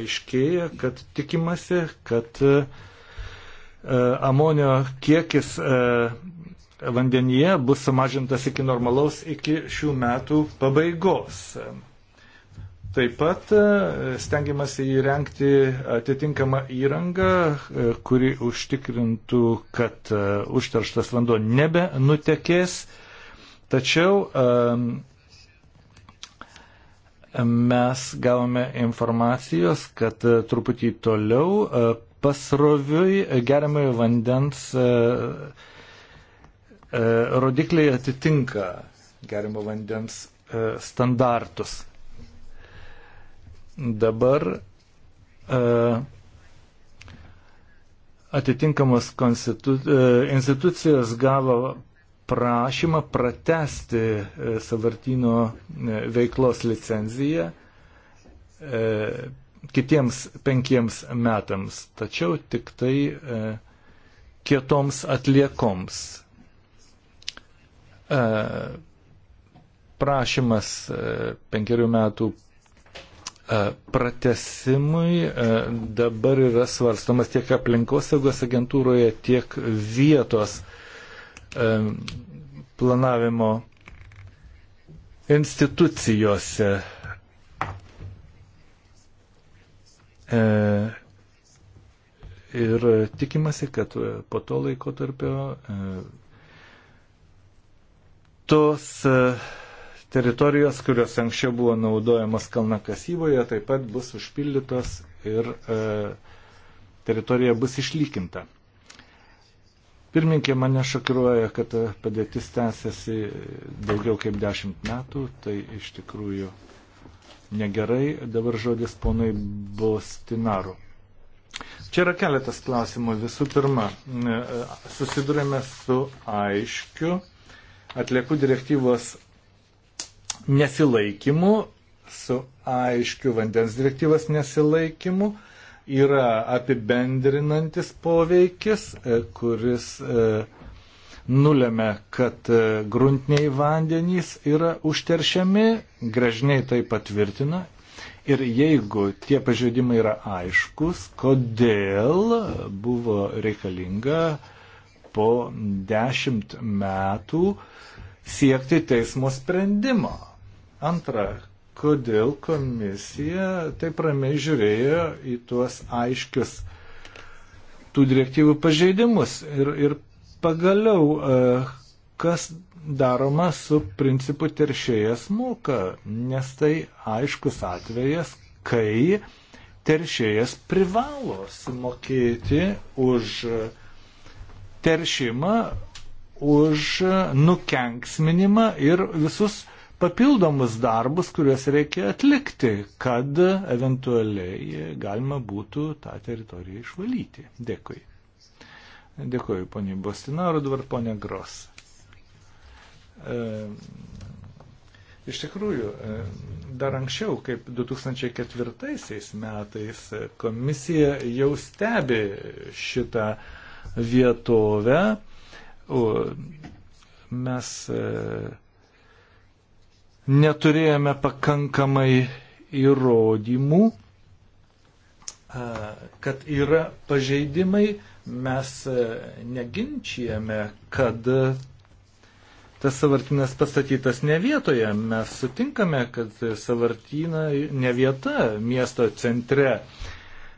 aiškėja, kad tikimasi, kad e, e, amonio kiekis e, vandenyje bus sumažintas iki normalaus iki šių metų pabaigos. E, Taip pat e, stengiamasi įrengti atitinkamą įrangą, e, kuri užtikrintų, kad e, užterštas vanduo nebe nutekės. Tačiau mes gavome informacijos, kad truputį toliau pasroviui geriamojo vandens rodikliai atitinka gerimo vandens standartus. Dabar e, atitinkamos konstitu... E, institucijos gavo prašymą pratesti e, savartino veiklos licenciją kitiems penkiems metams, tačiau tik tai kietoms atliekoms. Prašymas penkerių metų E, pratesimui e, dabar yra svarstamas tiek aplinkosaugos agentūroje, tiek vietos e, planavimo institucijose. Ir tikimasi, kad po to laiko tarpio tos uh, Teritorijos, kurios anksčiau buvo naudojamos kalnakasyboje, taip pat bus užpildytos ir e, teritorija bus išlykinta. Pirminkė mane šokiruoja, kad padėtis tęsiasi daugiau kaip dešimt metų, tai iš tikrųjų negerai. Dabar žodis ponai Bostinaru. Čia yra keletas klausimų. Visų pirma, e, e, susidurėme su aiškiu atliekų direktyvos nesilaikymu, su aiškiu vandens direktyvas nesilaikymu, yra apibendrinantis poveikis, e, kuris e, nulėmė, kad e, gruntiniai vandenys yra užteršiami, gražniai tai patvirtina. Ir jeigu tie pažeidimai yra aiškus, kodėl buvo reikalinga po dešimt metų siekti teismo sprendimo. Antra, kodėl komisija taip ramiai žiūrėjo į tuos aiškius tų direktyvų pažeidimus ir, ir pagaliau, eh, kas daroma su principu teršėjas moka, nes tai aiškus atvejas, kai teršėjas privalo sumokėti už teršimą, už nukenksminimą ir visus papildomus darbus, kuriuos reikia atlikti, kad eventualiai galima būtų tą teritoriją išvalyti. Dėkui. Dėkuoju, ponė Bostinaru, dabar ponė Gros. E, iš tikrųjų, e, dar anksčiau, kaip 2004 metais, komisija jau stebi šitą vietovę. O, mes e, neturėjome pakankamai įrodymų, kad yra pažeidimai, mes neginčijame, kad tas savartinas pastatytas ne vietoje. Mes sutinkame, kad savartina ne vieta miesto centre,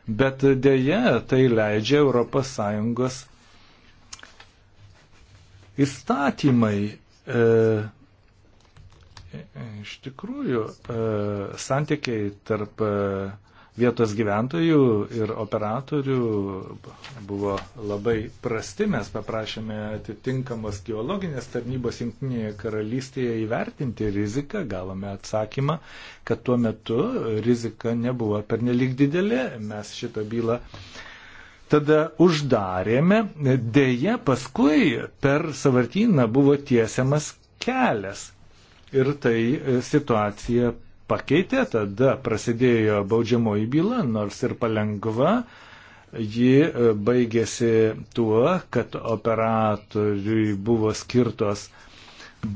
bet dėja tai leidžia ES įstatymai. E, Iš tikrųjų, e, santykiai tarp e, vietos gyventojų ir operatorių buvo labai prasti. Mes paprašėme atitinkamos geologinės tarnybos Junktinėje karalystėje įvertinti riziką. Gavome atsakymą, kad tuo metu rizika nebuvo pernelik didelė. Mes šitą bylą tada uždarėme. Deja, paskui per savartyną buvo tiesiamas kelias Ir tai e, situacija pakeitė, tada prasidėjo baudžiamoji byla, nors ir palengva. Ji e, baigėsi tuo, kad operatoriui buvo skirtos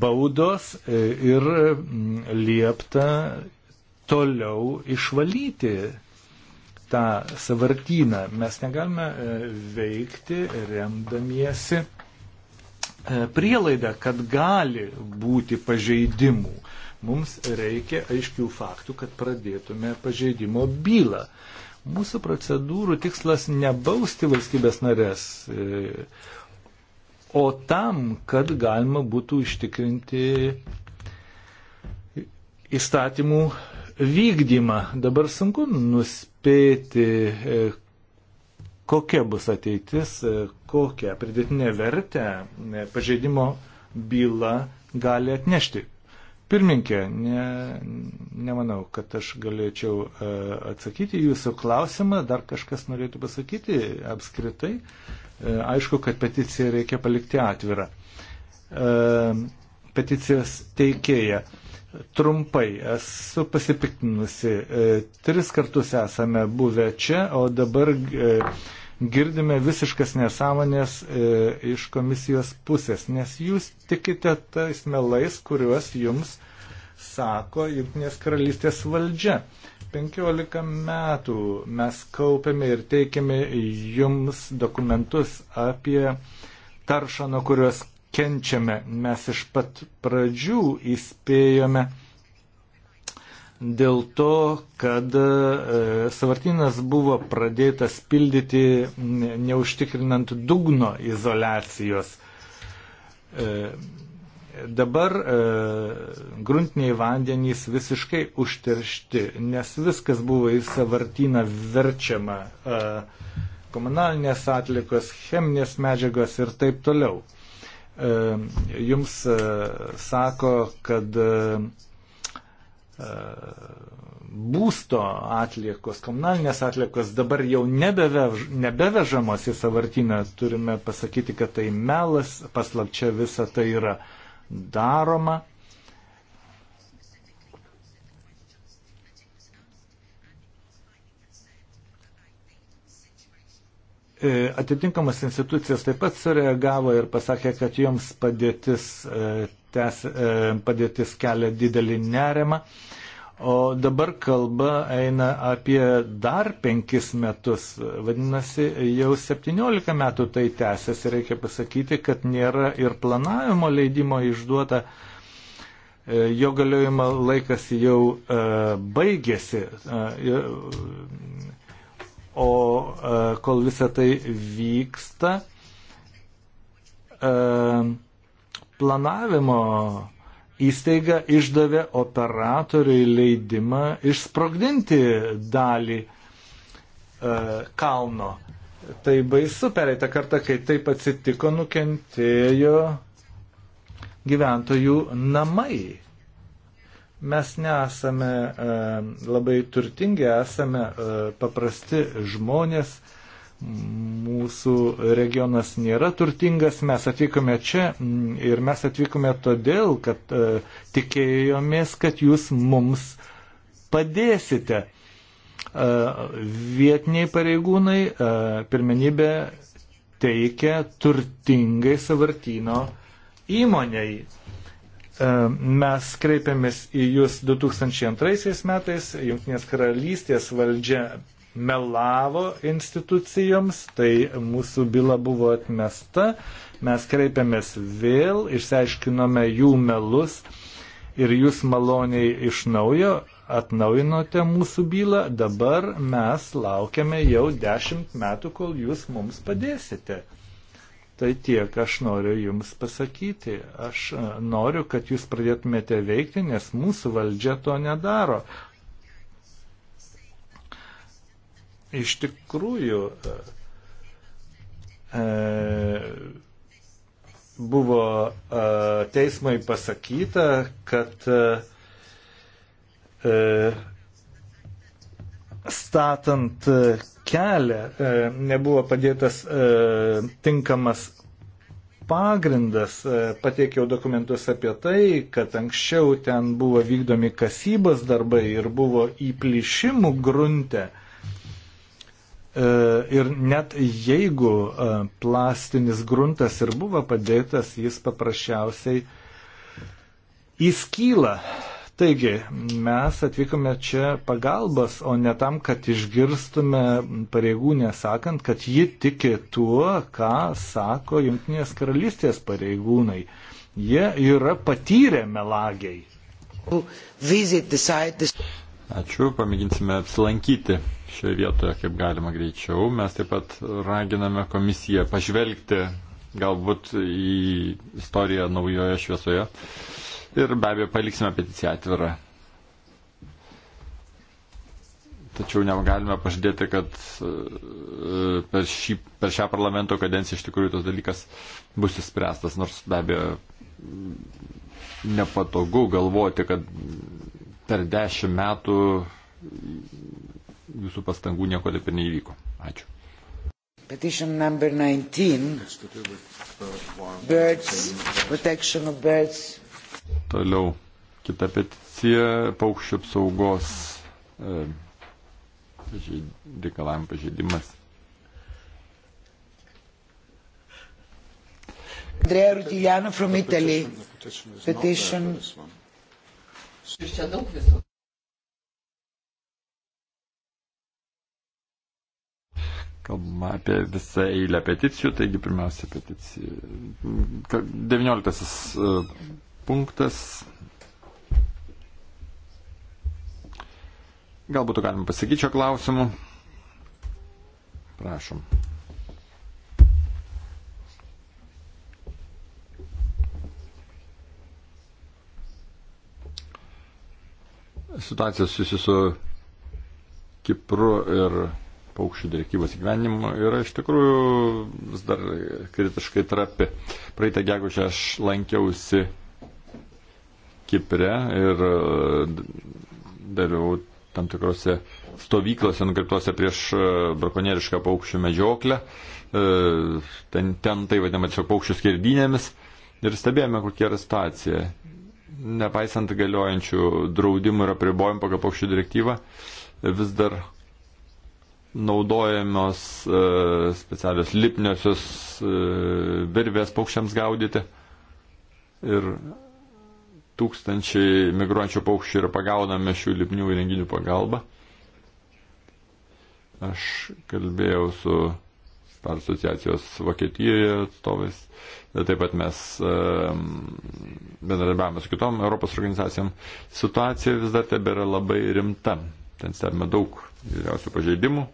baudos e, ir mm, liepta toliau išvalyti tą savartyną. Mes negalime veikti remdamiesi E, prielaidą, kad gali būti pažeidimų. Mums reikia aiškių faktų, kad pradėtume pažeidimo bylą. Mūsų procedūrų tikslas nebausti valstybės narės, e, o tam, kad galima būtų ištikrinti įstatymų vykdymą. Dabar sunku nuspėti, e, kokia bus ateitis, e, kokią pridėtinę vertę e, pažeidimo byla gali atnešti. Pirminkė, ne, nemanau, kad aš galėčiau e, atsakyti jūsų klausimą, dar kažkas norėtų pasakyti apskritai. Aišku, kad peticiją reikia palikti atvirą. Peticijos teikėja. Trumpai, esu pasipiktinusi. Tris kartus esame buvę čia, o dabar girdime visiškas nesąmonės e, iš komisijos pusės, nes jūs tikite tais melais, kuriuos jums sako Junktinės karalystės valdžia. 15 metų mes kaupėme ir teikėme jums dokumentus apie taršą, nuo kurios kenčiame. Mes iš pat pradžių įspėjome dėl to, kad e, savartinas buvo pradėtas pildyti neužtikrinant dugno izolacijos. E, dabar e, gruntiniai vandenys visiškai užteršti, nes viskas buvo į savartyną verčiama komunalinės atlikos, cheminės medžiagos ir taip toliau. Jums sako, kad būsto atliekos, komunalinės atliekos dabar jau nebevež, nebevežamos į savartyną, turime pasakyti, kad tai melas, paslapčia visa tai yra daroma. E, Atitinkamas institucijas taip pat sureagavo ir pasakė, kad joms padėtis e, tes, e, padėtis kelia didelį nerimą. O dabar kalba eina apie dar penkis metus. Vadinasi, jau 17 metų tai tęsiasi. Reikia pasakyti, kad nėra ir planavimo leidimo išduota. E, jo galiojimo laikas jau e, baigėsi. O kol visa tai vyksta, planavimo įstaiga išdavė operatoriui leidimą išsprogdinti dalį e, kalno. Tai baisu, pereitą kartą, kai taip atsitiko, nukentėjo gyventojų namai. Mes nesame e, labai turtingi, esame e, paprasti žmonės, e, Mūsų regionas nėra turtingas, mes atvykome čia ir mes atvykome todėl, kad e, tikėjomės, kad jūs mums padėsite. E, vietiniai pareigūnai e, pirmenybę teikia turtingai savartino įmoniai. E, mes kreipėmės į jūs 2002 metais, Junktinės karalystės valdžia melavo institucijoms, tai mūsų byla buvo atmesta, mes kreipėmės vėl, išsiaiškinome jų melus ir jūs maloniai iš naujo atnaujinote mūsų bylą, dabar mes laukiame jau dešimt metų, kol jūs mums padėsite. Tai tiek aš noriu Jums pasakyti. Aš e, noriu, kad Jūs pradėtumėte veikti, nes mūsų valdžia to nedaro. iš tikrųjų e, e buvo e, teismai pasakyta, kad e, e, statant kelią e, nebuvo padėtas e, tinkamas pagrindas, e, pateikiau dokumentus apie tai, kad anksčiau ten buvo vykdomi kasybos darbai ir buvo įplyšimų grunte. E, ir net jeigu e, plastinis gruntas ir buvo padėtas, jis paprasčiausiai įskyla. Taigi, mes atvykome čia pagalbos, o ne tam, kad išgirstume pareigūnę sakant, kad ji tiki tuo, ką sako Junktinės karalystės pareigūnai. Jie yra patyrę melagiai. Ačiū, pamėginsime apsilankyti šioje vietoje kaip galima greičiau. Mes taip pat raginame komisiją pažvelgti galbūt į istoriją naujoje šviesoje. Ir be abejo paliksime peticiją atvirą. Tačiau negalime pažadėti, kad e, per, šį, per šią parlamento kadenciją iš tikrųjų tas dalykas bus įspręstas, nors be abejo nepatogu galvoti, kad per dešimt metų jūsų pastangų nieko taip ir neįvyko. Ačiū. Petition number 19. Birds, protection of birds. Toliau kita peticija paukščių apsaugos e, reikalavimų pažeidimas. Andrea Rutigliano from Italy. Petition. Iš čia daug visų. Kalbama apie visą eilę peticijų, taigi pirmiausia peticija. 19 e, punktas. Galbūt galima pasakyti šio klausimu. Prašom. Situacija susijusi su Kipru ir paukščių direktyvos įgyvenimo yra iš tikrųjų vis dar kritiškai trapi. Praeitą gegužę aš lankiausi Kipre ir e, daviau tam tikrose stovyklose nukreiptose prieš e, brakonierišką paukščių medžioklę. E, ten, ten tai vadinama tiesiog paukščių skirdinėmis ir stebėjome, kokia yra situacija. Nepaisant galiojančių draudimų ir apribojimų pagal paukščių direktyvą, vis dar naudojamos e, specialios lipniosios e, virvės paukščiams gaudyti. Ir tūkstančiai migruojančių paukščių yra pagaunami šių lipnių įrenginių pagalba. Aš kalbėjau su Spar asociacijos Vokietijoje atstovais. Taip pat mes e, bendradarbiavame su kitom Europos organizacijom. Situacija vis dar tebėra labai rimta. Ten stebime daug įvairiausių pažeidimų.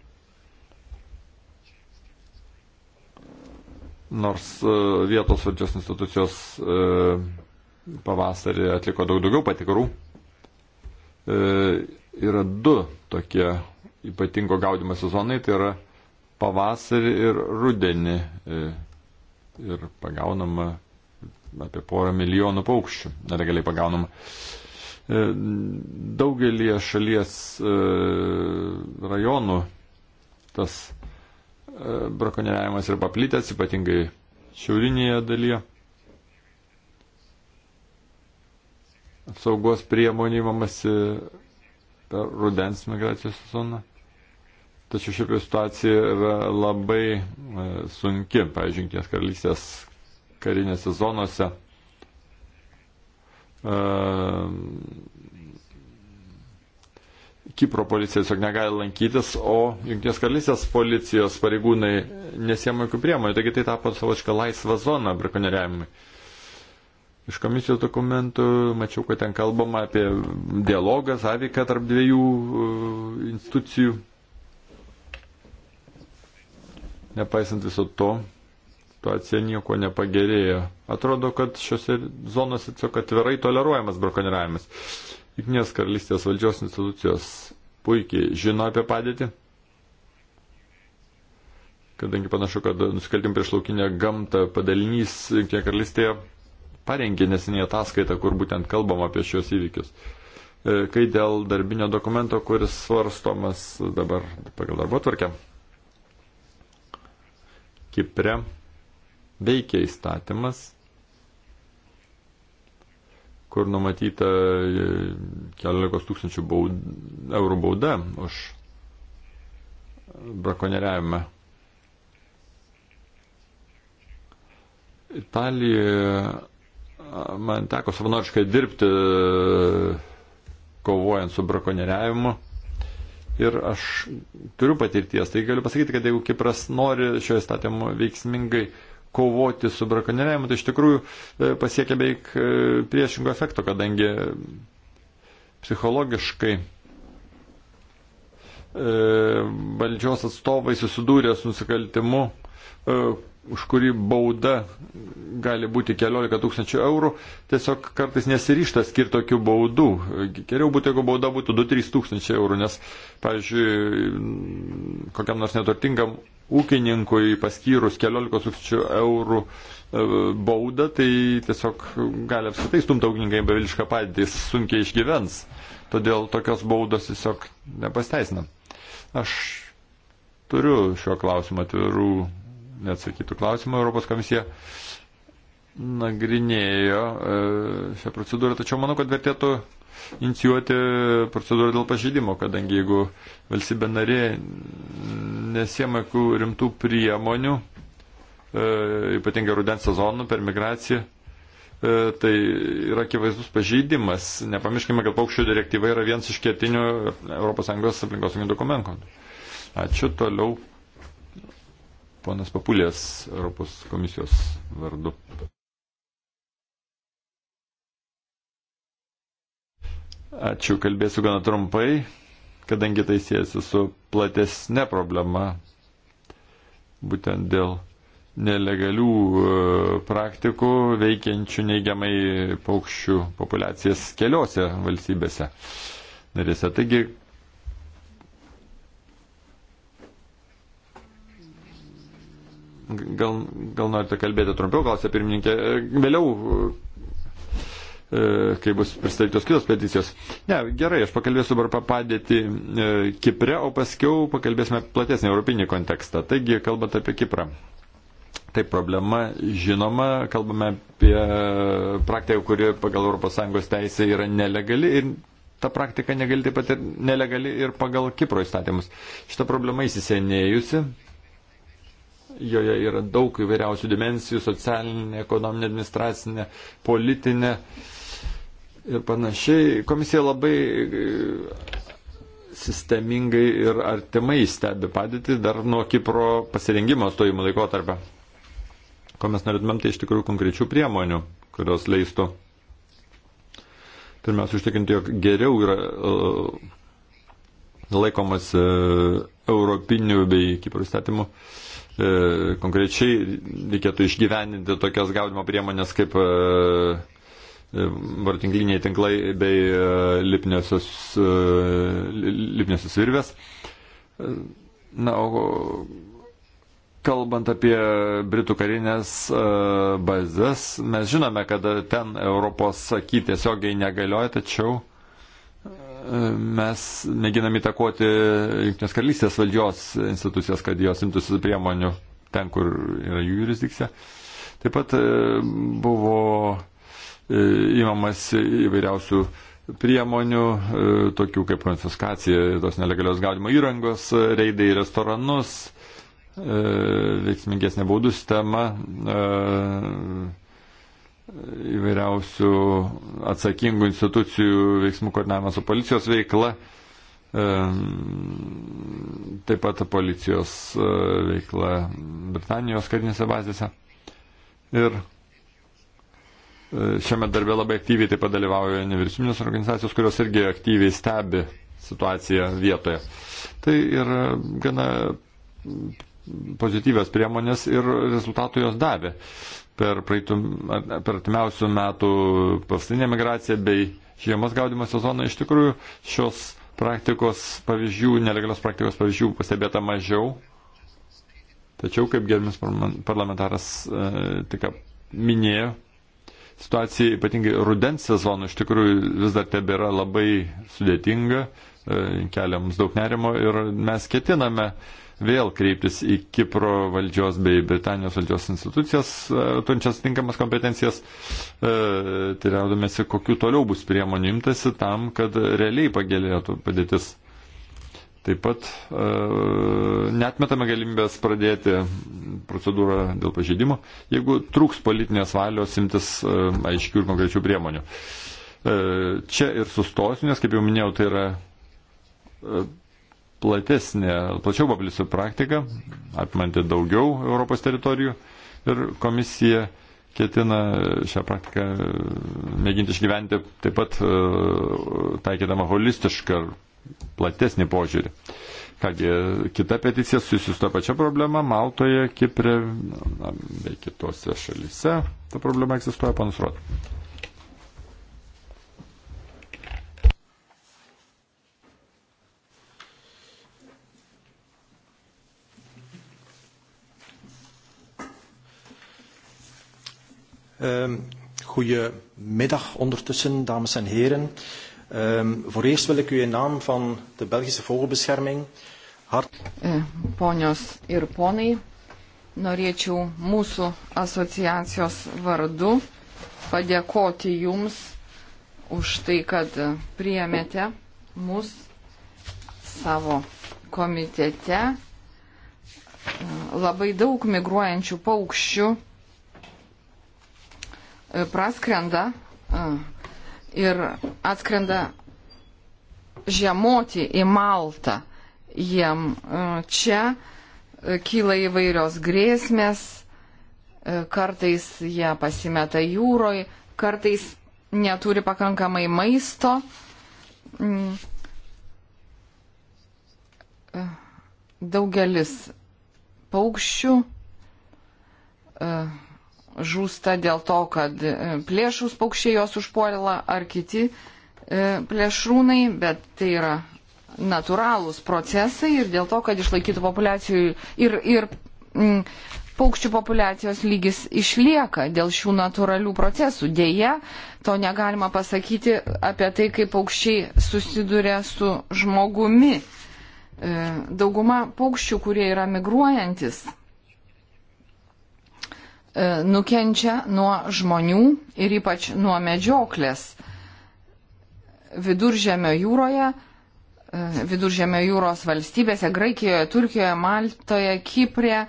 nors e, vietos valdžios institucijos e, pavasarį atliko daug daugiau patikrų. E, yra du tokie ypatingo gaudimo sezonai, tai yra pavasarį ir rudenį. Ir pagaunama apie porą milijonų paukščių, nelegaliai pagaunama. Daugelie šalies rajonų tas brakonieriavimas yra paplitęs, ypatingai šiaurinėje dalyje. Apsaugos priemonė įmamasi per rudens migracijos sezoną. Tačiau šiaip jau situacija yra labai e, sunki, pavyzdžiui, Junktinės karalystės karinėse zonose. E, Kipro policija tiesiog negali lankytis, o Junktinės karalystės policijos pareigūnai nesiema jokių priemonių, taigi tai tapo savočka laisva zona brakonieriavimui. Iš komisijos dokumentų mačiau, kad ten kalbama apie dialogą, sąveiką tarp dviejų uh, institucijų. Nepaisant viso to, situacija nieko nepagerėjo. Atrodo, kad šiuose zonose tiesiog atvirai toleruojamas brakonieriavimas. Junktinės karalystės valdžios institucijos puikiai žino apie padėtį, kadangi panašu, kad nusikaltim prieš laukinę gamtą padalinys Junktinėje karalystėje parengė nesinį ataskaitą, kur būtent kalbam apie šios įvykius. E, kai dėl darbinio dokumento, kuris svarstomas dabar pagal darbo tvarkę, Kipre veikia įstatymas kur numatyta e, keliolikos tūkstančių baud, eurų bauda už brakonieriavimą. Italijoje man teko savanoriškai dirbti e, kovojant su brakonieriavimu. Ir aš turiu patirties, tai galiu pasakyti, kad jeigu Kipras nori šio įstatymo veiksmingai uh, kovoti su brakonieriavimu, tai iš tikrųjų e, pasiekia beveik e, priešingo efekto, kadangi psichologiškai e, valdžios atstovai susidūrė su nusikaltimu, už kurį bauda gali būti keliolika tūkstančių eurų, tiesiog kartais nesiryšta skirti tokių baudų. Geriau būtų, jeigu bauda būtų 2-3 tūkstančiai eurų, nes, pavyzdžiui, kokiam nors neturtingam ūkininkui paskyrus 15 tūkstančių eurų e, baudą, tai tiesiog gali apskritai stumti ūkininkai bevilišką padėtį, jis sunkiai išgyvens. Todėl tokios baudos tiesiog nepasteisina. Aš turiu šiuo klausimu atvirų neatsakytų klausimų. Europos komisija nagrinėjo e, šią procedūrą, tačiau manau, kad vertėtų inicijuoti procedūrą dėl pažeidimo, kadangi jeigu valstybė narė nesiema jokių rimtų priemonių, e, ypatingai rudens sezonų per migraciją, e, tai yra akivaizdus pažeidimas. Nepamirškime, kad paukščių direktyva yra vienas iš ketinių ES aplinkosauginių dokumentų. Ačiū toliau. Ponas Papulės Europos komisijos vardu. Ačiū, kalbėsiu gana trumpai, kadangi tai siejasi su platesnė problema, būtent dėl nelegalių e, praktikų veikiančių neigiamai paukščių populiacijas keliose valstybėse narėse. Taigi, gal, gal norite kalbėti trumpiau, klausia pirmininkė, e, vėliau E, kai bus pristatytos kitos peticijos. Ne, gerai, aš pakalbėsiu dabar papadėti e, Kipre, o paskiau pakalbėsime platesnį europinį kontekstą. Taigi, kalbant apie Kiprą. Taip, problema žinoma, kalbame apie praktiką, kuri pagal ES teisę yra nelegali ir ta praktika negali taip pat ir nelegali ir pagal Kipro įstatymus. Šita problema įsisenėjusi, joje yra daug įvairiausių dimensijų - socialinė, ekonominė, administracinė, politinė. Uh, ir panašiai. Komisija labai e, sistemingai ir artimai stebi padėtį dar nuo Kipro pasirengimo stojimo laikotarpio. Ko mes norėtumėm, tai iš tikrųjų konkrečių priemonių, kurios leistų pirmiausia užtikrinti, jog geriau yra e, laikomas e, europinių bei Kipro įstatymų. Konkrečiai reikėtų išgyveninti tokias gaudimo priemonės kaip E, vartinkliniai tinklai bei e, lipniosios, e, lipniosios virvės. Na, o kalbant apie Britų karinės bazės, mes žinome, kad ten Europos saky tiesiogiai negalioja, tačiau mes mėginam įtakoti Junktinės karalystės valdžios institucijas, kad jos imtųsi priemonių ten, kur yra jų jurisdikcija. Taip pat buvo įmamasi e, įvairiausių priemonių, e, tokių kaip konfiskacija, tos nelegalios gaudimo įrangos, reidai į restoranus, e, veiksmingesnė baudų sistema, įvairiausių atsakingų institucijų veiksmų koordinavimas su policijos veikla, taip pat policijos veikla Britanijos karinėse bazėse. Ir E, šiame darbe labai aktyviai taip pat dalyvauja nevyriausybinės organizacijos, kurios irgi aktyviai stebi situaciją vietoje. Tai yra gana pozityvios priemonės ir rezultatų jos davė. Per, praeitų, per artimiausių metų pavasarinė migracija bei žiemos gaudimo sezoną iš tikrųjų šios praktikos pavyzdžių, nelegalios praktikos pavyzdžių pastebėta mažiau. Tačiau, kaip gerbimas parlamentaras e, tik minėjo, situacija ypatingai rudens sezonų iš tikrųjų vis dar tebėra labai sudėtinga, e, kelia mums daug nerimo ir mes ketiname vėl kreiptis į Kipro valdžios bei Britanijos valdžios institucijas, e, turinčias tinkamas kompetencijas, e, tyriaudomėsi, kokiu toliau bus priemonių imtasi tam, kad realiai pagėlėtų padėtis. Taip pat e, netmetame galimybės pradėti procedūrą dėl pažeidimo, jeigu trūks politinės valios imtis e, aiškių ir konkrečių priemonių. E, čia ir sustosiu, nes, kaip jau minėjau, tai yra e, platesnė, plačiau paplisiu praktika, apimanti daugiau Europos teritorijų ir komisija ketina šią praktiką e, mėginti išgyventi taip pat e, taikydama holistišką platesnį požiūrį. Kągi, kita peticija susijusi su ta pačia problema Maltoje, Kiprė, na, bei kitose šalise. Ta problema egzistuoja panusruot. Ehm, Goedemiddag ondertussen, dames en heren. Um, voor eerst wil ik u in naam van de Belgische Vogelbescherming hart. Eh, ponios ir ponai, norėčiau mūsų asociacijos vardu padėkoti Jums už tai, kad priemėte mus savo komitete. Labai daug migruojančių paukščių e, praskrenda e, ir atskrenda žiemoti į Maltą. Jiem e, čia e, kyla įvairios grėsmės, e, kartais jie pasimeta jūroj, kartais neturi pakankamai maisto. Mm. Daugelis paukščių žūsta dėl to, kad e, plėšus paukščiai jos užpuolila ar kiti e, plėšrūnai, bet tai yra natūralūs procesai ir dėl to, kad išlaikytų populiacijų ir, ir m, mm, paukščių populiacijos lygis išlieka dėl šių natūralių procesų. Deja, to negalima pasakyti apie tai, kaip paukščiai susiduria su žmogumi. E, dauguma paukščių, kurie yra migruojantis, E, nukenčia nuo žmonių ir ypač nuo medžioklės. Viduržėmio jūroje, e, viduržėmio jūros valstybėse, Graikijoje, Turkijoje, Maltoje, Kiprė, e,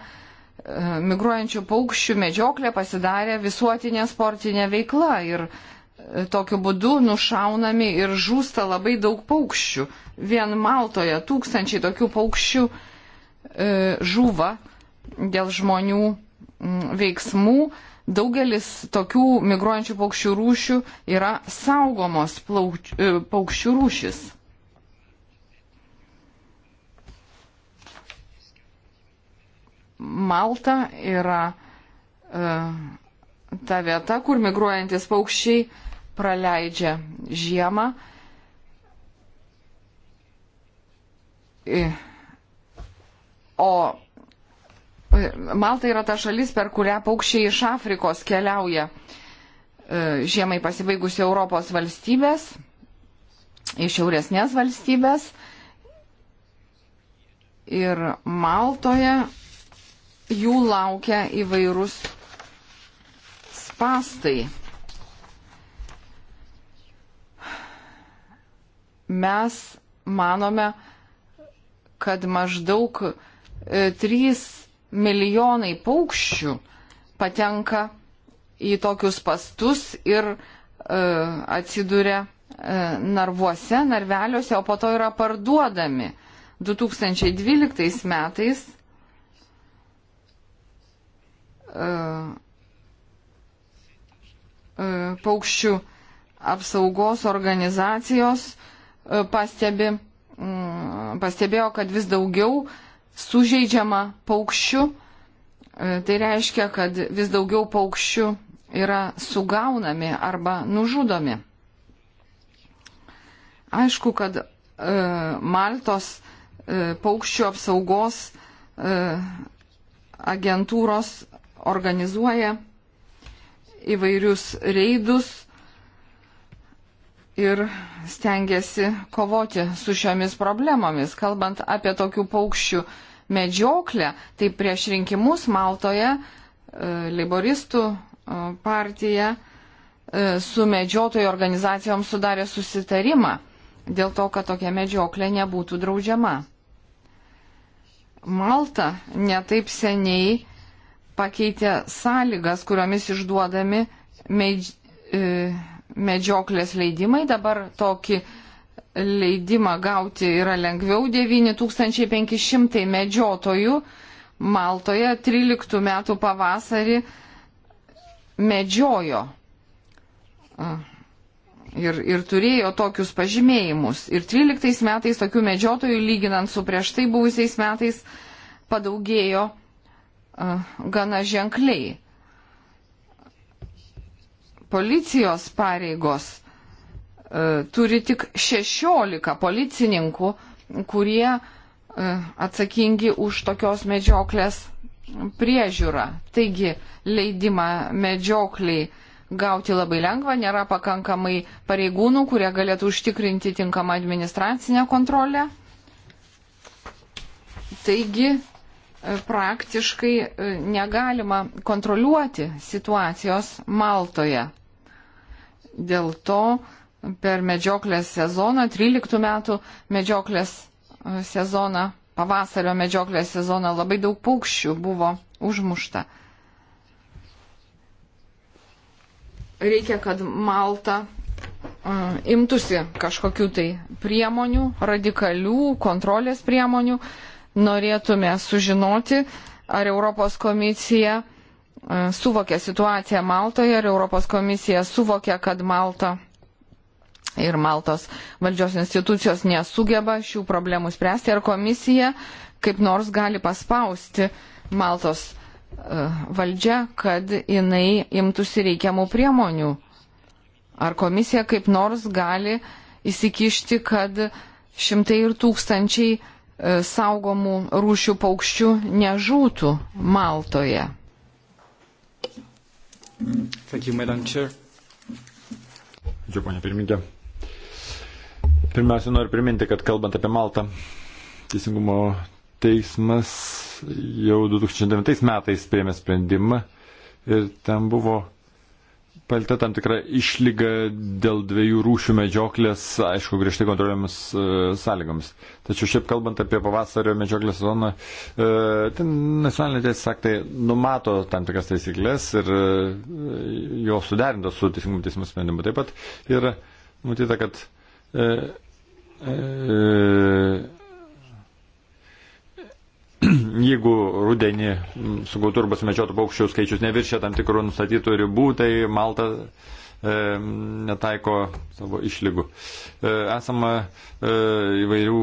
migruojančių paukščių medžioklė pasidarė visuotinė sportinė veikla ir tokiu būdu nušaunami ir žūsta labai daug paukščių. Vien Maltoje tūkstančiai tokių paukščių žuva dėl žmonių Mm, veiksmų daugelis tokių migruojančių paukščių rūšių yra saugomos plauč, e, paukščių rūšis. Malta yra e, ta vieta, kur migruojantis paukščiai praleidžia žiemą. E, o Malta yra ta šalis, per kurią paukščiai iš Afrikos keliauja e, žiemai pasibaigusi Europos valstybės, iš šiauresnės valstybės. Ir Maltoje jų laukia įvairūs spastai. Mes manome, kad maždaug 3 e, milijonai paukščių patenka į tokius pastus ir e, atsiduria e, narvuose, narveliuose, o po to yra parduodami. 2012 metais e, e, paukščių apsaugos organizacijos e, pastebi, m, pastebėjo, kad vis daugiau e, sužeidžiama paukščių. E, tai reiškia, kad vis daugiau paukščių yra sugaunami arba nužudomi. Aišku, kad e, Maltos e, paukščių apsaugos e, agentūros organizuoja įvairius reidus ir stengiasi kovoti su šiomis problemomis. Kalbant apie tokių paukščių medžioklę, tai prieš rinkimus Maltoje e, Liboristų e, partija e, su medžiotojų organizacijom sudarė susitarimą dėl to, kad tokia medžioklė nebūtų draudžiama. Malta netaip seniai pakeitė sąlygas, kuriomis išduodami medž... medžioklės leidimai. Dabar tokį uh, leidimą gauti yra lengviau 9500 medžiotojų. Maltoje 13 metų pavasarį medžiojo ir, ir turėjo tokius pažymėjimus. Ir 13 metais tokių medžiotojų, lyginant su prieš tai buvusiais metais, padaugėjo uh, gana ženkliai. Policijos pareigos E, turi tik 16 policininkų, kurie e, atsakingi už tokios medžioklės priežiūrą. Taigi leidimą medžiokliai gauti labai lengva, nėra pakankamai pareigūnų, kurie galėtų užtikrinti tinkamą administracinę kontrolę. Taigi e, praktiškai negalima kontroliuoti situacijos Maltoje. Dėl to per medžioklės sezoną, 13 metų medžioklės e, sezoną, pavasario medžioklės sezoną labai daug paukščių buvo užmušta. Reikia, kad Malta e, imtųsi kažkokių tai priemonių, radikalių kontrolės priemonių. Norėtume sužinoti, ar Europos komisija e, suvokė situaciją Maltoje, ar Europos komisija suvokė, kad Malta ir Maltos valdžios institucijos nesugeba šių problemų spręsti, ar komisija kaip nors gali paspausti Maltos e, valdžia, kad jinai imtųsi reikiamų priemonių. Ar komisija kaip nors gali įsikišti, kad šimtai ir tūkstančiai e, saugomų rūšių paukščių nežūtų Maltoje. Thank you, Madam Chair. Ačiū, ponia pirmininkė. Pirmiausia, noriu priminti, kad kalbant apie Maltą, Teisingumo teismas jau 2009 metais priėmė sprendimą ir ten buvo palikta tam tikra išlyga dėl dviejų rūšių medžioklės, aišku, griežtai kontroliuojamis e, sąlygomis. Tačiau šiaip kalbant apie pavasario medžioklės sezoną, e, ten nacionalinė teisės aktai numato tam tikras taisyklės ir e, jo suderintas su teisingumo teismo sprendimu. Taip pat yra matyta, kad e, E, e, e, jeigu rudenį sugautų arba sumečiotų paukščių skaičius neviršia tam tikrų nustatytų ribų, tai Malta e, netaiko savo išlygų. E, esama e, įvairių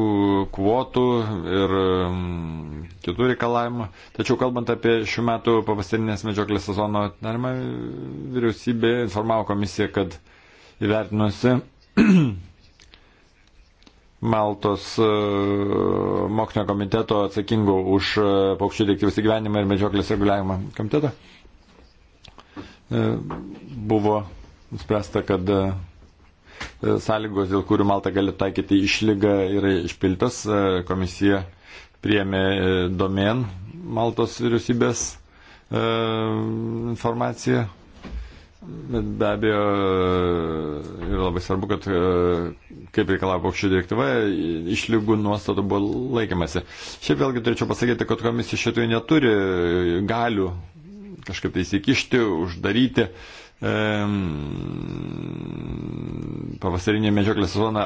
kvotų ir e, kitų reikalavimų, tačiau kalbant apie šių metų pavasarinės medžioklės sezono atnarimą, vyriausybė informavo komisiją, kad įvertinusi Maltos e, mokslinio komiteto atsakingo už e, paukščių direktyvos įgyvenimą ir medžioklės reguliavimą komiteto. E, buvo nuspręsta, kad sąlygos, dėl kurių Malta gali taikyti išlygą, yra išpiltas. Komisija priėmė domen Maltos vyriausybės informaciją Bet be abejo, e, yra labai svarbu, kad e, kaip reikalavo paukščių direktyva, e, išlygų nuostatų buvo laikymasi. Šiaip vėlgi turėčiau pasakyti, kad komisija šitoje neturi galių kažkaip tai įsikišti, uždaryti. Uh, pavasarinė medžioklės sezoną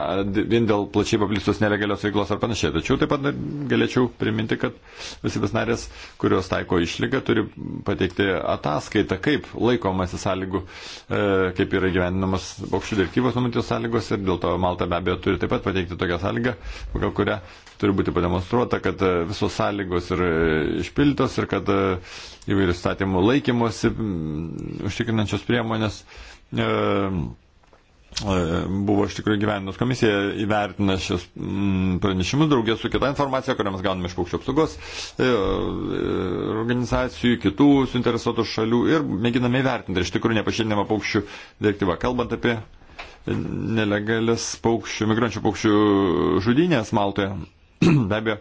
vien dėl plačiai paplistusios nelegalios veiklos ar panašiai. Tačiau taip pat galėčiau priminti, kad valstybės narės, kurios taiko išlygą, turi pateikti ataskaitą, kaip laikomasi sąlygų, e, kaip yra gyveninamas bokščių direktyvos numatytos sąlygos ir dėl to Malta be abejo turi taip pat pateikti tokią sąlygą, pagal kurią turi būti pademonstruota, kad e, visos sąlygos yra e, išpildytos ir kad įvairių statymų laikymosi, mm, užtikrinančios priemonės. E, e, buvo iš tikrųjų gyvenimus komisija įvertina šis mm, pranešimus draugės su kita informacija, kurią mes gauname iš paukščių apsaugos e, e, organizacijų, kitų suinteresuotų šalių ir mėginame įvertinti iš tikrųjų nepašildinamą paukščių direktyvą. Kalbant apie nelegalis paukščių, migrančių paukščių žudynės Maltoje, be abejo,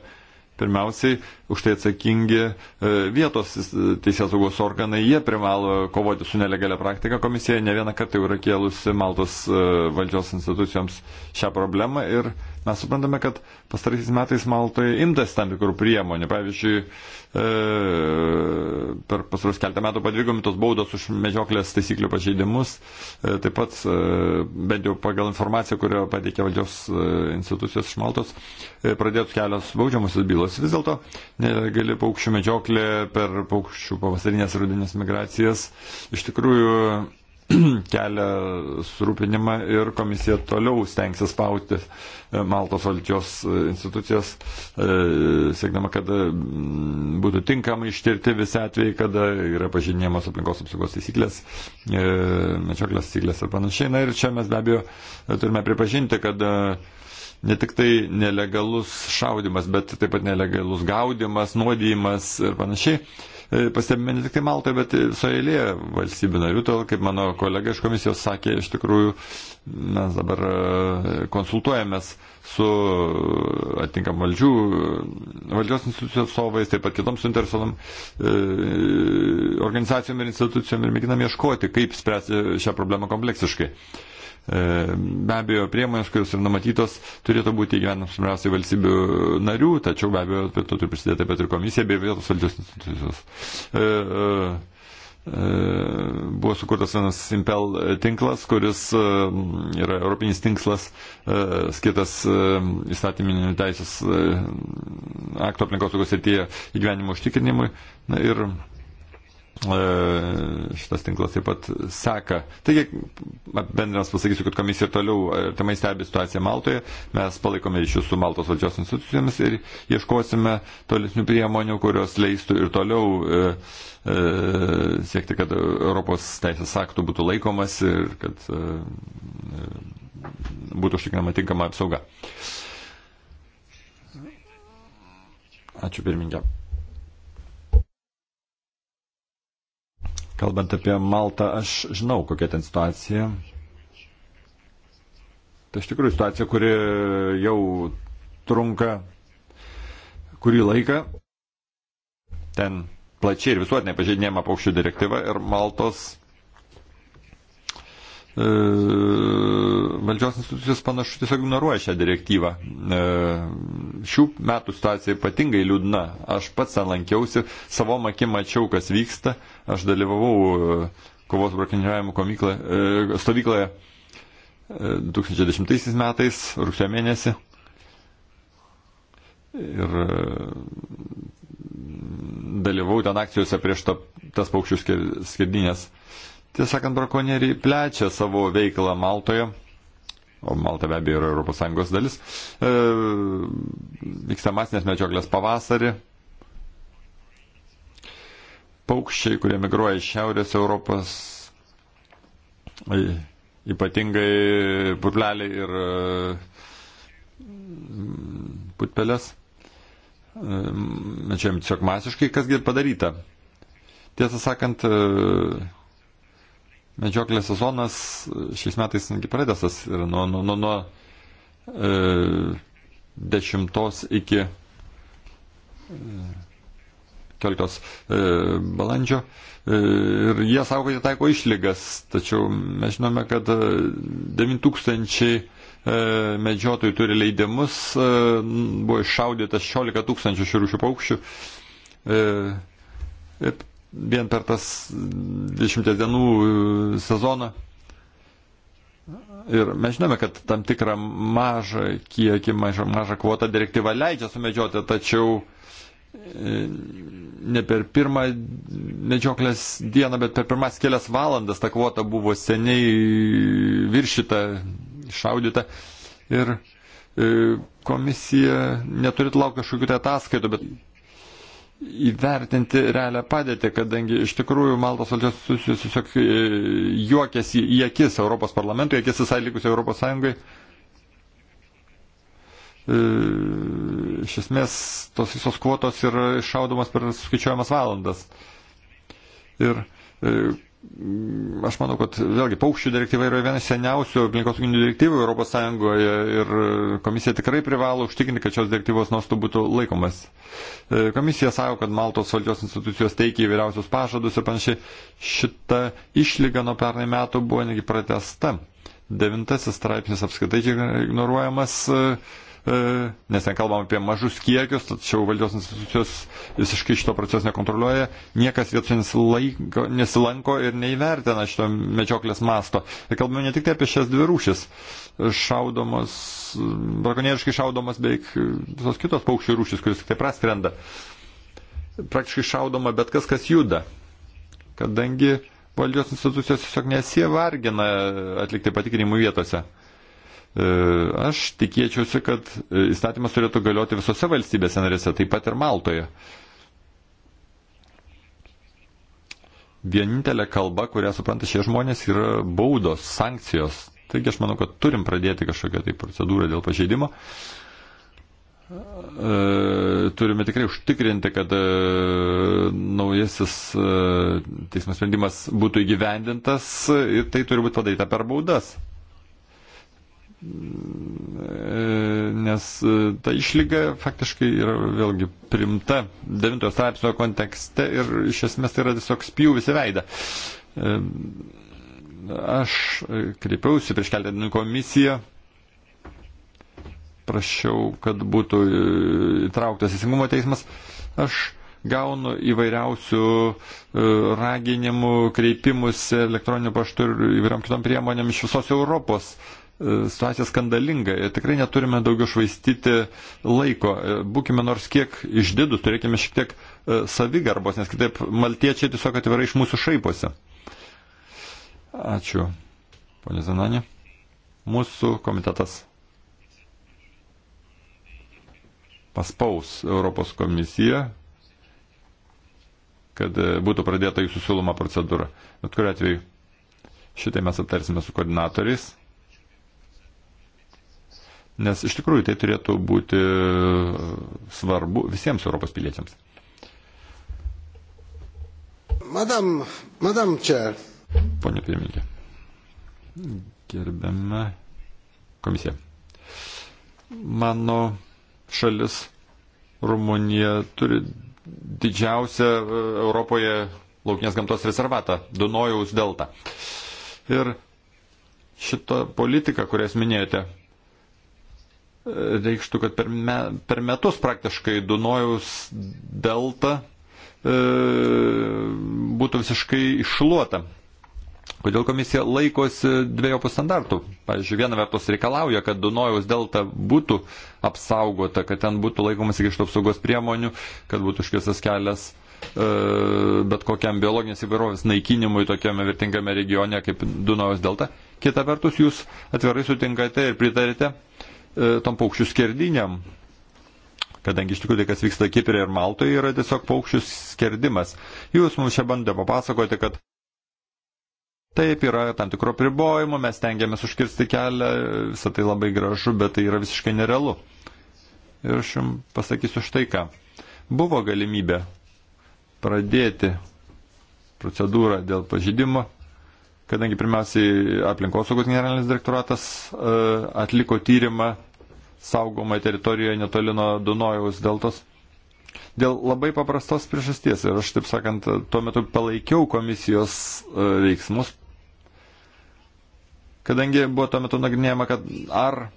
pirmiausiai už tai atsakingi e, vietos e, teisėsaugos organai, jie privalo kovoti su nelegalia praktika. Komisija ne vieną kartą jau yra kėlusi Maltos e, valdžios institucijoms šią problemą ir Mes suprantame, kad pastaraisiais metais Maltoje imtas tam tikrų priemonių. Pavyzdžiui, e, per pasarus keltą metų padvigomintos baudos už medžioklės taisyklių pažeidimus. E, taip pat, e, bent jau pagal informaciją, kurią pateikė valdžios e, institucijos iš Maltos, e, pradėtų kelios baudžiamusios bylos. Vis dėlto negali paukščių medžioklė per paukščių pavasarinės rudinės migracijas iš tikrųjų kelia surūpinimą ir komisija toliau stengsis spausti e, Maltos valdžios e, institucijas, e, siekdama, kad būtų tinkamai ištirti visi atvejai, kada yra pažinėjamos aplinkos apsaugos taisyklės, mečioklės taisyklės ir panašiai. Na ir čia mes be abejo turime pripažinti, kad ne tik tai nelegalus šaudimas, bet taip pat nelegalus gaudimas, nuodijimas ir panašiai E, pastebime ne tik tai Maltoje, bet ir visoje eilėje valstybių narių. Todėl, kaip mano kolega iš komisijos sakė, iš tikrųjų mes dabar e, konsultuojamės su atinkam valdžių, valdžios institucijų atstovais, taip pat kitoms suinteresuotam e, organizacijom ir institucijom ir mėginam ieškoti, kaip spręsti šią problemą kompleksiškai. E, be abejo, priemonės, kurios yra numatytos, turėtų būti įgyvenimas pirmiausiai valstybių narių, tačiau be abejo, prie to turi prisidėti taip pat ir komisija bei vietos valdžios institucijos. E, e, e buvo sukurtas vienas Impel tinklas, kuris e, yra europinis tinklas, e, skirtas įstatyminio teisės akto aplinkosaugos srityje įgyvenimo užtikrinimui. Na, ir E, šitas tinklas taip pat seka. Taigi, bendras pasakysiu, kad komisija ir toliau e, temai stebi situaciją Maltoje, mes palaikome ryšius su Maltos valdžios institucijomis ir ieškosime tolesnių priemonių, kurios leistų ir toliau e, e, siekti, kad Europos teisės aktų būtų laikomas ir kad e, e būtų užtikrinama tinkama apsauga. Ačiū pirmininkė. Kalbant apie Maltą, aš žinau, kokia ten situacija. Tai iš tikrųjų situacija, kuri jau trunka kurį laiką. Ten plačiai ir visuotinai pažeidinėjama paukščių direktyva ir Maltos E, valdžios institucijos panašu tiesiog ignoruoja šią direktyvą. E, šių metų situacija ypatingai liūdna. Aš pats ten lankiausi, savo akim mačiau, kas vyksta. Aš dalyvavau e, kovos brokiniravimo stovykloje 2010 metais, rugsėjo mėnesį. Ir dalyvau ten akcijose prieš ta, tas paukščių skerdinės. Skir Tiesą sakant, brakonieriai plečia savo veiklą Maltoje, o Malta be abejo yra ES dalis. E, vyksta masinės medžioklės pavasarį. Paukščiai, kurie migruoja iš Šiaurės Europos, ypatingai purleliai ir e, putpelės. E, Mečiam tiesiog masiškai, kasgi padaryta. Tiesą sakant, e, Medžioklės sezonas šiais metais pradėtas yra nuo, nuo, nuo, nuo e, 10 iki 14 e, e, balandžio. E, ir jie sako, kad jie taiko išlygas, tačiau mes žinome, kad 9000 e, e, medžiotojų turi leidimus, e, buvo iššaudyta 16 tūkstančių šių rūšių paukščių. E, ir vien per tas 20 dienų e, sezoną. Ir mes žinome, kad tam tikrą mažą kiekį, mažą, mažą kvotą direktyva leidžia sumedžioti, tačiau e, ne per pirmą medžioklės dieną, bet per pirmas kelias valandas ta kvota buvo seniai viršita, šaudyta. Ir e, komisija neturėtų laukti kažkokių tai ataskaitų, bet įvertinti realią padėtį, kadangi iš tikrųjų Maltos valdžios tiesiog e, juokėsi į akis Europos parlamentui, į akis visai likusiai Europos Sąjungai. E, iš esmės tos visos kvotos yra iššaudomas per skaičiuojamas valandas. Ir e, Mm, aš manau, kad vėlgi paukščių direktyva yra viena seniausių aplinkosauginių direktyvų ES ir komisija tikrai privalo užtikrinti, kad šios direktyvos nuostų būtų laikomas. E, komisija sako, kad Maltos valdžios institucijos teikia įvairiausius pažadus ir panašiai. Šita išlyga nuo pernai metų buvo negi pratesta. Devintasis straipsnis apskaitai ignoruojamas. E, E, nes ten kalbam apie mažus kiekius, tačiau valdžios institucijos visiškai šito proceso nekontroliuoja, niekas vietoje nesilaiko, nesilanko ir neįvertina šito medžioklės masto. Ir kalbame ne tik tai apie šias dvi rūšis, šaudomos, brakonieriškai šaudomos beveik visos kitos paukščių rūšis, kuris tik tai praskrenda. Praktiškai šaudoma bet kas, kas juda. Kadangi valdžios institucijos tiesiog nesievargina atlikti patikrinimų vietose. E, aš tikėčiausi, kad e, įstatymas turėtų galioti visose valstybėse narėse, taip pat ir Maltoje. Vienintelė kalba, kurią supranta šie žmonės, yra baudos, sankcijos. Taigi aš manau, kad turim pradėti kažkokią tai procedūrą dėl pažeidimo e, turime tikrai užtikrinti, kad naujasis teismo sprendimas būtų įgyvendintas ir tai turi būti padaryta per baudas. Mm, e, nes e, ta išlyga faktiškai yra vėlgi primta 9 straipsnio kontekste ir iš esmės tai yra tiesiog spjūvis į veidą. E, aš kreipiausi prieš keletą dienų komisiją, prašiau, kad būtų įtrauktas įsingumo teismas. Aš gaunu įvairiausių raginimų, kreipimus elektroniniu paštu ir įvairiom kitom priemonėm iš visos Europos situacija skandalinga ir tikrai neturime daugiau švaistyti laiko. Būkime nors kiek išdidus, turėkime šiek tiek e, savigarbos, nes kitaip maltiečiai tiesiog atvirai iš mūsų šaiposi. Ačiū, ponė Zananė. Mūsų komitetas paspaus Europos komisiją, kad e, būtų pradėta jūsų siūloma procedūra. Bet kuriu atveju šitai mes aptarsime su koordinatoriais nes iš tikrųjų tai turėtų būti e, svarbu visiems Europos piliečiams. Madam, madam čia. Pone pirmininkė. Gerbiama komisija. Mano šalis Rumunija turi didžiausią e, Europoje laukinės gamtos rezervatą - Dunojaus delta. Ir šita politika, kurias minėjote, reikštų, kad per, me, per metus praktiškai Dunojaus delta e, būtų visiškai iššluota. Kodėl komisija laikosi dviejopų standartų? Pavyzdžiui, viena vertus reikalauja, kad Dunojaus delta būtų apsaugota, kad ten būtų laikomasi grįžtų apsaugos priemonių, kad būtų iškirstas kelias e, bet kokiam biologinės įvairovės naikinimui tokiame vertingame regione kaip Dunojaus delta. Kita vertus, jūs atvirai sutinkate ir pritarite, e, E, tom paukščių skerdiniam. Kadangi iš tikrųjų tai, kas vyksta Kiprė ir Maltoje, yra tiesiog paukščių skerdimas. Jūs mums čia bandė papasakoti, kad taip yra tam tikro pribojimo, mes tengiamės užkirsti kelią, visą tai labai gražu, bet tai yra visiškai nerealu. Ir aš jums pasakysiu štai ką. Buvo galimybė pradėti procedūrą dėl pažydimo, kadangi pirmiausiai aplinkosaugos generalinis direktoratas e, atliko tyrimą saugomoje teritorijoje netoli nuo Dunojaus deltos. Dėl labai paprastos priežasties ir aš, taip sakant, tuo metu palaikiau komisijos e, veiksmus, kadangi buvo tuo metu nagrinėjama, kad ar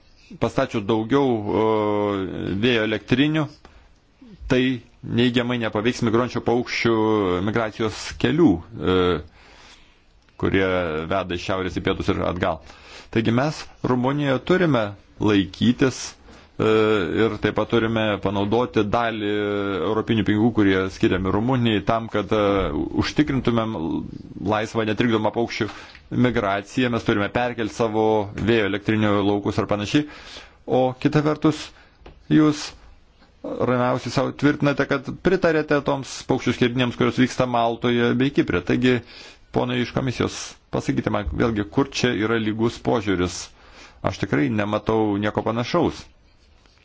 pastatčius daugiau e, vėjo elektrinių, tai neigiamai nepaveiks migruojančių paukščių migracijos kelių, e, kurie veda iš šiaurės į pietus ir atgal. Taigi mes Rumunijoje turime laikytis e, ir taip pat turime panaudoti dalį europinių pinigų, kurie skiriami Rumunijai, tam, kad e, užtikrintumėm laisvą netrikdomą paukščių migraciją, mes turime perkelti savo vėjo elektrinių laukus ar panašiai. O kita vertus, jūs ramiausiai savo tvirtinate, kad pritarėte toms paukščių skirdinėms, kurios vyksta Maltoje bei Kiprė. Taigi, ponai iš komisijos, pasakykite man vėlgi, kur čia yra lygus požiūris Aš tikrai nematau nieko panašaus.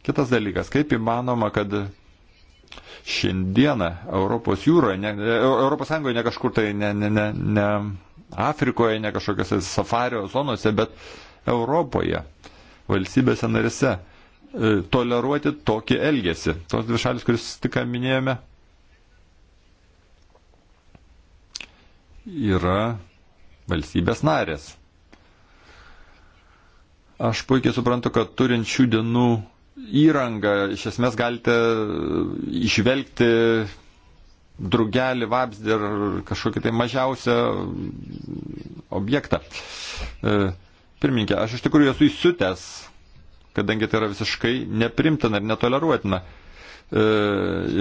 Kitas dalykas, kaip įmanoma, kad šiandieną Europos jūroje, ne, Europos Sąjungoje ne kažkur tai, ne, ne, ne, ne Afrikoje, ne kažkokiose safario zonose, bet Europoje, valstybėse narise, e, toleruoti tokį elgesį. Tos dvi šalis, kuris tik minėjome, yra valstybės narės. Aš puikiai suprantu, kad turint šių dienų įrangą, iš esmės galite išvelgti drugelį, vabzdį ir kažkokį tai mažiausią objektą. E, Pirminkė, aš iš tikrųjų esu įsiutęs, kadangi tai yra visiškai neprimtina ir netoleruotina, e,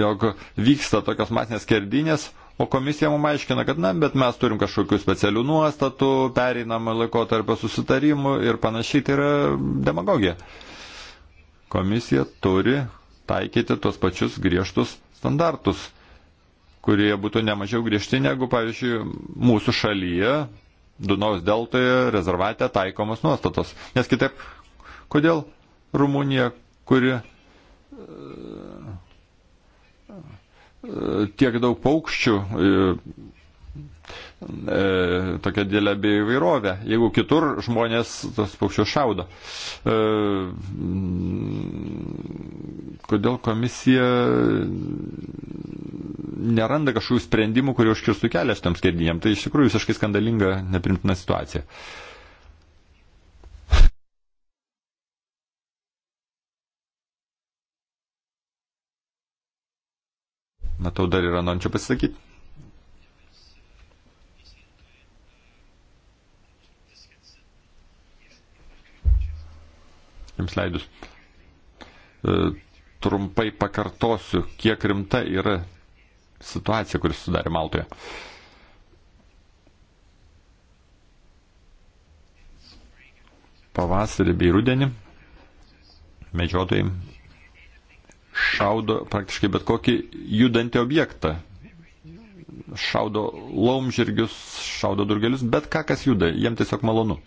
jog vyksta tokios masinės skerdinės, O komisija mums aiškina, kad na, bet mes turim kažkokių specialių nuostatų, pereinamą laikotarpio susitarimų ir panašiai, tai yra demagogija. Komisija turi taikyti tuos pačius griežtus standartus, kurie būtų nemažiau griežti negu, pavyzdžiui, mūsų šalyje, Dunaus deltoje, rezervate taikomos nuostatos. Nes kitaip, kodėl Rumunija, kuri tiek daug paukščių, e, e, tokia didelė bioįvairovė, jeigu kitur žmonės tos paukščius šaudo. E, kodėl komisija neranda kažkokių sprendimų, kurie užkirstų kelią šitams skerdinėm? Tai iš tikrųjų visiškai skandalinga, neprimtina situacija. Uh, Matau, dar yra norinčių pasisakyti. Jums leidus. E, trumpai pakartosiu, kiek rimta yra situacija, kuris sudarė Maltoje. Pavasarį bei rudenį medžiotojai šaudo praktiškai bet kokį judantį objektą. Šaudo laumžirgius, šaudo durgelius, bet ką kas juda, jiem tiesiog malonu.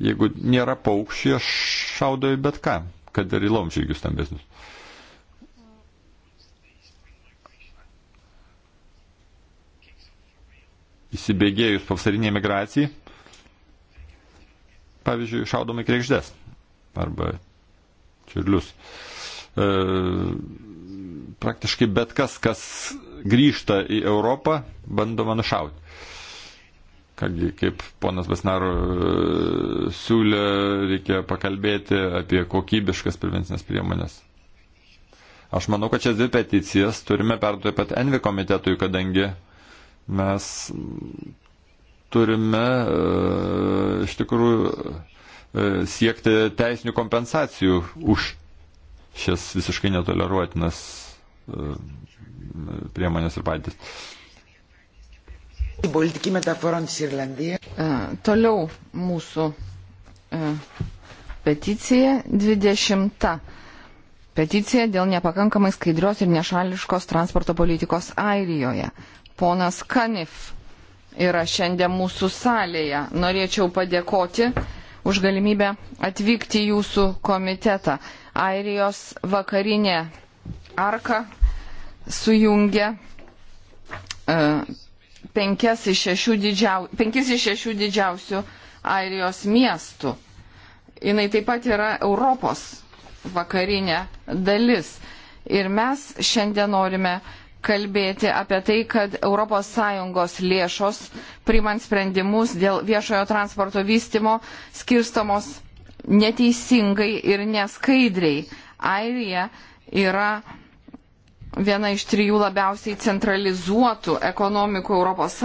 Jeigu nėra paukščiai, aš šaudo į bet ką, kad ir į laumžirgius stambesnius. Įsibėgėjus pavasariniai migracijai, pavyzdžiui, šaudomai krekždės arba čiurlius. E, praktiškai bet kas, kas grįžta į Europą, bandoma nušauti. Kągi, kaip ponas Basnaro e, siūlė, reikia pakalbėti apie kokybiškas prevencinės priemonės. Aš manau, kad šias dvi peticijas turime perduoti pat Envi komitetui, kadangi mes turime e, iš tikrųjų E, siekti teisinių kompensacijų už šias visiškai netoleruotinas e, priemonės ir patys. Toliau mūsų e, peticija 20. Peticija dėl nepakankamai skaidrios ir nešališkos transporto politikos Airijoje. Ponas Kanif yra šiandien mūsų salėje. Norėčiau padėkoti už galimybę atvykti į jūsų komitetą. Airijos vakarinė arka sujungia e, penkis iš šešių, didžiau, penkis iš šešių didžiausių Airijos miestų. Jis taip pat yra Europos vakarinė dalis. Ir mes šiandien norime uh, kalbėti apie tai, kad ES lėšos, primant sprendimus dėl viešojo transporto vystimo, skirstomos neteisingai ir neskaidriai. Airija yra viena iš trijų labiausiai centralizuotų ekonomikų ES.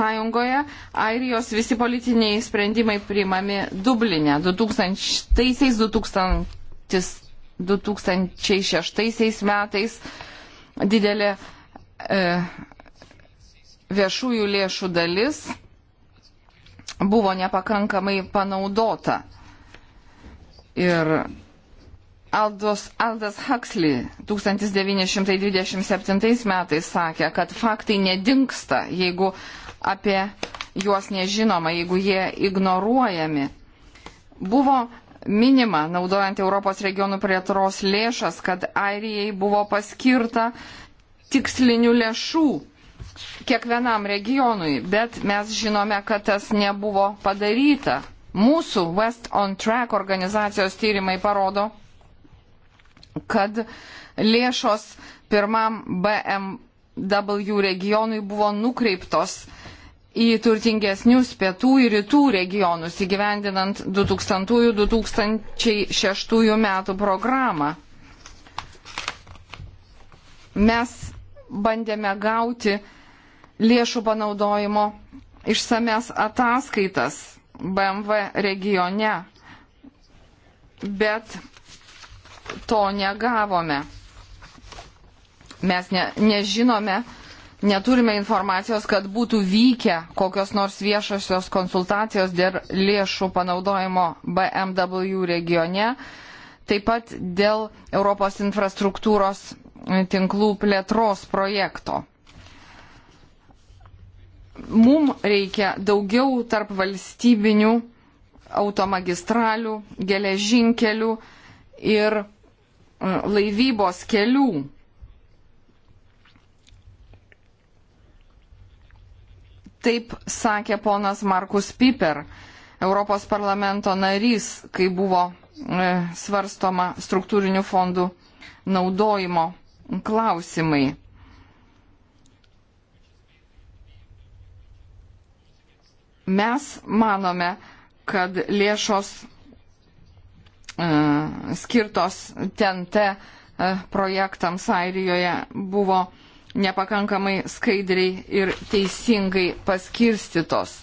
Airijos visi politiniai sprendimai priimami Dublinė 2000-2006 metais. Didelė E, viešųjų lėšų dalis buvo nepakankamai panaudota. Ir Aldos, Aldas Huxley 1927 metais sakė, kad faktai nedingsta, jeigu apie juos nežinoma, jeigu jie ignoruojami. Buvo minima, naudojant Europos regionų plėtros lėšas, kad Airijai buvo paskirta uh, tikslinių lėšų kiekvienam regionui, bet mes žinome, kad tas nebuvo padaryta. Mūsų West on Track organizacijos tyrimai parodo, kad lėšos pirmam BMW regionui buvo nukreiptos į turtingesnius pietų ir rytų regionus įgyvendinant 2000-2006 metų programą. Mes bandėme gauti lėšų panaudojimo išsames ataskaitas BMW regione, bet to negavome. Mes ne, nežinome, neturime informacijos, kad būtų vykę kokios nors viešosios konsultacijos dėl lėšų panaudojimo BMW regione, taip pat dėl Europos infrastruktūros tinklų plėtros projekto. Mums reikia daugiau tarp valstybinių automagistralių, geležinkelių ir e, laivybos kelių. Taip sakė ponas Markus Piper, Europos parlamento narys, kai buvo e, svarstoma struktūrinių fondų naudojimo klausimai. Mes manome, kad lėšos uh, skirtos TNT uh, e, projektams Airijoje buvo nepakankamai skaidriai ir teisingai paskirstytos.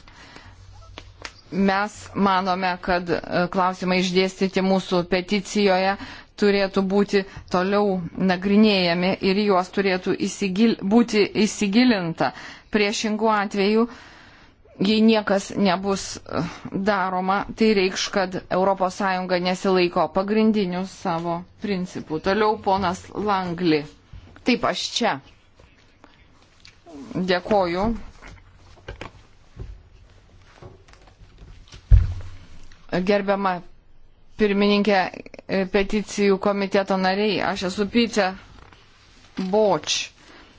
Mes manome, kad e, klausimai išdėstyti mūsų peticijoje uh, turėtų būti toliau nagrinėjami ir juos turėtų įsigil, būti įsigilinta. Priešingų atveju, jei niekas nebus eh, daroma, tai reikš, kad ES nesilaiko pagrindinių savo principų. Toliau ponas Langli. Taip, aš čia. Dėkoju. Gerbiama pirmininkė, e, peticijų komiteto nariai. Aš esu Pyčia Boč.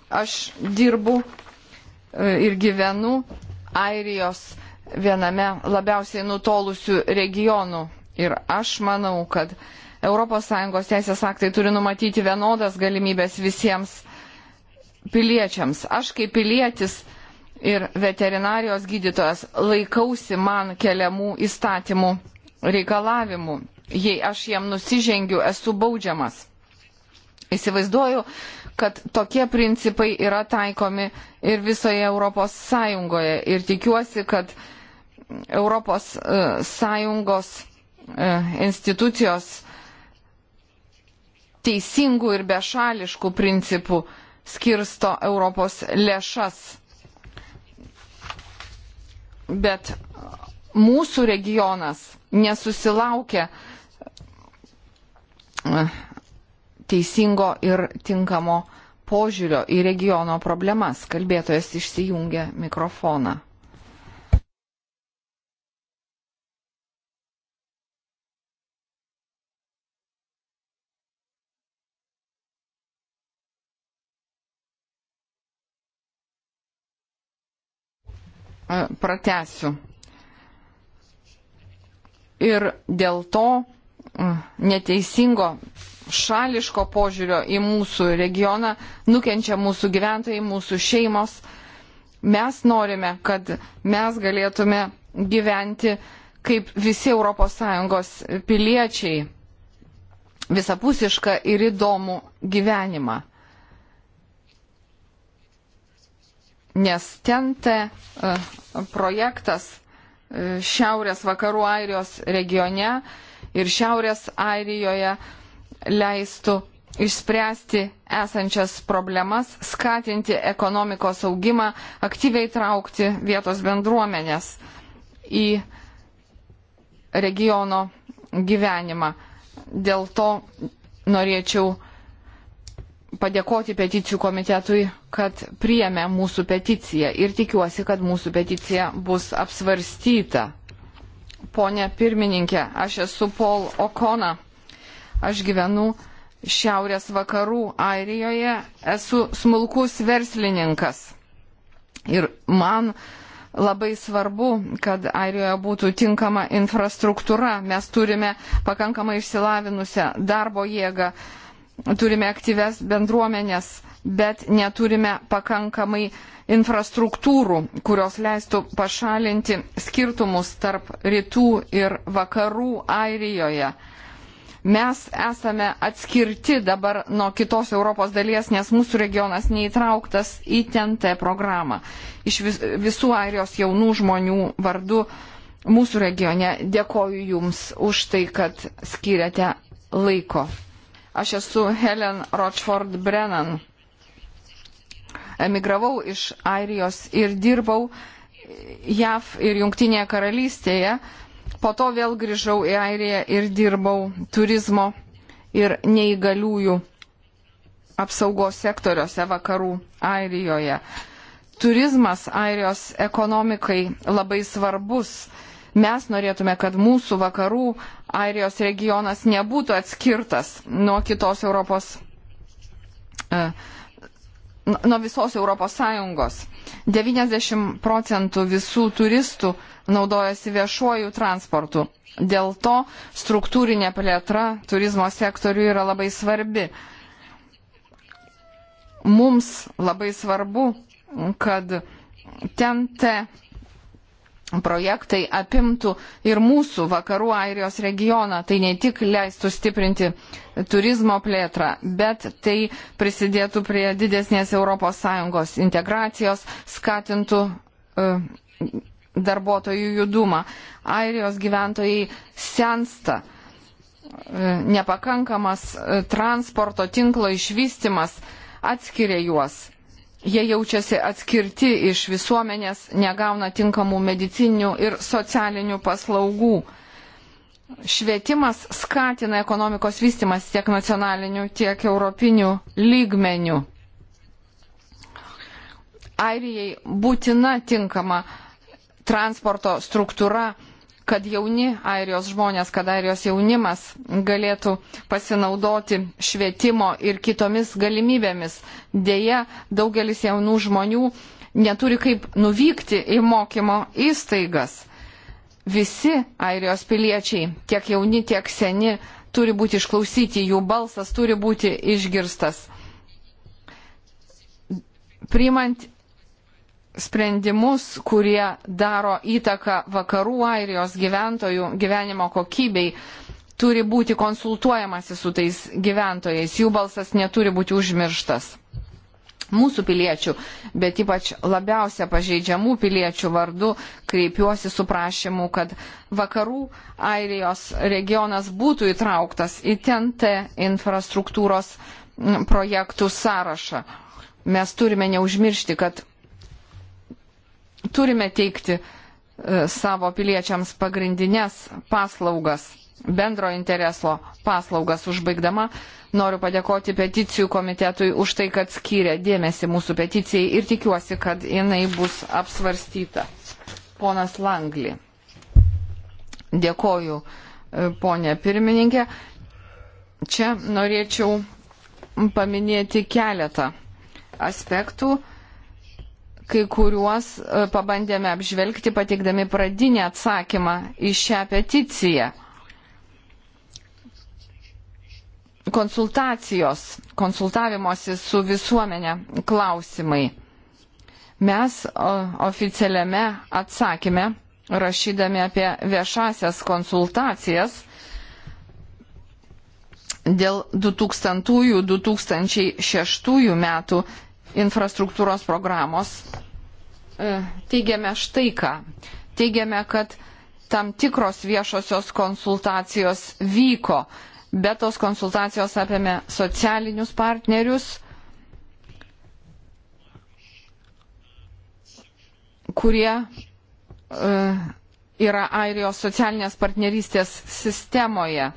Aš dirbu e, ir gyvenu Airijos viename labiausiai nutolusių regionų. Ir aš manau, kad ES teisės aktai turi numatyti vienodas galimybės visiems piliečiams. Aš kaip pilietis ir veterinarijos gydytojas laikausi man keliamų įstatymų reikalavimų. Jei aš jam nusižengiu, esu baudžiamas. Įsivaizduoju, kad tokie principai yra taikomi ir visoje Europos Sąjungoje. Ir tikiuosi, kad Europos e, Sąjungos e, institucijos teisingų ir bešališkų principų skirsto Europos lėšas. Bet mūsų regionas nesusilaukia e, teisingo ir tinkamo požiūrio į regiono problemas. Kalbėtojas išsijungia mikrofoną. E, Pratesiu ir dėl to mm, neteisingo šališko požiūrio į mūsų regioną nukenčia mūsų gyventojai, mūsų šeimos. Mes norime, kad mes galėtume gyventi kaip visi ES piliečiai visapusišką ir įdomų gyvenimą. Nes ten te e, projektas šiaurės vakarų Airijos regione ir šiaurės Airijoje leistų išspręsti esančias problemas, skatinti ekonomikos augimą, aktyviai traukti vietos bendruomenės į regiono gyvenimą. Dėl to norėčiau padėkoti peticijų komitetui, kad priėmė mūsų peticiją ir tikiuosi, kad mūsų peticija bus apsvarstyta. Pone pirmininkė, aš esu Paul Okona. Aš gyvenu šiaurės vakarų Airijoje, esu smulkus verslininkas. Ir man labai svarbu, kad Airijoje būtų tinkama infrastruktūra. Mes turime pakankamai išsilavinusią darbo jėgą, turime aktyves bendruomenės, bet neturime pakankamai infrastruktūrų, kurios leistų pašalinti skirtumus tarp rytų ir vakarų Airijoje. Mes esame atskirti dabar nuo kitos Europos dalies, nes mūsų regionas neįtrauktas į TNT programą. Iš vis, visų Airijos jaunų žmonių vardu mūsų regione dėkoju Jums už tai, kad skiriate laiko Aš esu Helen Rochford Brennan. Emigravau iš Airijos ir dirbau JAV ir Junktinėje karalystėje. Po to vėl grįžau į Airiją ir dirbau turizmo ir neįgaliųjų apsaugos sektoriuose vakarų Airijoje. Turizmas Airijos ekonomikai labai svarbus Mes norėtume, kad mūsų vakarų Airijos regionas nebūtų atskirtas nuo kitos Europos, e, nuo visos Europos Sąjungos. 90 procentų visų turistų naudojasi viešuoju transportu. Dėl to struktūrinė plėtra turizmo sektoriui yra labai svarbi. Mums labai svarbu, kad ten te projektai apimtų ir mūsų vakarų Airijos regioną. Tai ne tik leistų stiprinti turizmo plėtrą, bet tai prisidėtų prie didesnės ES integracijos, skatintų uh, darbuotojų judumą. Airijos gyventojai sensta. Uh, nepakankamas uh, transporto tinklo išvystimas atskiria juos jie jaučiasi atskirti iš visuomenės, negauna tinkamų medicinių ir socialinių paslaugų. Švietimas skatina ekonomikos vystimas tiek nacionaliniu, tiek europiniu lygmeniu. Airijai būtina tinkama transporto struktūra kad jauni airijos žmonės, kad airijos jaunimas galėtų pasinaudoti švietimo ir kitomis galimybėmis. Deja, daugelis jaunų žmonių neturi kaip nuvykti į mokymo įstaigas. Visi airijos piliečiai, tiek jauni, tiek seni, turi būti išklausyti, jų balsas turi būti išgirstas. Primant sprendimus, kurie daro įtaką vakarų airijos gyventojų gyvenimo kokybei, turi būti konsultuojamasi su tais gyventojais, jų balsas neturi būti užmirštas. Mūsų piliečių, bet ypač labiausia pažeidžiamų piliečių vardu kreipiuosi su prašymu, kad vakarų Airijos regionas būtų įtrauktas į TNT infrastruktūros projektų sąrašą. Mes turime neužmiršti, kad turime teikti e, savo piliečiams pagrindinės paslaugas, bendro intereso paslaugas užbaigdama. Noriu padėkoti peticijų komitetui už tai, kad skyrė dėmesį mūsų peticijai ir tikiuosi, kad jinai bus apsvarstyta. Ponas Langli. Dėkoju, e, ponė pirmininkė. Čia norėčiau paminėti keletą aspektų kai kuriuos e, pabandėme apžvelgti, pateikdami pradinį atsakymą į šią peticiją. Konsultacijos, konsultavimosi su visuomenė klausimai. Mes oficialiame atsakymė, rašydami apie viešasias konsultacijas, dėl 2000-2006 metų infrastruktūros programos e, teigiame štai ką. Teigiame, kad tam tikros viešosios konsultacijos vyko, bet tos konsultacijos apėmė socialinius partnerius, kurie uh, yra Airijos socialinės partnerystės sistemoje.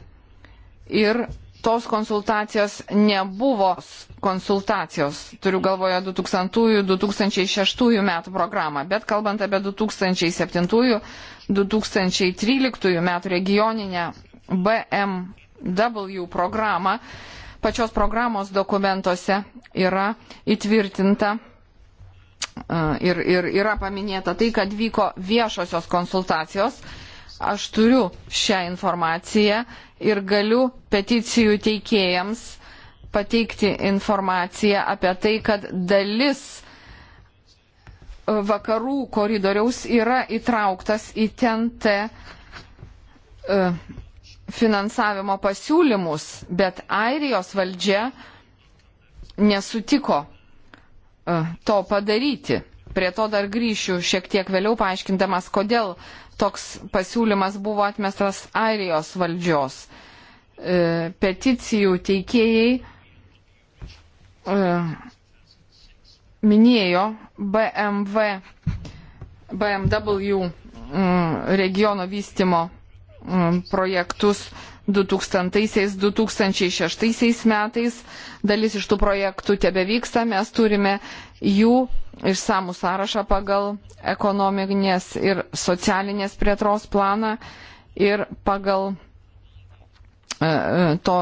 Ir tos konsultacijos nebuvo konsultacijos, turiu galvoje 2000-2006 metų programą, bet kalbant apie 2007-2013 metų regioninę BMW programą, pačios programos dokumentuose yra įtvirtinta e, ir, ir yra paminėta tai, kad vyko viešosios konsultacijos Aš turiu šią informaciją ir galiu peticijų teikėjams pateikti informaciją apie tai, kad dalis e, vakarų koridoriaus yra įtrauktas į TNT e, finansavimo pasiūlymus, bet Airijos valdžia nesutiko e, to padaryti. Prie to dar grįšiu šiek tiek vėliau paaiškindamas, kodėl toks pasiūlymas buvo atmestas Airijos valdžios. E, peticijų teikėjai e, minėjo BMW, BMW mm, regiono vystimo mm, projektus 2000-2006 metais. Dalis iš tų projektų tebe vyksta, mes turime jų išsamų sąrašą pagal ekonominės ir socialinės plėtros planą ir pagal e, e, to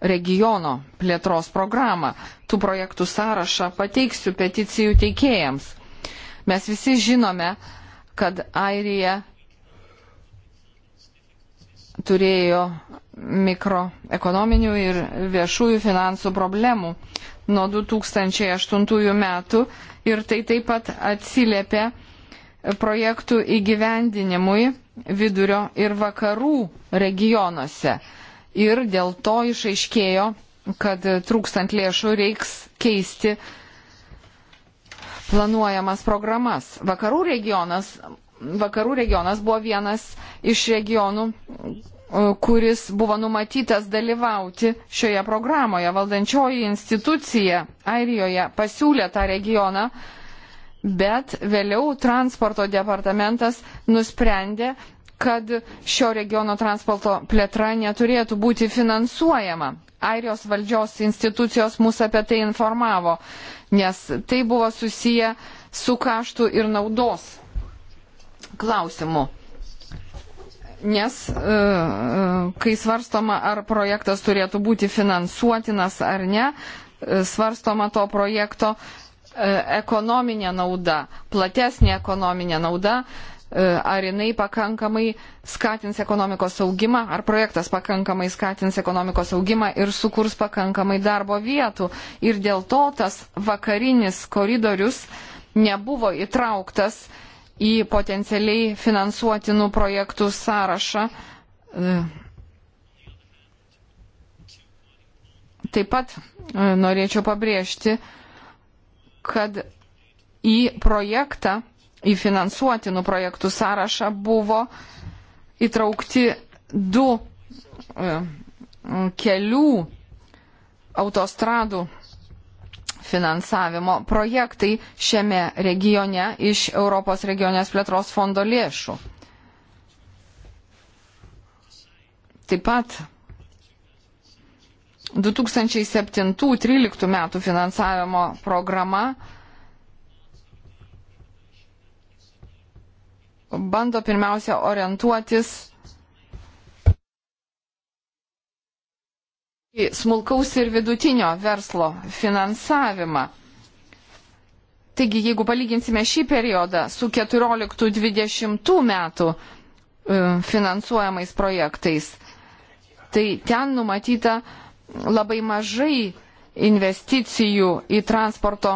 regiono plėtros programą. Tų projektų sąrašą pateiksiu peticijų teikėjams. Mes visi žinome, kad Airija turėjo mikroekonominių ir viešųjų finansų problemų nuo 2008 metų ir tai taip pat atsiliepia projektų įgyvendinimui vidurio ir vakarų regionuose. Ir dėl to išaiškėjo, kad trūkstant lėšų reiks keisti planuojamas programas. Vakarų regionas, vakarų regionas buvo vienas iš regionų, E, kuris buvo numatytas dalyvauti šioje programoje. Valdančioji institucija Airijoje pasiūlė tą regioną, bet vėliau transporto departamentas nusprendė, kad šio regiono transporto plėtra neturėtų būti finansuojama. Airijos valdžios institucijos mus apie tai informavo, nes tai buvo susiję su kaštų ir naudos klausimu nes e, e, kai svarstoma, ar projektas turėtų būti finansuotinas ar ne, e, svarstoma to projekto ekonominė nauda, platesnė ekonominė nauda, ar jinai pakankamai skatins ekonomikos augimą, ar projektas pakankamai skatins ekonomikos augimą ir sukurs pakankamai darbo vietų. Ir dėl to tas vakarinis koridorius nebuvo įtrauktas į potencialiai finansuotinų projektų sąrašą. E, taip pat e, norėčiau pabrėžti, kad į projektą, į finansuotinų projektų sąrašą buvo įtraukti du e, kelių autostradų finansavimo projektai šiame regione iš Europos regionės plėtros fondo lėšų. Taip pat 2007-2013 metų finansavimo programa bando pirmiausia orientuotis į smulkaus ir vidutinio verslo finansavimą. Taigi, jeigu palyginsime šį periodą su 14-20 metų e, finansuojamais projektais, tai ten numatyta labai mažai investicijų į transporto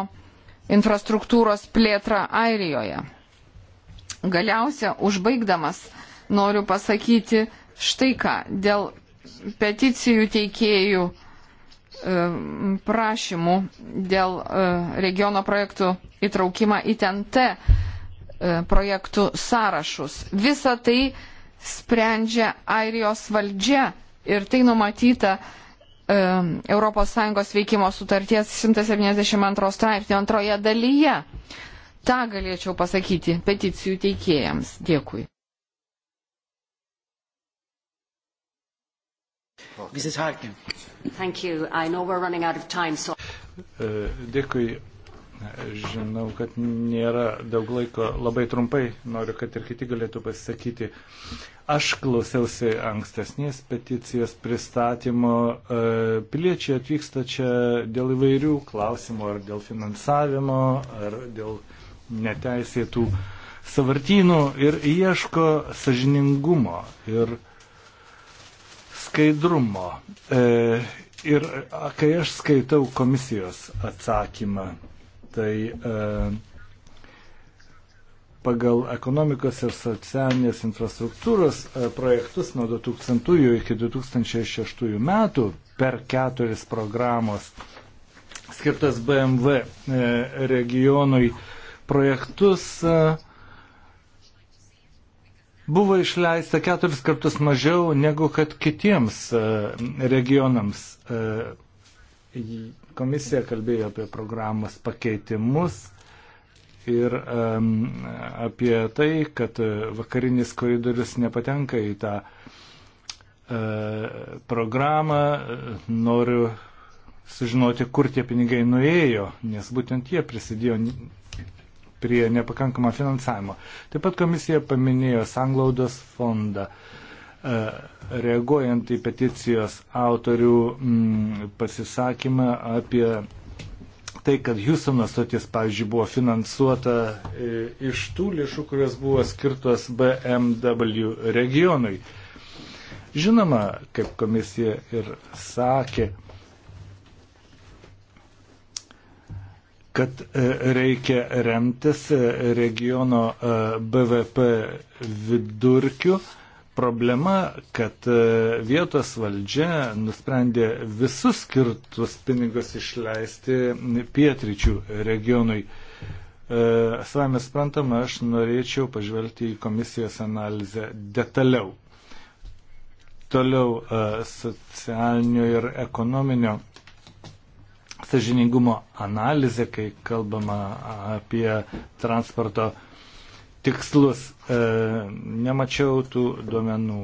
infrastruktūros plėtrą Airijoje. Galiausia, užbaigdamas, noriu pasakyti štai ką dėl peticijų teikėjų e, prašymų dėl e, regiono projektų įtraukimą į TNT e, projektų sąrašus. Visa tai sprendžia Airijos valdžia ir tai numatyta ES veikimo sutarties 172 straipsnio antroje dalyje. Ta galėčiau pasakyti peticijų teikėjams. Dėkui. Okay. Mrs. Harkin. Thank you. I know we're running out of time, so... E, dėkui. Žinau, kad nėra daug laiko. Labai trumpai noriu, kad ir kiti galėtų pasisakyti. Aš klausiausi ankstesnės peticijos pristatymo. E, piliečiai atvyksta čia dėl įvairių klausimų, ar dėl finansavimo, ar dėl neteisėtų savartynų ir ieško sažiningumo. Ir uh, skaidrumo. E, ir kai aš skaitau komisijos atsakymą, tai e, pagal ekonomikos ir socialinės infrastruktūros e, projektus nuo 2000 iki 2006 metų per keturis programos skirtas BMW e, regionui projektus e, buvo išleista keturis kartus mažiau negu kad kitiems e, regionams. E, komisija kalbėjo apie programos pakeitimus ir apie tai, kad e, vakarinis koridorius nepatenka į tą programą. Noriu sužinoti, kur tie pinigai nuėjo, nes būtent jie prisidėjo prie nepakankamo finansavimo. Taip pat komisija paminėjo Sanglaudos fondą. E, reaguojant į peticijos autorių m, mm, pasisakymą apie tai, kad Houstono stotis, pavyzdžiui, buvo finansuota e, iš tų lėšų, kurios buvo skirtos BMW regionui. Žinoma, kaip komisija ir sakė, kad e, reikia remtis e, regiono e, BVP vidurkiu. Problema, kad vietos valdžia nusprendė visus skirtus pinigus išleisti pietryčių regionui. Savame sprantama, aš norėčiau pažvelgti į komisijos analizę detaliau. Toliau socialinio ir ekonominio sažiningumo analizė, kai kalbama apie transporto tikslus. E, nemačiau tų duomenų.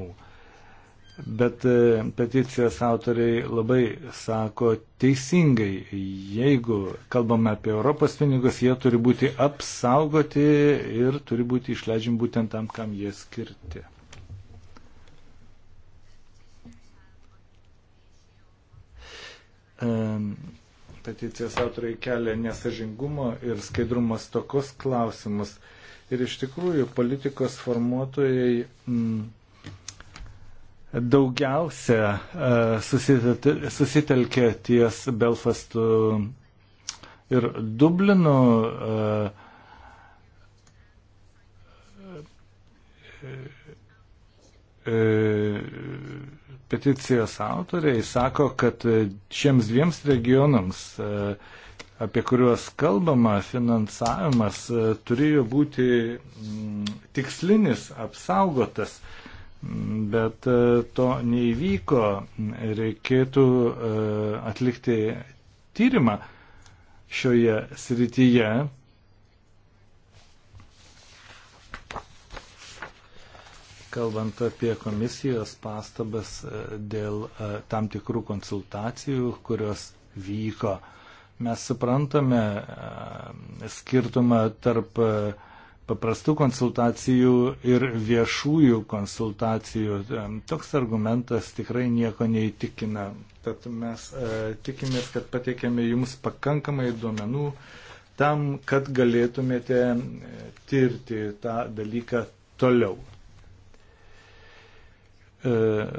Bet e, peticijos autoriai labai sako teisingai, jeigu kalbame apie Europos pinigus, jie turi būti apsaugoti ir turi būti išleidžiami būtent tam, kam jie skirti peticijos autoriai kelia nesažingumo ir skaidrumo stokos klausimus. Ir iš tikrųjų politikos formuotojai m, mm, daugiausia e, susitelkė ties Belfastu ir Dublinu. E, e, e peticijos autoriai sako, kad e, šiems dviems regionams, e, apie kuriuos kalbama, finansavimas e, turėjo būti mm, tikslinis, apsaugotas, mm, bet to neįvyko. Reikėtų atlikti tyrimą šioje srityje kalbant apie komisijos pastabas e, dėl e, tam tikrų konsultacijų, kurios vyko. Mes suprantame e, skirtumą tarp paprastų konsultacijų ir viešųjų konsultacijų. Toks argumentas tikrai nieko neįtikina. Tad mes tikimės, kad pateikėme jums pakankamai duomenų tam, kad galėtumėte tirti tą dalyką toliau. E,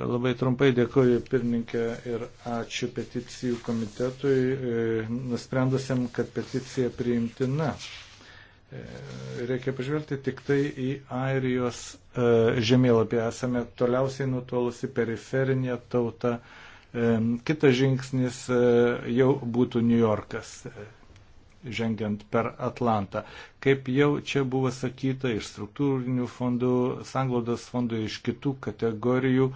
labai trumpai dėkoju pirmininkė ir ačiū peticijų komitetui, e, nusprendusiam, kad peticija priimtina. E, reikia pažvelgti tik tai į Airijos žemėlapį. Esame toliausiai nutolusi periferinė tauta. Kitas žingsnis jau būtų New Yorkas žengiant per Atlantą. Kaip jau čia buvo sakyta, iš struktūrinių fondų, sanglaudos fondų, iš kitų kategorijų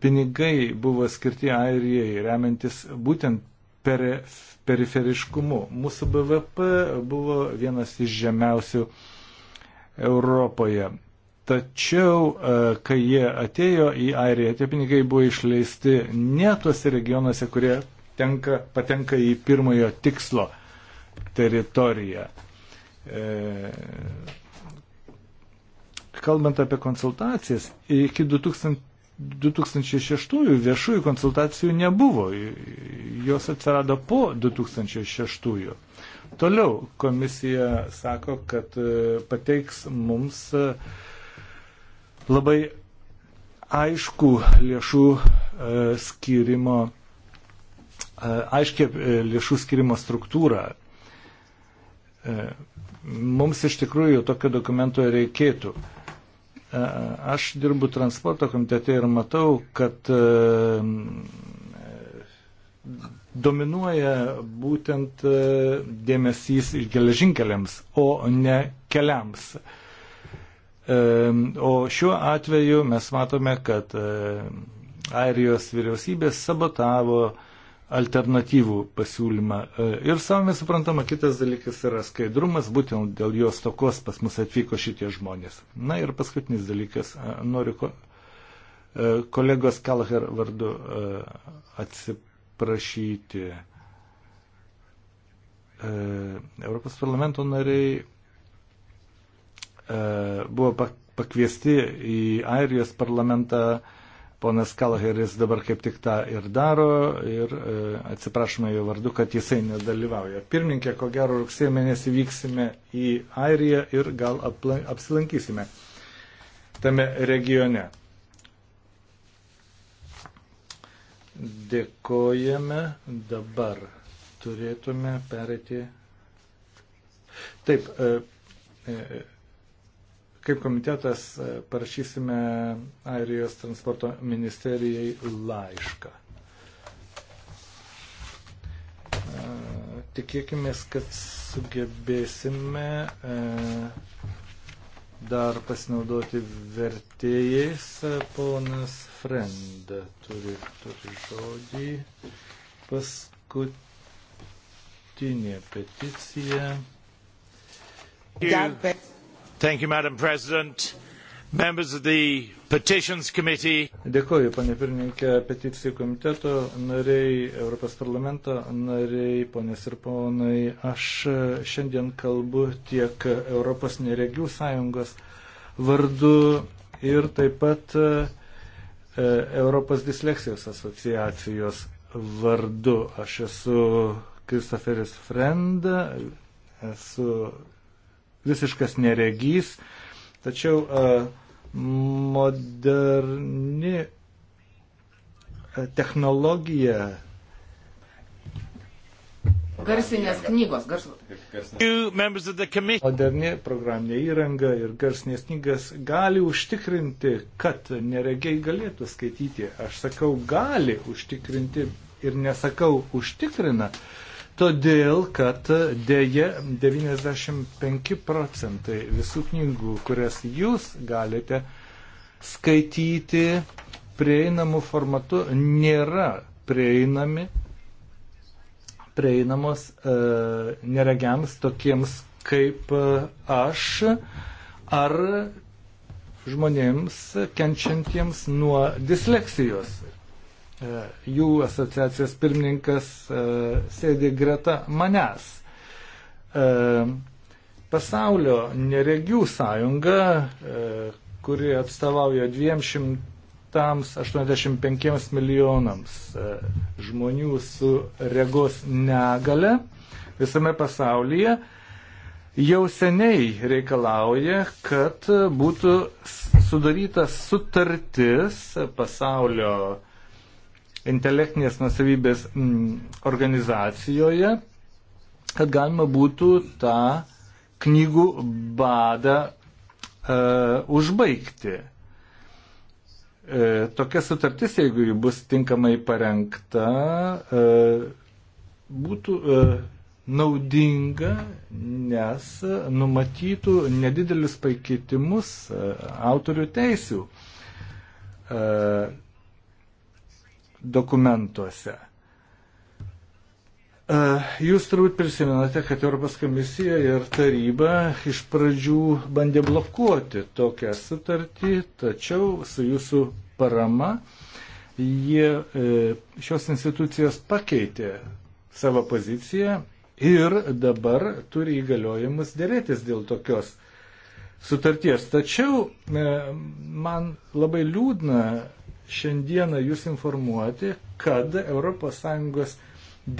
pinigai buvo skirti Airijai remiantis būtent per, periferiškumu. Mūsų BVP buvo vienas iš žemiausių Europoje. Tačiau, e, kai jie atėjo į Airiją, tie pinigai buvo išleisti ne tuose regionuose, kurie tenka, patenka į pirmojo tikslo teritoriją. E, kalbant apie konsultacijas, iki 2000, 2006 viešųjų konsultacijų nebuvo, jos atsirado po 2006. Toliau komisija sako, kad e, pateiks mums e, labai aišku lėšų skirimo, aiškia lėšų skirimo struktūrą E, mums iš tikrųjų tokio dokumento reikėtų. E, aš dirbu transporto komitete ir matau, kad e, dominuoja būtent dėmesys geležinkeliams, o ne keliams. O šiuo atveju mes matome, kad Airijos vyriausybės sabotavo uh, alternatyvų pasiūlymą. E, ir savame suprantama, kitas dalykas yra skaidrumas, būtent dėl jos tokos pas mus atvyko šitie žmonės. Na ir paskutinis dalykas, e, noriu ko, e, kolegos Kalher vardu atsiprašyti. Europos parlamento nariai buvo pakviesti į Airijos parlamentą Ponas Kalaheris dabar kaip tik tą ir daro ir e, atsiprašome jo vardu, kad jisai nedalyvauja. Pirmininkė, ko gero rugsėjo mėnesį vyksime į Airiją ir gal apsilankysime tame regione. Dėkojame dabar. Turėtume perėti. Taip, e, e, Kaip komitetas e, parašysime Airijos transporto ministerijai laišką. E, tikėkime, kad sugebėsime e, dar pasinaudoti vertėjais. Ponas Friend turi, turi žodį. Paskutinė peticija. Gelbėk. You, madam president members of the petitions committee dėkoju pone pirmininke peticijų komiteto nariai europos parlamento nariai ponios ir ponai aš šiandien kalbu tiek europos neregių sąjungos vardu ir taip pat e, europos disleksijos asociacijos vardu aš esu kristoferis frend esu visiškas neregys, tačiau e, moderni e, technologija. Garsinės knygos, garsinės. Moderni programinė įranga ir garsinės knygas gali užtikrinti, kad neregiai galėtų skaityti. Aš sakau, gali užtikrinti ir nesakau užtikrina. Uh, todėl kad dėje 95 procentai visų knygų, kurias jūs galite skaityti prieinamų formatų, nėra prieinami, prieinamos e, neregiams tokiems kaip e, aš ar žmonėms kenčiantiems nuo disleksijos. E, jų asociacijos pirmininkas e, sėdi greta manęs. E, pasaulio neregių sąjunga, kuri atstovauja 285 milijonams žmonių su regos negale visame pasaulyje, jau seniai reikalauja, kad būtų sudaryta sutartis pasaulio uh, intelektinės nusavybės mm, organizacijoje, kad galima būtų tą knygų badą e, užbaigti. E, tokia sutartis, jeigu ji bus tinkamai parengta, e, būtų e, naudinga, nes numatytų nedidelius pakeitimus e, autorių teisių e, dokumentuose. E, jūs turbūt prisimenate, kad Europos komisija ir taryba iš pradžių bandė blokuoti tokią sutartį, tačiau su jūsų parama jie e, šios institucijos pakeitė savo poziciją ir dabar turi įgaliojimus dėrėtis dėl tokios sutarties. Tačiau e, man labai liūdna šiandieną jūs informuoti, kad ES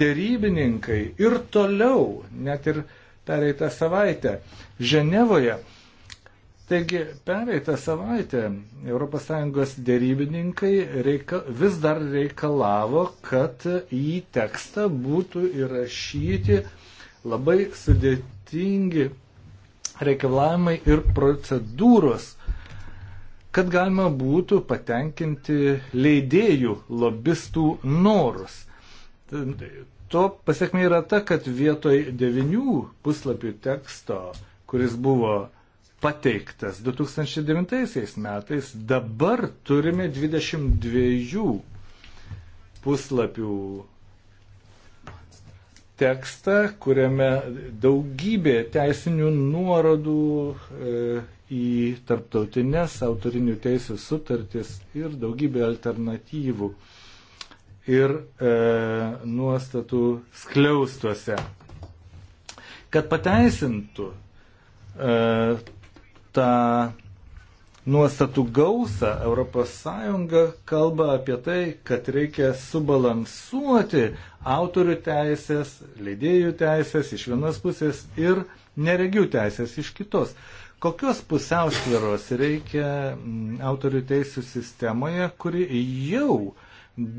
dėrybininkai ir toliau, net ir pereitą savaitę Ženevoje. Taigi pereitą savaitę ES dėrybininkai reika, vis dar reikalavo, kad į tekstą būtų įrašyti labai sudėtingi reikalavimai ir procedūros kad galima būtų patenkinti leidėjų lobistų norus. To pasiekmė yra ta, kad vietoj devinių puslapių teksto, kuris buvo pateiktas 2009 metais, dabar turime 22 puslapių tekstą, kuriame daugybė teisinių nuorodų, e, į tarptautinės autorinių teisų sutartis ir daugybė alternatyvų ir e, nuostatų skliaustuose. Kad pateisintų e, tą nuostatų gausą ES kalba apie tai, kad reikia subalansuoti autorių teisės, leidėjų teisės iš vienos pusės ir neregių teisės iš kitos. E, Kokios pusiausvėros reikia mm, autorių teisų sistemoje, kuri jau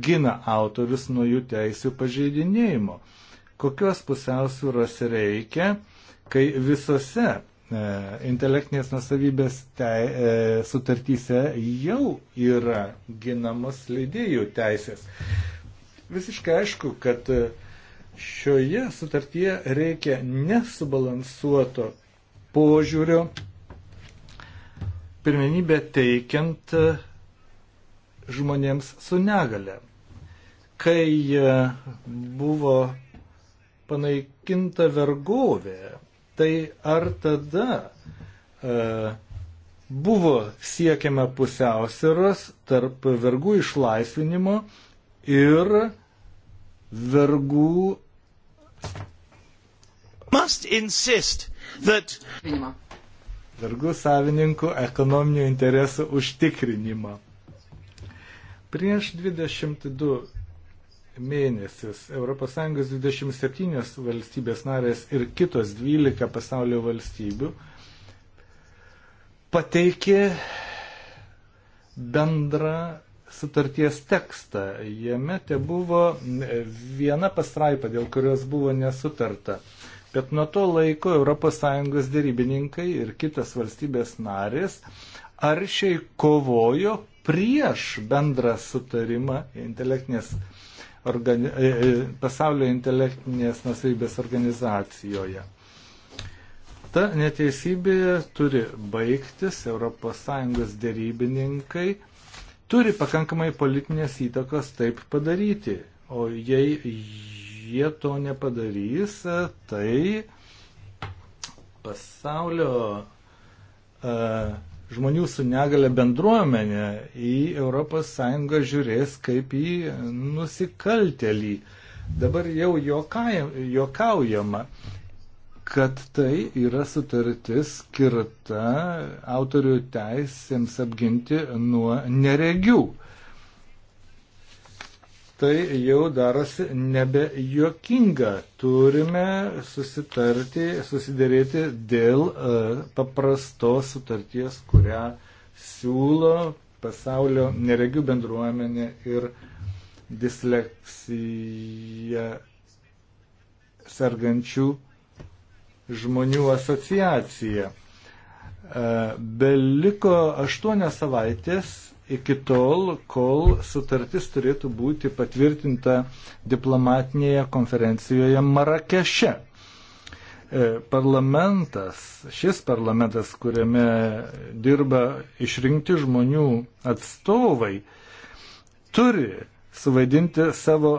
gina autorius nuo jų teisų pažeidinėjimo? Kokios pusiausvėros reikia, kai visose e, intelektinės nusavybės te, e, sutartyse jau yra ginamos leidėjų teisės? Visiškai aišku, kad e, šioje sutartyje reikia nesubalansuoto požiūrio pirmenybę teikiant e, žmonėms su negale. Kai e, buvo panaikinta vergovė, tai ar tada e, buvo siekiama pusiausvėros tarp vergų išlaisvinimo ir vergų. Must insist that. Minima vergų savininkų ekonominių interesų užtikrinimą. Prieš 22 mėnesius ES 27 valstybės narės ir kitos 12 pasaulio valstybių pateikė bendrą sutarties tekstą. Jame te buvo viena pastraipa, dėl kurios buvo nesutarta. Bet nuo to laiko ES dėrybininkai ir kitas valstybės narės aršiai kovojo prieš bendrą sutarimą intelektinės organi e, e, pasaulio intelektinės nusavybės organizacijoje. Ta neteisybė turi baigtis, ES dėrybininkai turi pakankamai politinės įtakos taip padaryti. O jei jie to nepadarys, tai pasaulio e, žmonių su negale bendruomenė į ES žiūrės kaip į nusikaltelį. Dabar jau juokaujama, kad tai yra sutartis skirta autorių teisėms apginti nuo neregių tai jau darosi nebe juokinga. Turime susitarti, susidėrėti dėl e, paprastos sutarties, kurią siūlo pasaulio neregių bendruomenė ir disleksija sergančių žmonių asociacija. E, beliko aštuonias savaitės iki tol, kol sutartis turėtų būti patvirtinta diplomatinėje konferencijoje Marakeše. E, parlamentas, šis parlamentas, kuriame dirba išrinkti žmonių atstovai, turi suvaidinti savo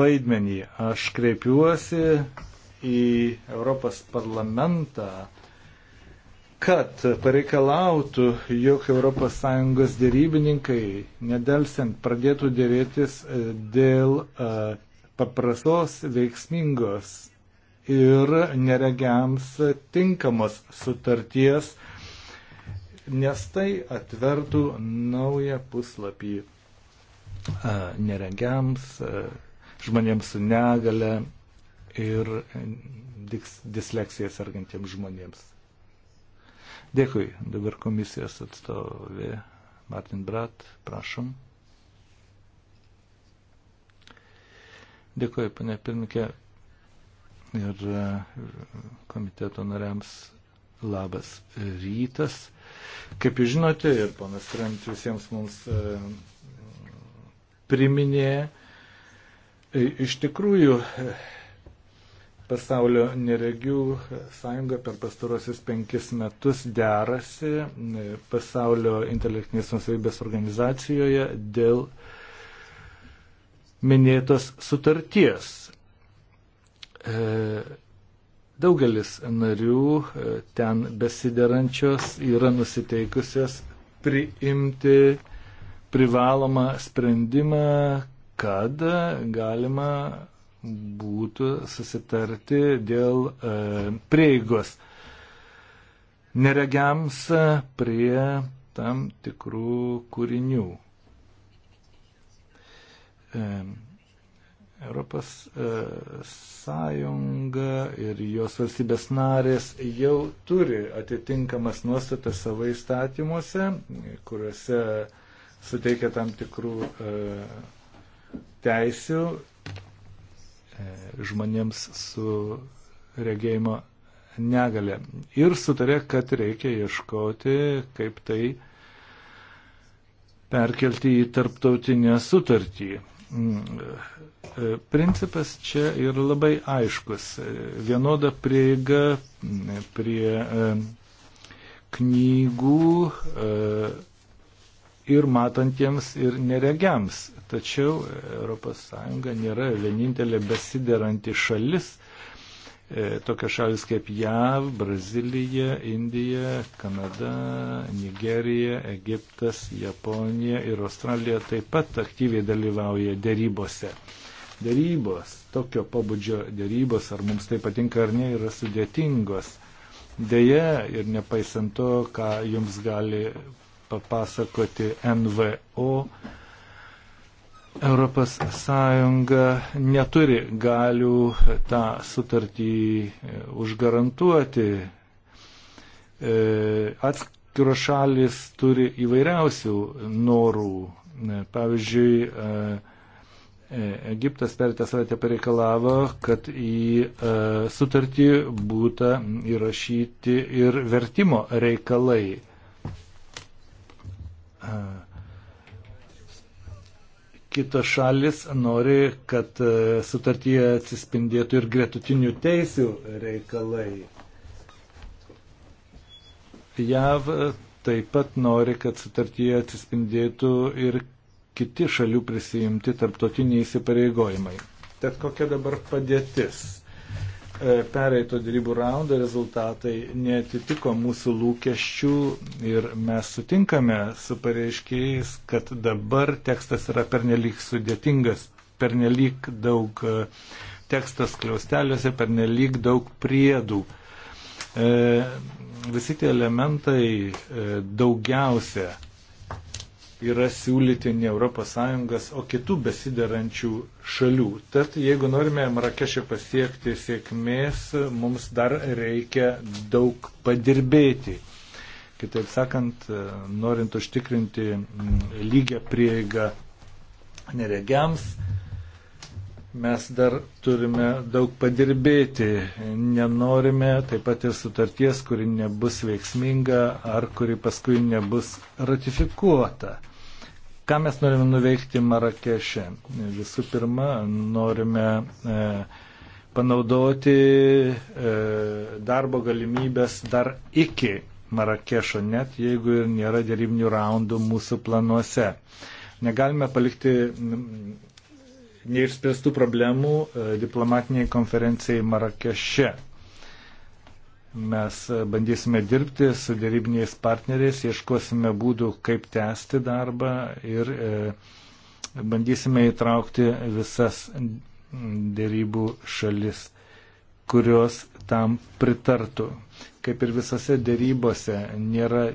vaidmenį. Aš kreipiuosi į Europos parlamentą kad pareikalautų, jog ES dėrybininkai nedelsiant pradėtų dėrėtis e, dėl e, paprastos, veiksmingos ir neregiams tinkamos sutarties, nes tai atvertų naują puslapį e, neregiams, žmonėms su negale ir disleksija sergantiems žmonėms. Dėkui. Dabar komisijos atstovė Martin Brat, prašom. Dėkuoju, pane pirmininkė, ir e, komiteto nariams labas rytas. Kaip jūs žinote, ir ponas Trent visiems mums e, priminė, e, iš tikrųjų Pasaulio neregių sąjunga per pastarosius penkis metus derasi e, pasaulio intelektinės nusavybės organizacijoje dėl minėtos sutarties. E, daugelis narių e, ten besiderančios yra nusiteikusios priimti privalomą sprendimą, kad galima būtų susitarti dėl e, prieigos neregiams e, prie tam tikrų kūrinių. E, Europos Sąjunga ir jos valstybės narės jau turi atitinkamas nuostatas savo įstatymuose, kuriuose suteikia tam tikrų teisių E, žmonėms su regėjimo negalė. Ir sutarė, kad reikia ieškoti, kaip tai perkelti į tarptautinę sutartį. Mm, e, principas čia yra labai aiškus. Vienoda prieiga mm, prie e, knygų ir matantiems, ir neregiams. Tačiau ES nėra vienintelė besideranti šalis. E, Tokios šalis kaip JAV, Brazilija, Indija, Kanada, Nigerija, Egiptas, Japonija ir Australija taip pat aktyviai dalyvauja dėrybose dėrybos, tokio pabudžio dėrybos, ar mums tai patinka ar ne, yra sudėtingos. Deja, ir nepaisant to, ką jums gali papasakoti NVO, Europos Sąjunga neturi galių tą sutartį e, užgarantuoti. E, atskiros šalis turi įvairiausių norų. E, pavyzdžiui, Egiptas per tą savaitę pareikalavo, kad į sutartį būtų įrašyti ir vertimo reikalai kitos šalis nori, kad e, sutartyje atsispindėtų ir gretutinių teisių reikalai. JAV e, taip pat nori, kad sutartyje atsispindėtų ir kiti šalių prisijimti tarptautiniai įsipareigojimai. Tad kokia dabar padėtis? E, pereito dėrybų raundo rezultatai netitiko mūsų lūkesčių ir mes sutinkame su pareiškėjais, kad dabar tekstas yra pernelyg sudėtingas, pernelyg daug e, tekstas kliausteliuose, pernelyg daug priedų. E, visi tie elementai e, daugiausia yra siūlyti ne ES, o kitų besiderančių šalių. Tad jeigu norime Marakešė pasiekti sėkmės, mums dar reikia daug padirbėti. Kitaip sakant, norint užtikrinti mm, lygią prieigą neregiams, mes dar turime daug padirbėti. Nenorime taip pat ir sutarties, kuri nebus veiksminga ar kuri paskui nebus ratifikuota. Ką mes norime nuveikti Marakeše? Visų pirma, norime e, panaudoti e, darbo galimybės dar iki Marakešo, net jeigu ir nėra dėrybinių raundų mūsų planuose. Negalime palikti neišspręstų problemų e, diplomatiniai konferencijai Marakeše. Mes bandysime dirbti su dėrybiniais partneriais, ieškosime būdų, kaip tęsti darbą ir e, bandysime įtraukti visas dėrybų šalis, kurios tam pritartų. Kaip ir visose dėrybose nėra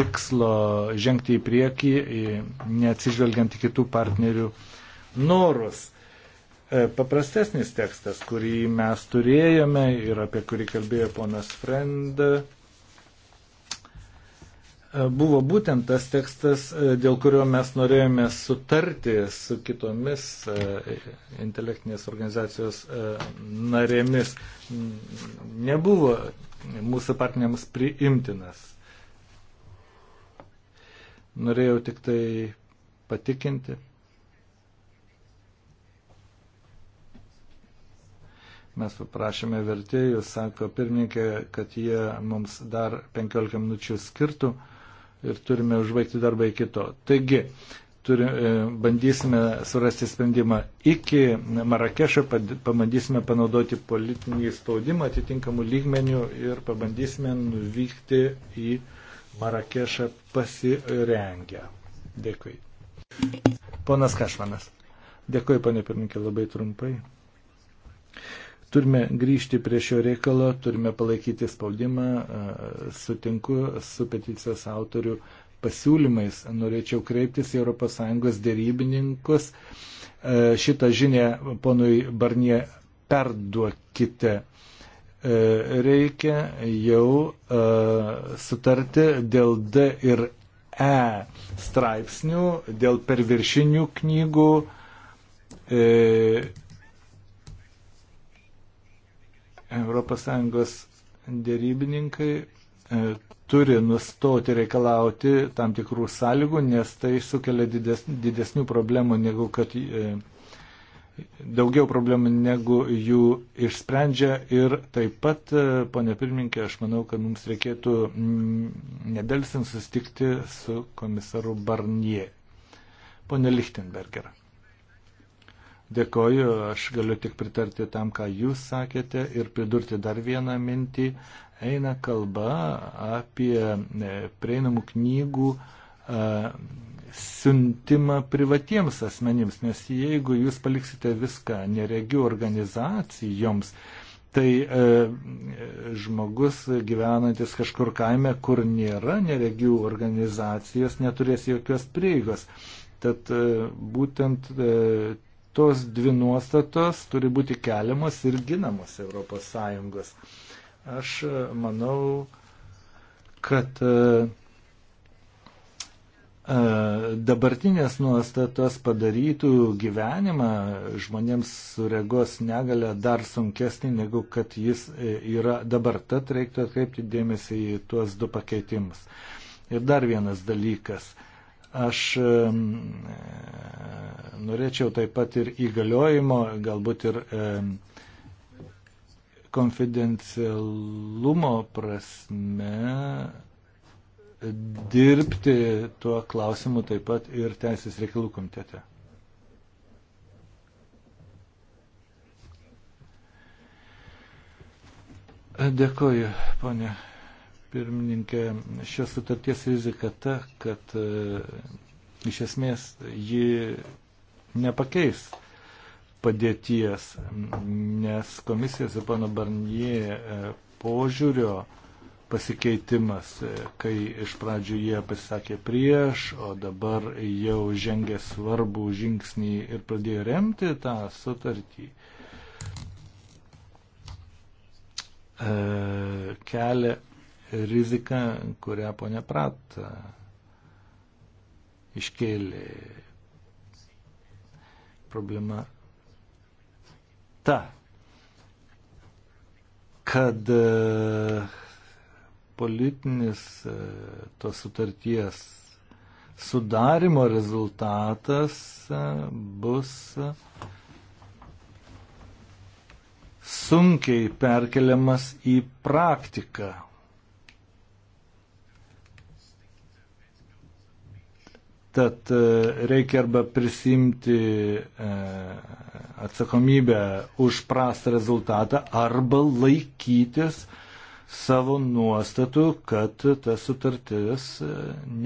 tikslo žengti į priekį, neatsižvelgiant į kitų partnerių norus. E, paprastesnis tekstas, kurį mes turėjome ir apie kurį kalbėjo ponas Friend, e, buvo būtent tas tekstas, e, dėl kurio mes norėjome sutarti su kitomis intelektinės organizacijos narėmis. Nebuvo mūsų partneriams priimtinas. Norėjau tik tai patikinti, Mes paprašėme vertėjų, sako pirmininkė, kad jie mums dar 15 minučių skirtų ir turime užbaigti darbą iki to. Taigi, turi, e, bandysime surasti sprendimą iki Marakešo, pabandysime panaudoti politinį spaudimą atitinkamų lygmenių ir pabandysime nuvykti į Marakešą pasirengę. Dėkui. Ponas Kašmanas. Dėkui, panė pirmininkė, labai trumpai. Turime grįžti prie šio reikalo, turime palaikyti spaudimą, e, sutinku su peticijos autorių pasiūlymais. Norėčiau kreiptis į ES dėrybininkus. E, šitą žinę ponui Barnie perduokite e, reikia jau uh, sutarti dėl D ir E straipsnių, dėl perviršinių knygų. E, uh, ES dėrybininkai e, turi nustoti reikalauti tam tikrų sąlygų, nes tai sukelia dides, didesnių problemų negu kad e, daugiau problemų negu jų išsprendžia ir taip pat, e, ponė pirminkė, aš manau, kad mums reikėtų mm, nedelsint sustikti su komisaru Barnie. Pone Lichtenberger. Dėkoju, aš galiu tik pritarti tam, ką jūs sakėte ir pridurti dar vieną mintį. Eina kalba apie e, prieinamų knygų a, e, siuntimą privatiems asmenims, nes jeigu jūs paliksite viską neregių organizacijoms, tai a, e, žmogus gyvenantis kažkur kaime, kur nėra neregių organizacijos, neturės jokios prieigos. Tad būtent tos dvi nuostatos turi būti keliamos ir ginamos ES. Aš e, manau, kad e, e, dabartinės nuostatos padarytų gyvenimą žmonėms su regos negale dar sunkesnį, negu kad jis yra dabar. Tad reiktų atkreipti dėmesį į tuos du pakeitimus. Ir dar vienas dalykas. Aš norėčiau taip pat ir įgaliojimo, galbūt ir konfidencialumo prasme dirbti tuo klausimu taip pat ir Teisės reikalų komitete. Dėkoju, ponė pirmininkė, šios sutarties rizika ta, kad e, iš esmės ji nepakeis padėties, nes komisijos ir pono Barnie e, požiūrio pasikeitimas, e, kai iš pradžių jie pasisakė prieš, o dabar jau žengė svarbų žingsnį ir pradėjo remti tą sutartį, kelia rizika, kurią ponia Prat e, iškėlė. Problema ta, kad e, politinis e, tos sutarties sudarimo rezultatas bus sunkiai perkeliamas į praktiką. Tad e, reikia arba prisimti e, atsakomybę už prastą rezultatą, arba laikytis savo nuostatų, kad ta sutartis e,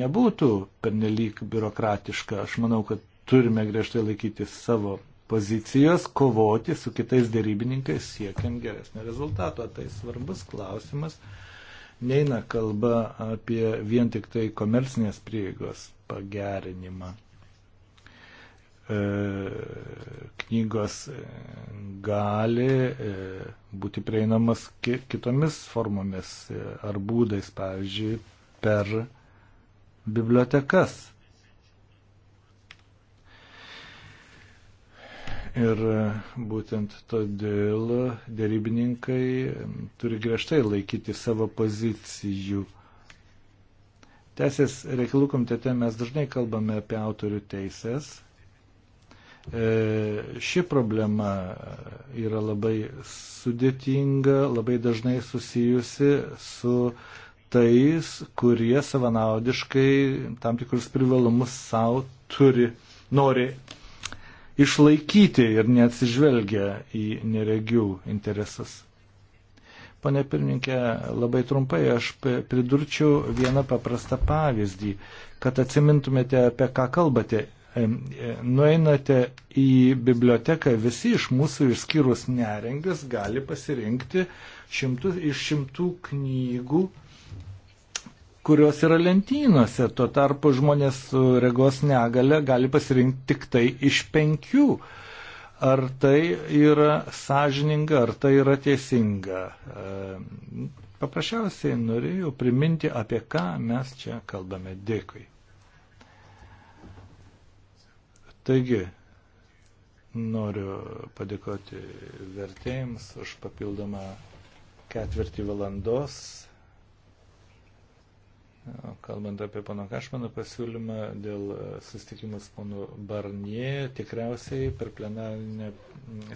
nebūtų pernelyg biurokratiška. Aš manau, kad turime griežtai laikytis savo pozicijos, kovoti su kitais dėrybininkais siekiant geresnio rezultato. Tai svarbus klausimas. Neina kalba apie vien tik tai komercinės prieigos pagerinimą. E, knygos e, gali e, būti prieinamas kitomis formomis ar būdais, pavyzdžiui, per bibliotekas. Ir būtent todėl dėrybininkai turi griežtai laikyti savo pozicijų Teisės reikalų komitete mes dažnai kalbame apie autorių teisės. E, ši problema yra labai sudėtinga, labai dažnai susijusi su tais, kurie savanaudiškai tam tikrus privalumus savo turi, nori išlaikyti ir neatsižvelgia į neregių interesus. Pane pirmininkė, labai trumpai aš pridurčiau vieną paprastą pavyzdį, kad atsimintumėte, apie ką kalbate. E, nueinate į biblioteką, visi iš mūsų išskyrus nerengius gali pasirinkti šimtų, iš šimtų knygų, kurios yra lentynose. Tuo tarpu žmonės su regos negale gali pasirinkti tik tai iš penkių knygų Ar tai yra sąžininga, ar tai yra teisinga? E, paprasčiausiai norėjau priminti, apie ką mes čia kalbame. Dėkui. Taigi, noriu padėkoti vertėjams už papildomą ketvirtį valandos Kalbant apie pano Kašmano pasiūlymą dėl e, susitikimus ponu Barnie, tikriausiai per plenarinę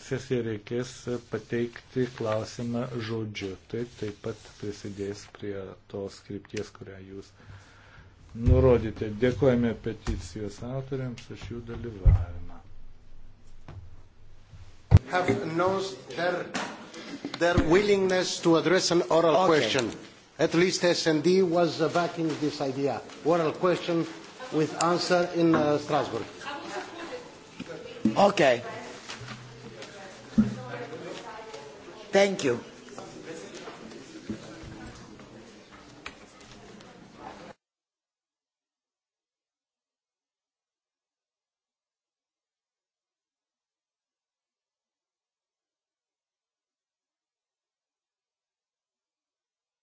sesiją reikės pateikti klausimą žodžiu. Tai taip pat prisidės prie tos krypties, kurią jūs nurodėte. Dėkojame peticijos autoriams už jų dalyvavimą. Have announced their, their willingness to address an oral okay. question. At least S&D was uh, backing this idea. Oral question with answer in uh, Strasbourg. Okay. Thank you.